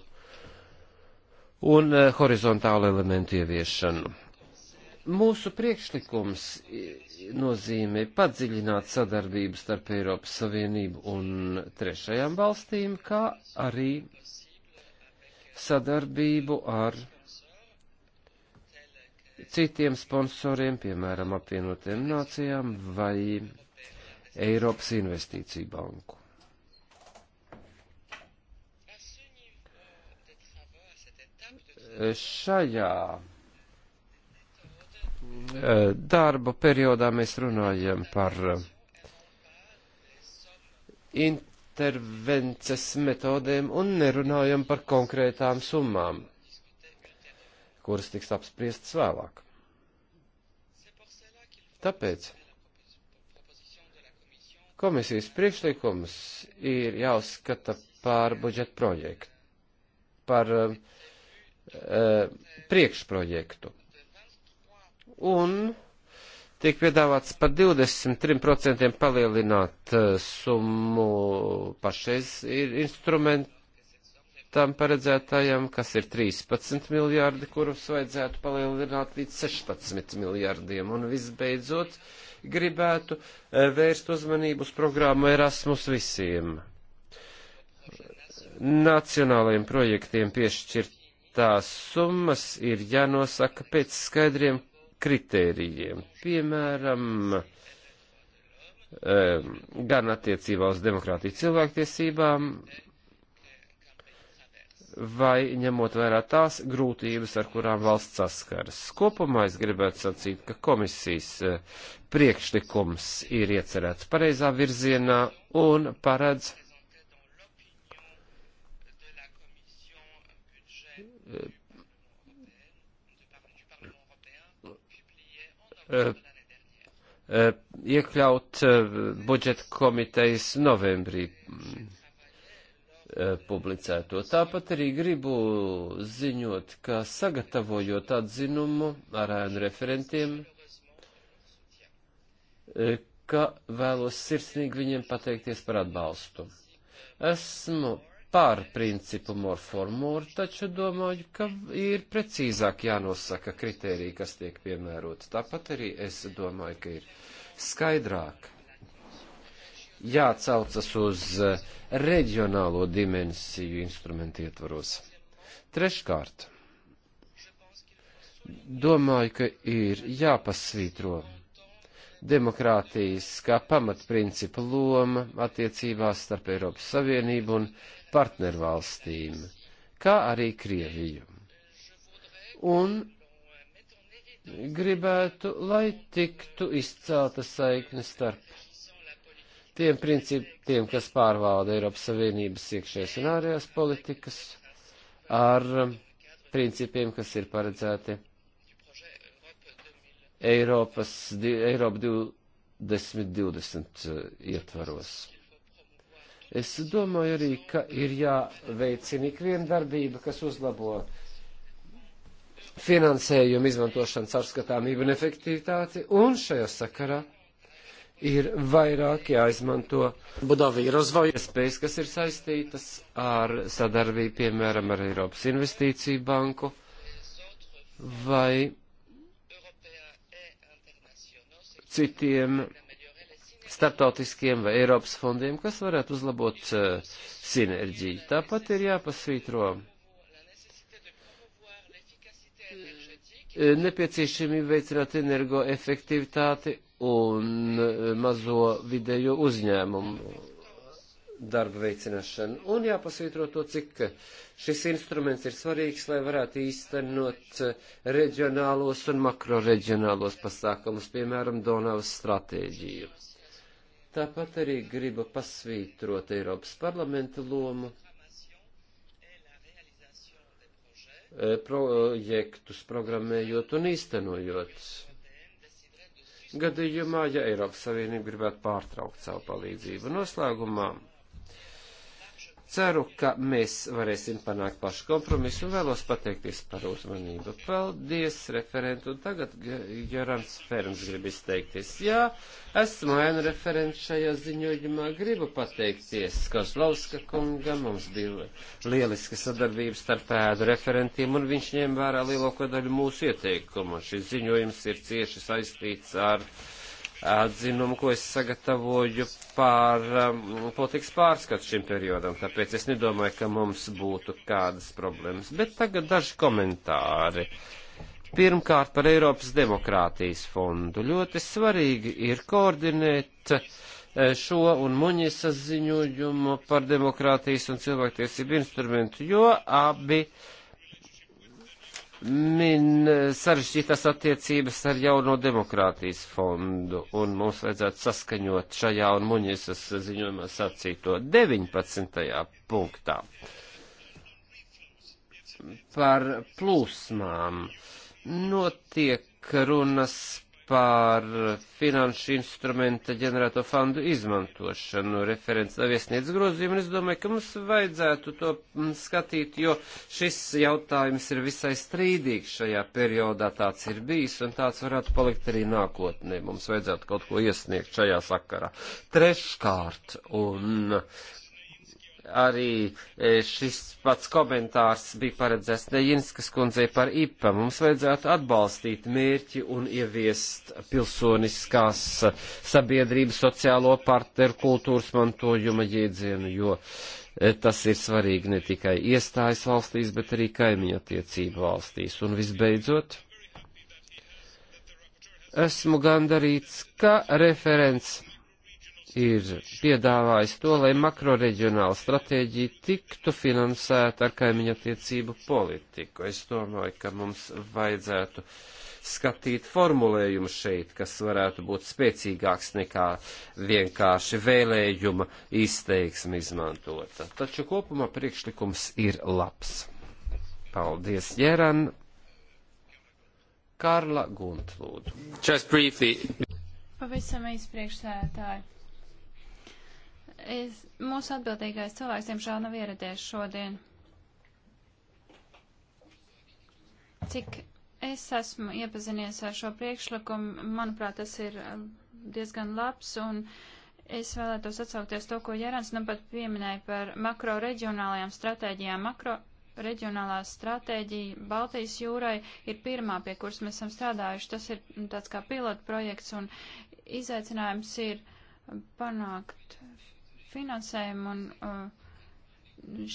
un eh, horizontālu elementu ieviešanu. Mūsu priekšlikums eh, nozīmē padziļināt sadarbību starp Eiropas Savienību un trešajām valstīm, kā arī sadarbību ar citiem sponsoriem, piemēram, apvienotiem nācijām vai Eiropas investīciju banku. šajā eh, darba periodā mēs runājam par eh, intervences metodēm un nerunājam par konkrētām summām, kuras tiks apspriestas vēlāk. Tāpēc komisijas priekšlikums ir jāuzskata par budžeta projektu, par uh, Eh, priekšprojektu. Un tiek piedāvāts par 23% palielināt eh, summu pašreiz ir instrumentam paredzētājam, kas ir 13 miljārdi, kurus vajadzētu palielināt līdz 16 miljārdiem. Un visbeidzot, gribētu eh, vērst uzmanību uz programmu Erasmus visiem. Nacionālajiem projektiem piešķirt tās summas ir jānosaka pēc skaidriem kritērijiem. Piemēram, gan attiecībā uz demokrātiju cilvēktiesībām, vai ņemot vērā tās grūtības, ar kurām valsts saskaras. Kopumā es gribētu sacīt, ka komisijas eh, priekšlikums ir iecerēts pareizā virzienā un paredz Eh, eh, iekļaut eh, budžeta komitejas novembrī publicēto. Tāpat arī gribu ziņot, ka sagatavojot atzinumu ar ēnu referentiem, ka vēlos sirsnīgi viņiem pateikties par atbalstu. Esmu par principu morformūru, taču domāju, ka ir precīzāk jānosaka kritērija, kas tiek piemērota. Tāpat arī es domāju, ka ir skaidrāk jācaucas uz eh, reģionālo dimensiju instrumentu ietvaros. Treškārt, domāju, ka ir jāpasvītro demokrātijas kā pamatprincipa loma attiecībās starp Eiropas Savienību un partnervalstīm, kā arī Krieviju. Un gribētu, lai tiktu izcelta saikne starp tiem principiem, kas pārvalda Eiropas Savienības iekšējās un ārējās politikas, ar principiem, kas ir paredzēti Eiropas, Eiropa 2020 ietvaros. Es domāju arī, ka ir jāveicina ikviena darbība, kas uzlabo finansējumu izmantošanas apskatāmību un efektivitāti, un šajā sakarā ir vairāk jāizmanto iespējas, kas ir saistītas ar sadarbību, piemēram, ar Eiropas investīciju banku vai citiem starptautiskiem vai Eiropas fondiem, kas varētu uzlabot eh, sinerģiju. Tāpat ir jāpasvītro eh, nepieciešamība veicināt energoefektivitāti un eh, mazo vidējo uzņēmumu darba veicināšanu. Un jāpasvītro to, cik šis instruments ir svarīgs, lai varētu īstenot reģionālos un makroreģionālos pasākumus, piemēram, Donavas stratēģiju. Tāpat arī gribu pasvītrot Eiropas parlamenta lomu e, projektus programmējot un īstenojot. Gadījumā, ja Eiropas Savienība gribētu pārtraukt savu palīdzību, noslēgumā Ceru, ka mēs varēsim panākt pašu kompromisu un vēlos pateikties par uzmanību. Paldies, referent, un tagad Jorans Ferms grib izteikties. Jā, esmu ēnu referents šajā ziņojumā, gribu pateikties Kozlovska kungam, mums bija lieliska sadarbība starp ēdu referentiem, un viņš ņēma vērā lielāko daļu mūsu ieteikumu. Šis ziņojums ir cieši saistīts ar. Uh, atzinumu, ko es sagatavoju par um, politikas pārskatu šim periodam, tāpēc es nedomāju, ka mums būtu kādas problēmas. Bet tagad daži komentāri. Pirmkārt par Eiropas demokrātijas fondu. Ļoti svarīgi ir koordinēt uh, šo un muņisa ziņojumu par demokrātijas un cilvēktiesību instrumentu, jo abi uh, min eh, sarežģītās attiecības ar jauno demokrātijas fondu, un mums vajadzētu saskaņot šajā un muņisas ziņojumā sacīto 19. punktā par plūsmām. Notiek runas par finanšu instrumenta ģenerēto fondu izmantošanu. Referents nav iesniedz grozījumu, un es domāju, ka mums vajadzētu to mm, skatīt, jo šis jautājums ir visai strīdīgs šajā periodā. Tāds ir bijis, un tāds varētu palikt arī nākotnē. Mums vajadzētu kaut ko iesniegt šajā sakarā. Treškārt, un arī e, šis pats komentārs bija paredzēts Nejinskas kundzei par IPA. Mums vajadzētu atbalstīt mērķi un ieviest pilsoniskās sabiedrības sociālo partneru kultūras mantojuma jēdzienu, jo e, tas ir svarīgi ne tikai iestājas valstīs, bet arī kaimiņa attiecību valstīs. Un visbeidzot, esmu gandarīts, ka referents ir piedāvājis to, lai makroreģionāla stratēģija tiktu finansēta ar kaimiņa attiecību politiku. Es domāju, ka mums vajadzētu skatīt formulējumu šeit, kas varētu būt spēcīgāks nekā vienkārši vēlējuma izteiksme izmantota. Taču kopumā priekšlikums ir labs. Paldies, Jeran. Karla Guntlūdu. Pavisam īsi priekšsēdētāji es, mūsu atbildīgais cilvēks, diemžēl, nav ieradies šodien. Cik es esmu iepazinies ar šo priekšlikumu, manuprāt, tas ir um, diezgan labs, un es vēlētos atsaukties to, ko Jērans nu pat pieminēja par makro reģionālajām stratēģijām. Makro reģionālā stratēģija Baltijas jūrai ir pirmā, pie kuras mēs esam strādājuši. Tas ir tāds kā pilotprojekts, un izaicinājums ir panākt finansējumu un uh,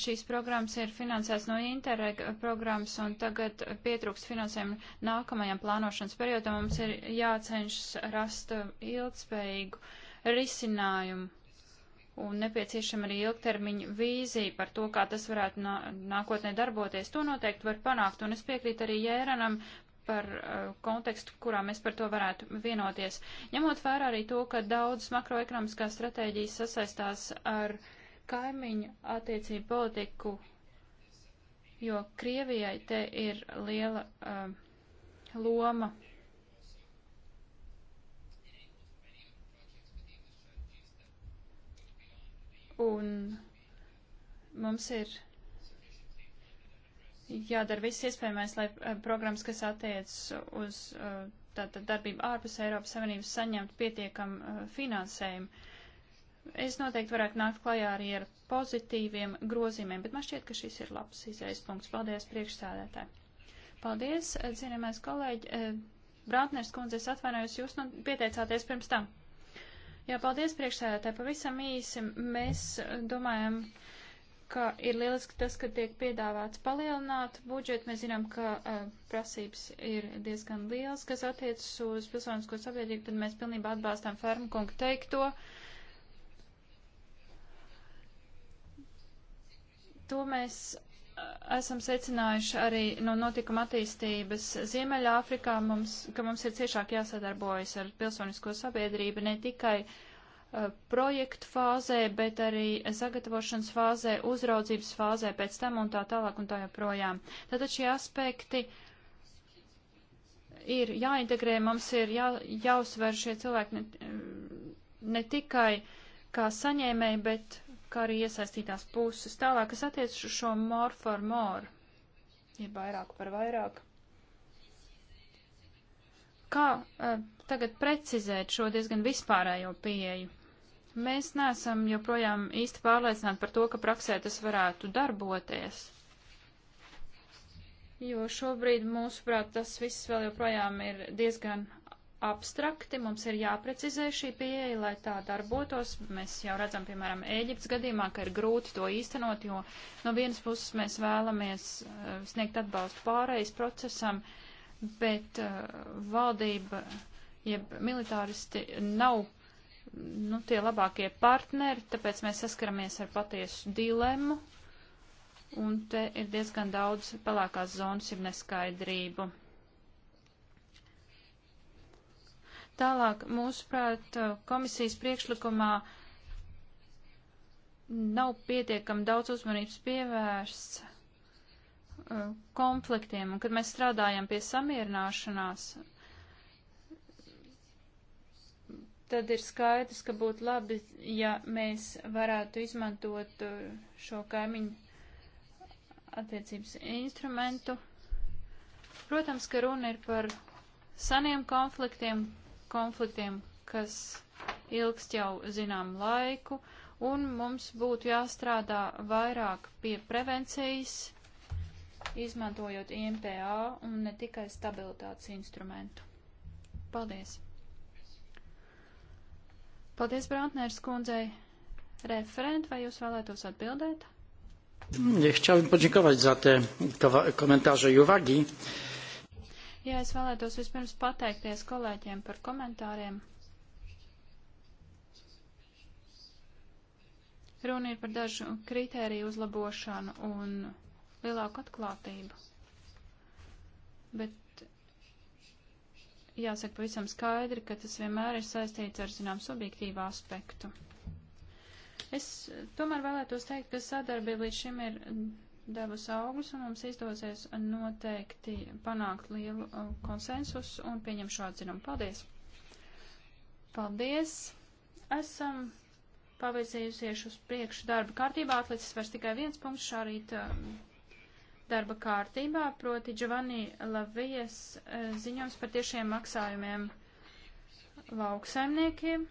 šīs programmas ir finansēts no Interreg programmas un tagad pietrūks finansējumu nākamajam plānošanas periodam. Mums ir jācenšas rast ilgspējīgu risinājumu un nepieciešama arī ilgtermiņa vīzija par to, kā tas varētu nā, nākotnē darboties. To noteikti var panākt, un es piekrītu arī Jēranam par uh, kontekstu, kurā mēs par to varētu vienoties. Ņemot vērā arī to, ka daudzas makroekonomiskās stratēģijas sasaistās ar kaimiņu attiecību politiku, jo Krievijai te ir liela uh, loma. Un mums ir jādara viss iespējamais, lai eh, programmas, kas attiecas uz eh, tātad darbību ārpus Eiropas Savienības, saņemtu pietiekam eh, finansējumu. Es noteikti varētu nākt klajā arī ar pozitīviem grozījumiem, bet man šķiet, ka šis ir labs izējas punkts. Paldies, priekšsēdētāji! Paldies, cienījamais kolēģi! Brātners kundze, es atvainojos, jūs nu pieteicāties pirms tam. Jā, paldies, priekšsēdētāji, pavisam īsi. Mēs domājam. Uh, ka ir lieliski tas, ka tiek piedāvāts palielināt budžetu. Mēs zinām, ka uh, prasības ir diezgan liels, kas attiecas uz pilsonisko sabiedrību, tad mēs pilnībā atbalstām Fermkunga teikto. To mēs e, esam secinājuši arī no notikuma attīstības Ziemeļāfrikā, mums, ka mums ir ciešāk jāsadarbojas ar pilsonisko sabiedrību ne tikai uh, Eh, projektu fāzē, bet arī sagatavošanas fāzē, uzraudzības fāzē, pēc tam un tā tālāk un tā joprojām. Tātad šie aspekti ir jāintegrē, mums ir jā, jāuzsver šie cilvēki ne, ne tikai kā saņēmēji, bet kā arī iesaistītās puses. Tālāk, kas attiec uz šo more for more, ir vairāk par vairāk. Kā uh, tagad precizēt šo diezgan vispārējo pieeju? Mēs neesam joprojām īsti pārliecināti par to, ka praksē tas varētu darboties. Jo šobrīd, mūsuprāt, tas viss vēl joprojām ir diezgan abstrakti, mums ir jāprecizē šī pieeja, lai tā darbotos. Mēs jau redzam, piemēram, Ēģiptes gadījumā, ka ir grūti to īstenot, jo no vienas puses mēs vēlamies eh, sniegt atbalstu pārējais procesam, bet uh, valdība, jeb militāristi nav nu, tie labākie partneri, tāpēc mēs saskaramies ar patiesu dilemmu, un te ir diezgan daudz pelēkās zonas, ir neskaidrību. Tālāk, mūsuprāt, komisijas priekšlikumā nav pietiekami daudz uzmanības pievērsts uh, konfliktiem, un kad mēs strādājam pie samierināšanās, tad ir skaidrs, ka būtu labi, ja mēs varētu izmantot uh, šo kaimiņu attiecības instrumentu. Protams, ka runa ir par saniem konfliktiem, konfliktiem, kas ilgst jau zinām laiku, un mums būtu jāstrādā vairāk pie prevencijas, izmantojot IMPA un ne tikai stabilitātes instrumentu. Paldies! Paldies, Brantnērs kundzei. Referent, vai jūs vēlētos atbildēt? Chciałbym podziękować za te komentarze i uwagi. Jā, es vēlētos vispirms pateikties kolēģiem par komentāriem. Runa ir par dažu kritēriju uzlabošanu un lielāku atklātību. Bet jāsaka pavisam skaidri, ka tas vienmēr ir saistīts ar, zinām, subjektīvu aspektu. Es tomēr vēlētos teikt, ka sadarbība līdz šim ir devusi augus, un mums izdosies noteikti panākt lielu uh, konsensus un pieņem šo atzinumu. Paldies! Paldies! Esam pavirzījusies uz priekšu darba kārtībā, atlicis vairs tikai viens punkts šā rīta. Uh, darba kārtībā, proti Giovanni Lavijas eh, ziņojums par tiešiem maksājumiem lauksaimniekiem.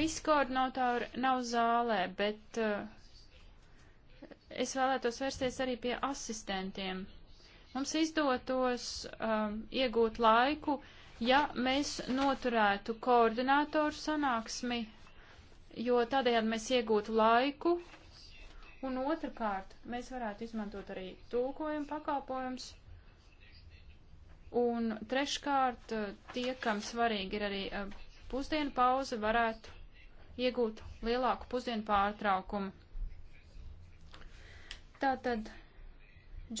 Visi koordinātori nav zālē, bet uh, es vēlētos vērsties arī pie asistentiem. Mums izdotos um, iegūt laiku, ja mēs noturētu koordinātoru sanāksmi, jo tādējādi mēs iegūtu laiku Un otrkārt, mēs varētu izmantot arī tulkojumu pakalpojums. Un treškārt, eh, tie, kam svarīgi ir arī eh, pusdienu pauze, varētu iegūt lielāku pusdienu pārtraukumu. Tātad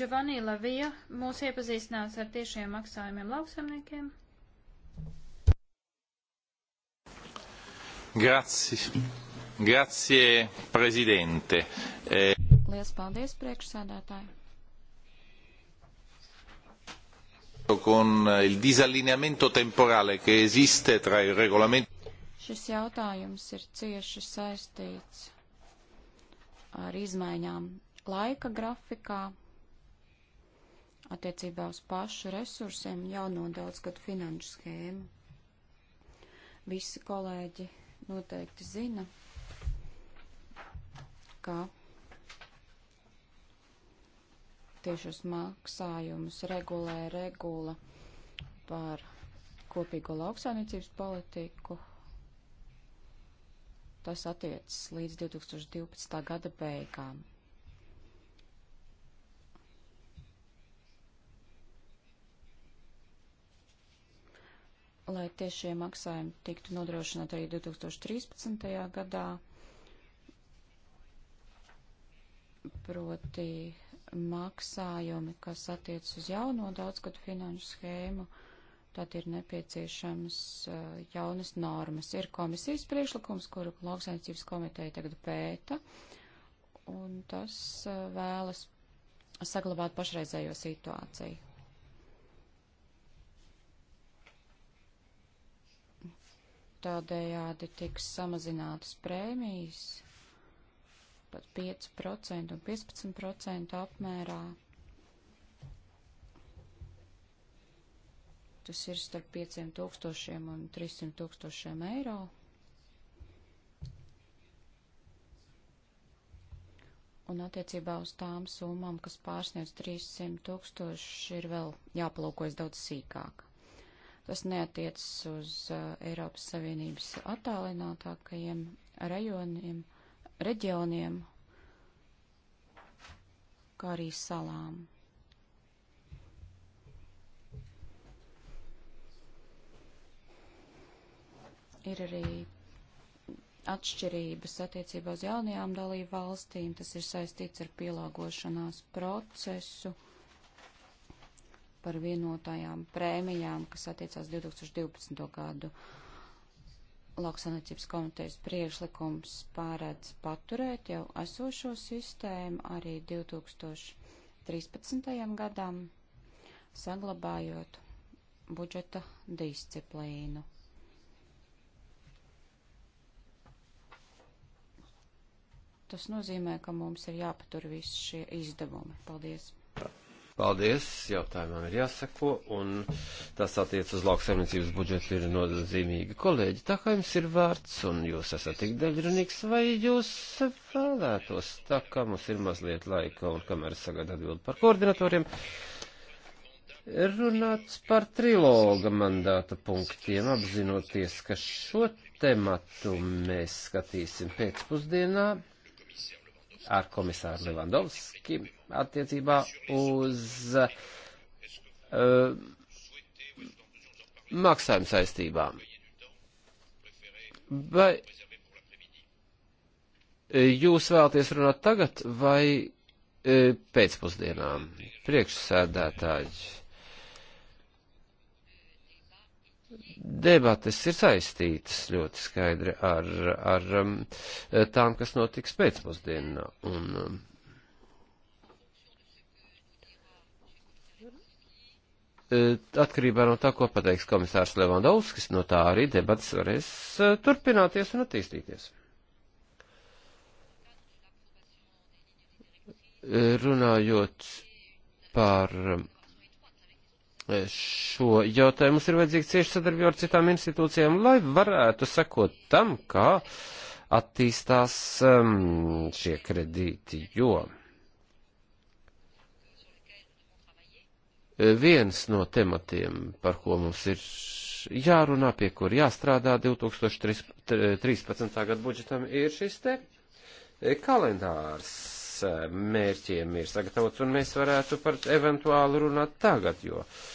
Giovanni Lavija mūs iepazīstinās ar tiešiem maksājumiem lauksaimniekiem. Grazie. Grazie, prezidente. E... Eh, Lielas paldies, priekšsēdētāji. Con il disallineamento temporale che esiste tra il regolamento. Šis jautājums ir cieši saistīts ar izmaiņām laika grafikā attiecībā uz pašu resursiem jauno daudzgadu finanšu schēmu. Visi kolēģi noteikti zina, ka tiešus maksājumus regulē regula par kopīgo lauksainicības politiku. Tas attiecas līdz 2012. gada beigām. lai tiešie maksājumi tiktu nodrošināti arī 2013. gadā. proti maksājumi, kas attiec uz jauno daudzgadu finanšu schēmu, tad ir nepieciešams uh, jaunas normas. Ir komisijas priešlikums, kuru lauksaimniecības komiteja tagad pēta, un tas uh, vēlas saglabāt pašreizējo situāciju. Tādējādi tiks samazinātas prēmijas pat 5% un 15% apmērā. Tas ir starp 5000 un 300 tūkstošiem eiro. Un attiecībā uz tām summām, kas pārsniedz 300 tūkstoši, ir vēl jāpalūkojas daudz sīkāk. Tas neatiecas uz uh, Eiropas Savienības attālinātākajiem rajoniem reģioniem, kā arī salām. Ir arī atšķirības attiecībā uz jaunajām dalību valstīm, tas ir saistīts ar pielāgošanās procesu par vienotajām prēmijām, kas attiecās 2012. gadu lauksaimniecības komitejas priekšlikums pārēdz paturēt jau esošo sistēmu arī 2013. gadam, saglabājot budžeta disciplīnu. Tas nozīmē, ka mums ir jāpatur visi šie izdevumi. Paldies! Paldies, jautājumam ir jāsako, un tas attiec uz lauksaimniecības budžetu ir nozīmīgi. Kolēģi, tā kā jums ir vārds, un jūs esat tik daļrunīgs, vai jūs vēlētos, tā kā mums ir mazliet laika, un kamēr es sagaidu atbildu par koordinatoriem, runāt par triloga mandāta punktiem, apzinoties, ka šo tematu mēs skatīsim pēcpusdienā ar komisāru Levandovski attiecībā uz uh, eh, maksājuma saistībām. Vai jūs vēlaties runāt tagad vai uh, pēcpusdienām? Priekšsēdētāji. debates ir saistītas ļoti skaidri ar, ar um, tām, kas notiks pēcpusdienā. Un, um, e, Atkarībā no tā, ko pateiks komisārs Levandovskis, no tā arī debats varēs e, turpināties un attīstīties. E, runājot par um, šo jautājumu mums ir vajadzīga cieša sadarbība ar citām institūcijām, lai varētu sekot tam, kā attīstās um, šie kredīti, jo viens no tematiem, par ko mums ir jārunā, pie kur jāstrādā 2013. gada budžetam, ir šis te kalendārs mērķiem ir sagatavots, un mēs varētu par eventuāli runāt tagad, jo uh,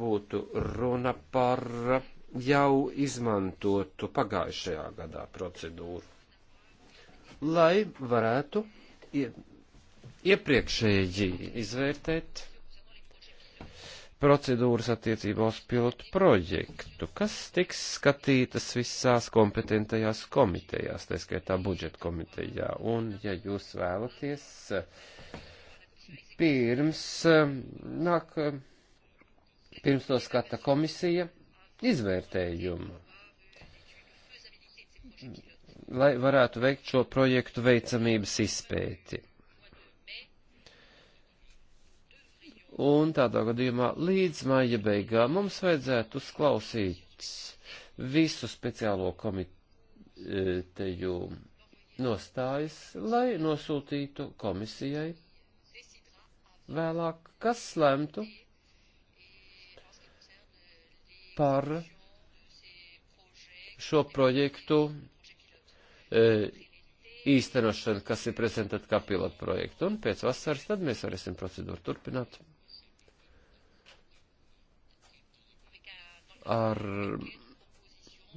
būtu runa par jau izmantotu pagājušajā gadā procedūru, lai varētu iepriekšēji izvērtēt procedūras attiecībā uz pilotu projektu, kas tiks skatītas visās kompetentajās komitejās, tā skaitā budžeta komitejā. Un, ja jūs vēlaties, pirms nāk Pirms to skata komisija izvērtējumu, lai varētu veikt šo projektu veicamības izpēti. Un tādā gadījumā līdz maija beigām mums vajadzētu uzklausīt visu speciālo komiteju nostājas, lai nosūtītu komisijai vēlāk, kas lemtu par šo projektu e, īstenošanu, kas ir prezentēta kā pilotu projektu, un pēc vasaras tad mēs varēsim procedūru turpināt. Ar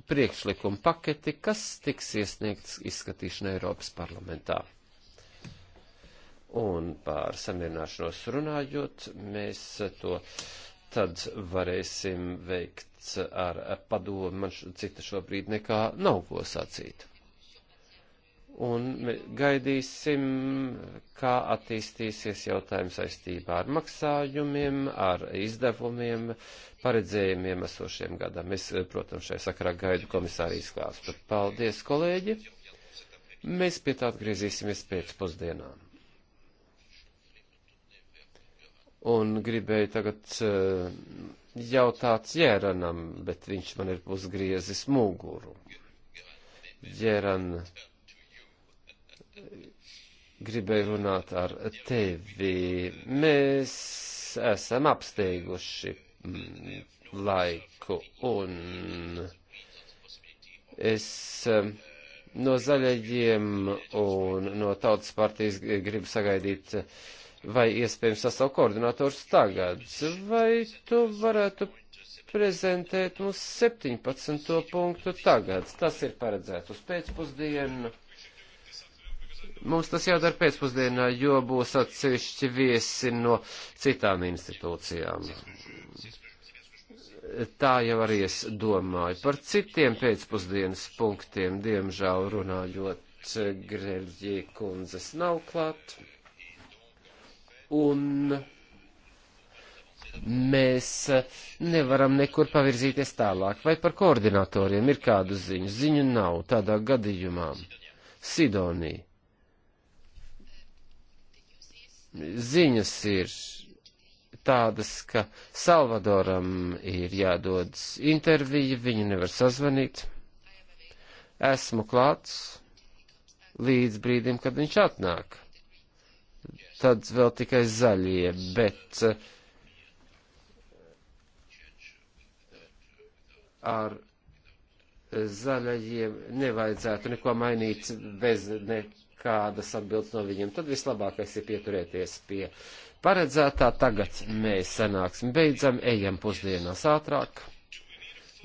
priekšlikumu paketi, kas tiks iesniegts izskatīšanai Eiropas parlamentā. Un par samierināšanos runājot, mēs to uh, tad varēsim veikt ar padomu, man šo, cita šobrīd nekā nav ko sacīt. Un gaidīsim, kā attīstīsies jautājums saistībā ar maksājumiem, ar izdevumiem, paredzējumiem esošiem gadam. Es, eh, protams, šai sakarā gaidu komisāru izklāstu. Paldies, kolēģi! Mēs pie tā atgriezīsimies pēc pusdienām. un gribēju tagad eh, jautāt Jēranam, bet viņš man ir uzgriezis muguru. Jēran, gribēju runāt ar tevi. Mēs esam apsteiguši mm, laiku un es eh, no zaļajiem un no tautas partijas gribu sagaidīt uh, vai iespējams sasaukt koordinatorus tagad, vai tu varētu prezentēt mums 17. punktu tagad. Tas ir paredzēts uz pēcpusdienu. Mums tas jādara pēcpusdienā, jo būs atsevišķi viesi no citām institūcijām. Tā jau arī es domāju. Par citiem pēcpusdienas punktiem, diemžēl runājot, Grēļģī kundzes nav klāt un mēs nevaram nekur pavirzīties tālāk. Vai par koordinatoriem ir kādu ziņu? Ziņu nav tādā gadījumā. Sidonija. Ziņas ir tādas, ka Salvadoram ir jādodas intervija, viņu nevar sazvanīt. Esmu klāts līdz brīdim, kad viņš atnāk tad vēl tikai zaļie, bet eh, ar zaļajiem nevajadzētu neko mainīt bez nekādas atbildes no viņiem. Tad vislabākais ir pieturēties pie paredzētā. Tagad mēs sanāksim beidzam, ejam pusdienās ātrāk.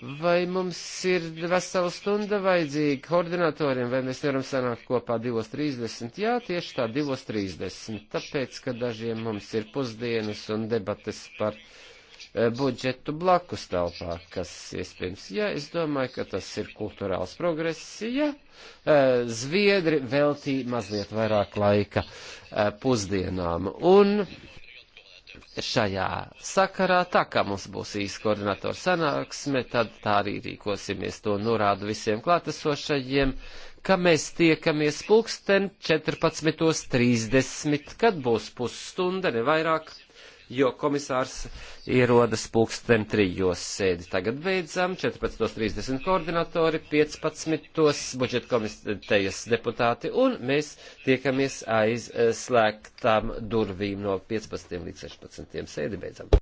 Vai mums ir vesela stunda vajadzīga koordinatoriem, vai mēs nevaram sanākt kopā 2.30? Jā, tieši tā 2.30, tāpēc, ka dažiem mums ir pusdienas un debates par e, budžetu blakus telpā, kas iespējams, jā, es domāju, ka tas ir kulturāls progress, ja e, zviedri veltī mazliet vairāk laika e, pusdienām. Un šajā sakarā, tā kā mums būs īsta koordinatora sanāksme, tad tā arī rīkosimies. To norādu visiem klātesošajiem, ka mēs tiekamies pulksten 14.30, kad būs pusstunda, ne vairāk jo komisārs ierodas pulksten trijos sēdi. Tagad beidzam, 14.30 koordinatori, 15. budžeta komitejas deputāti, un mēs tiekamies aizslēgtām eh, durvīm no 15. līdz 16. sēdi beidzam.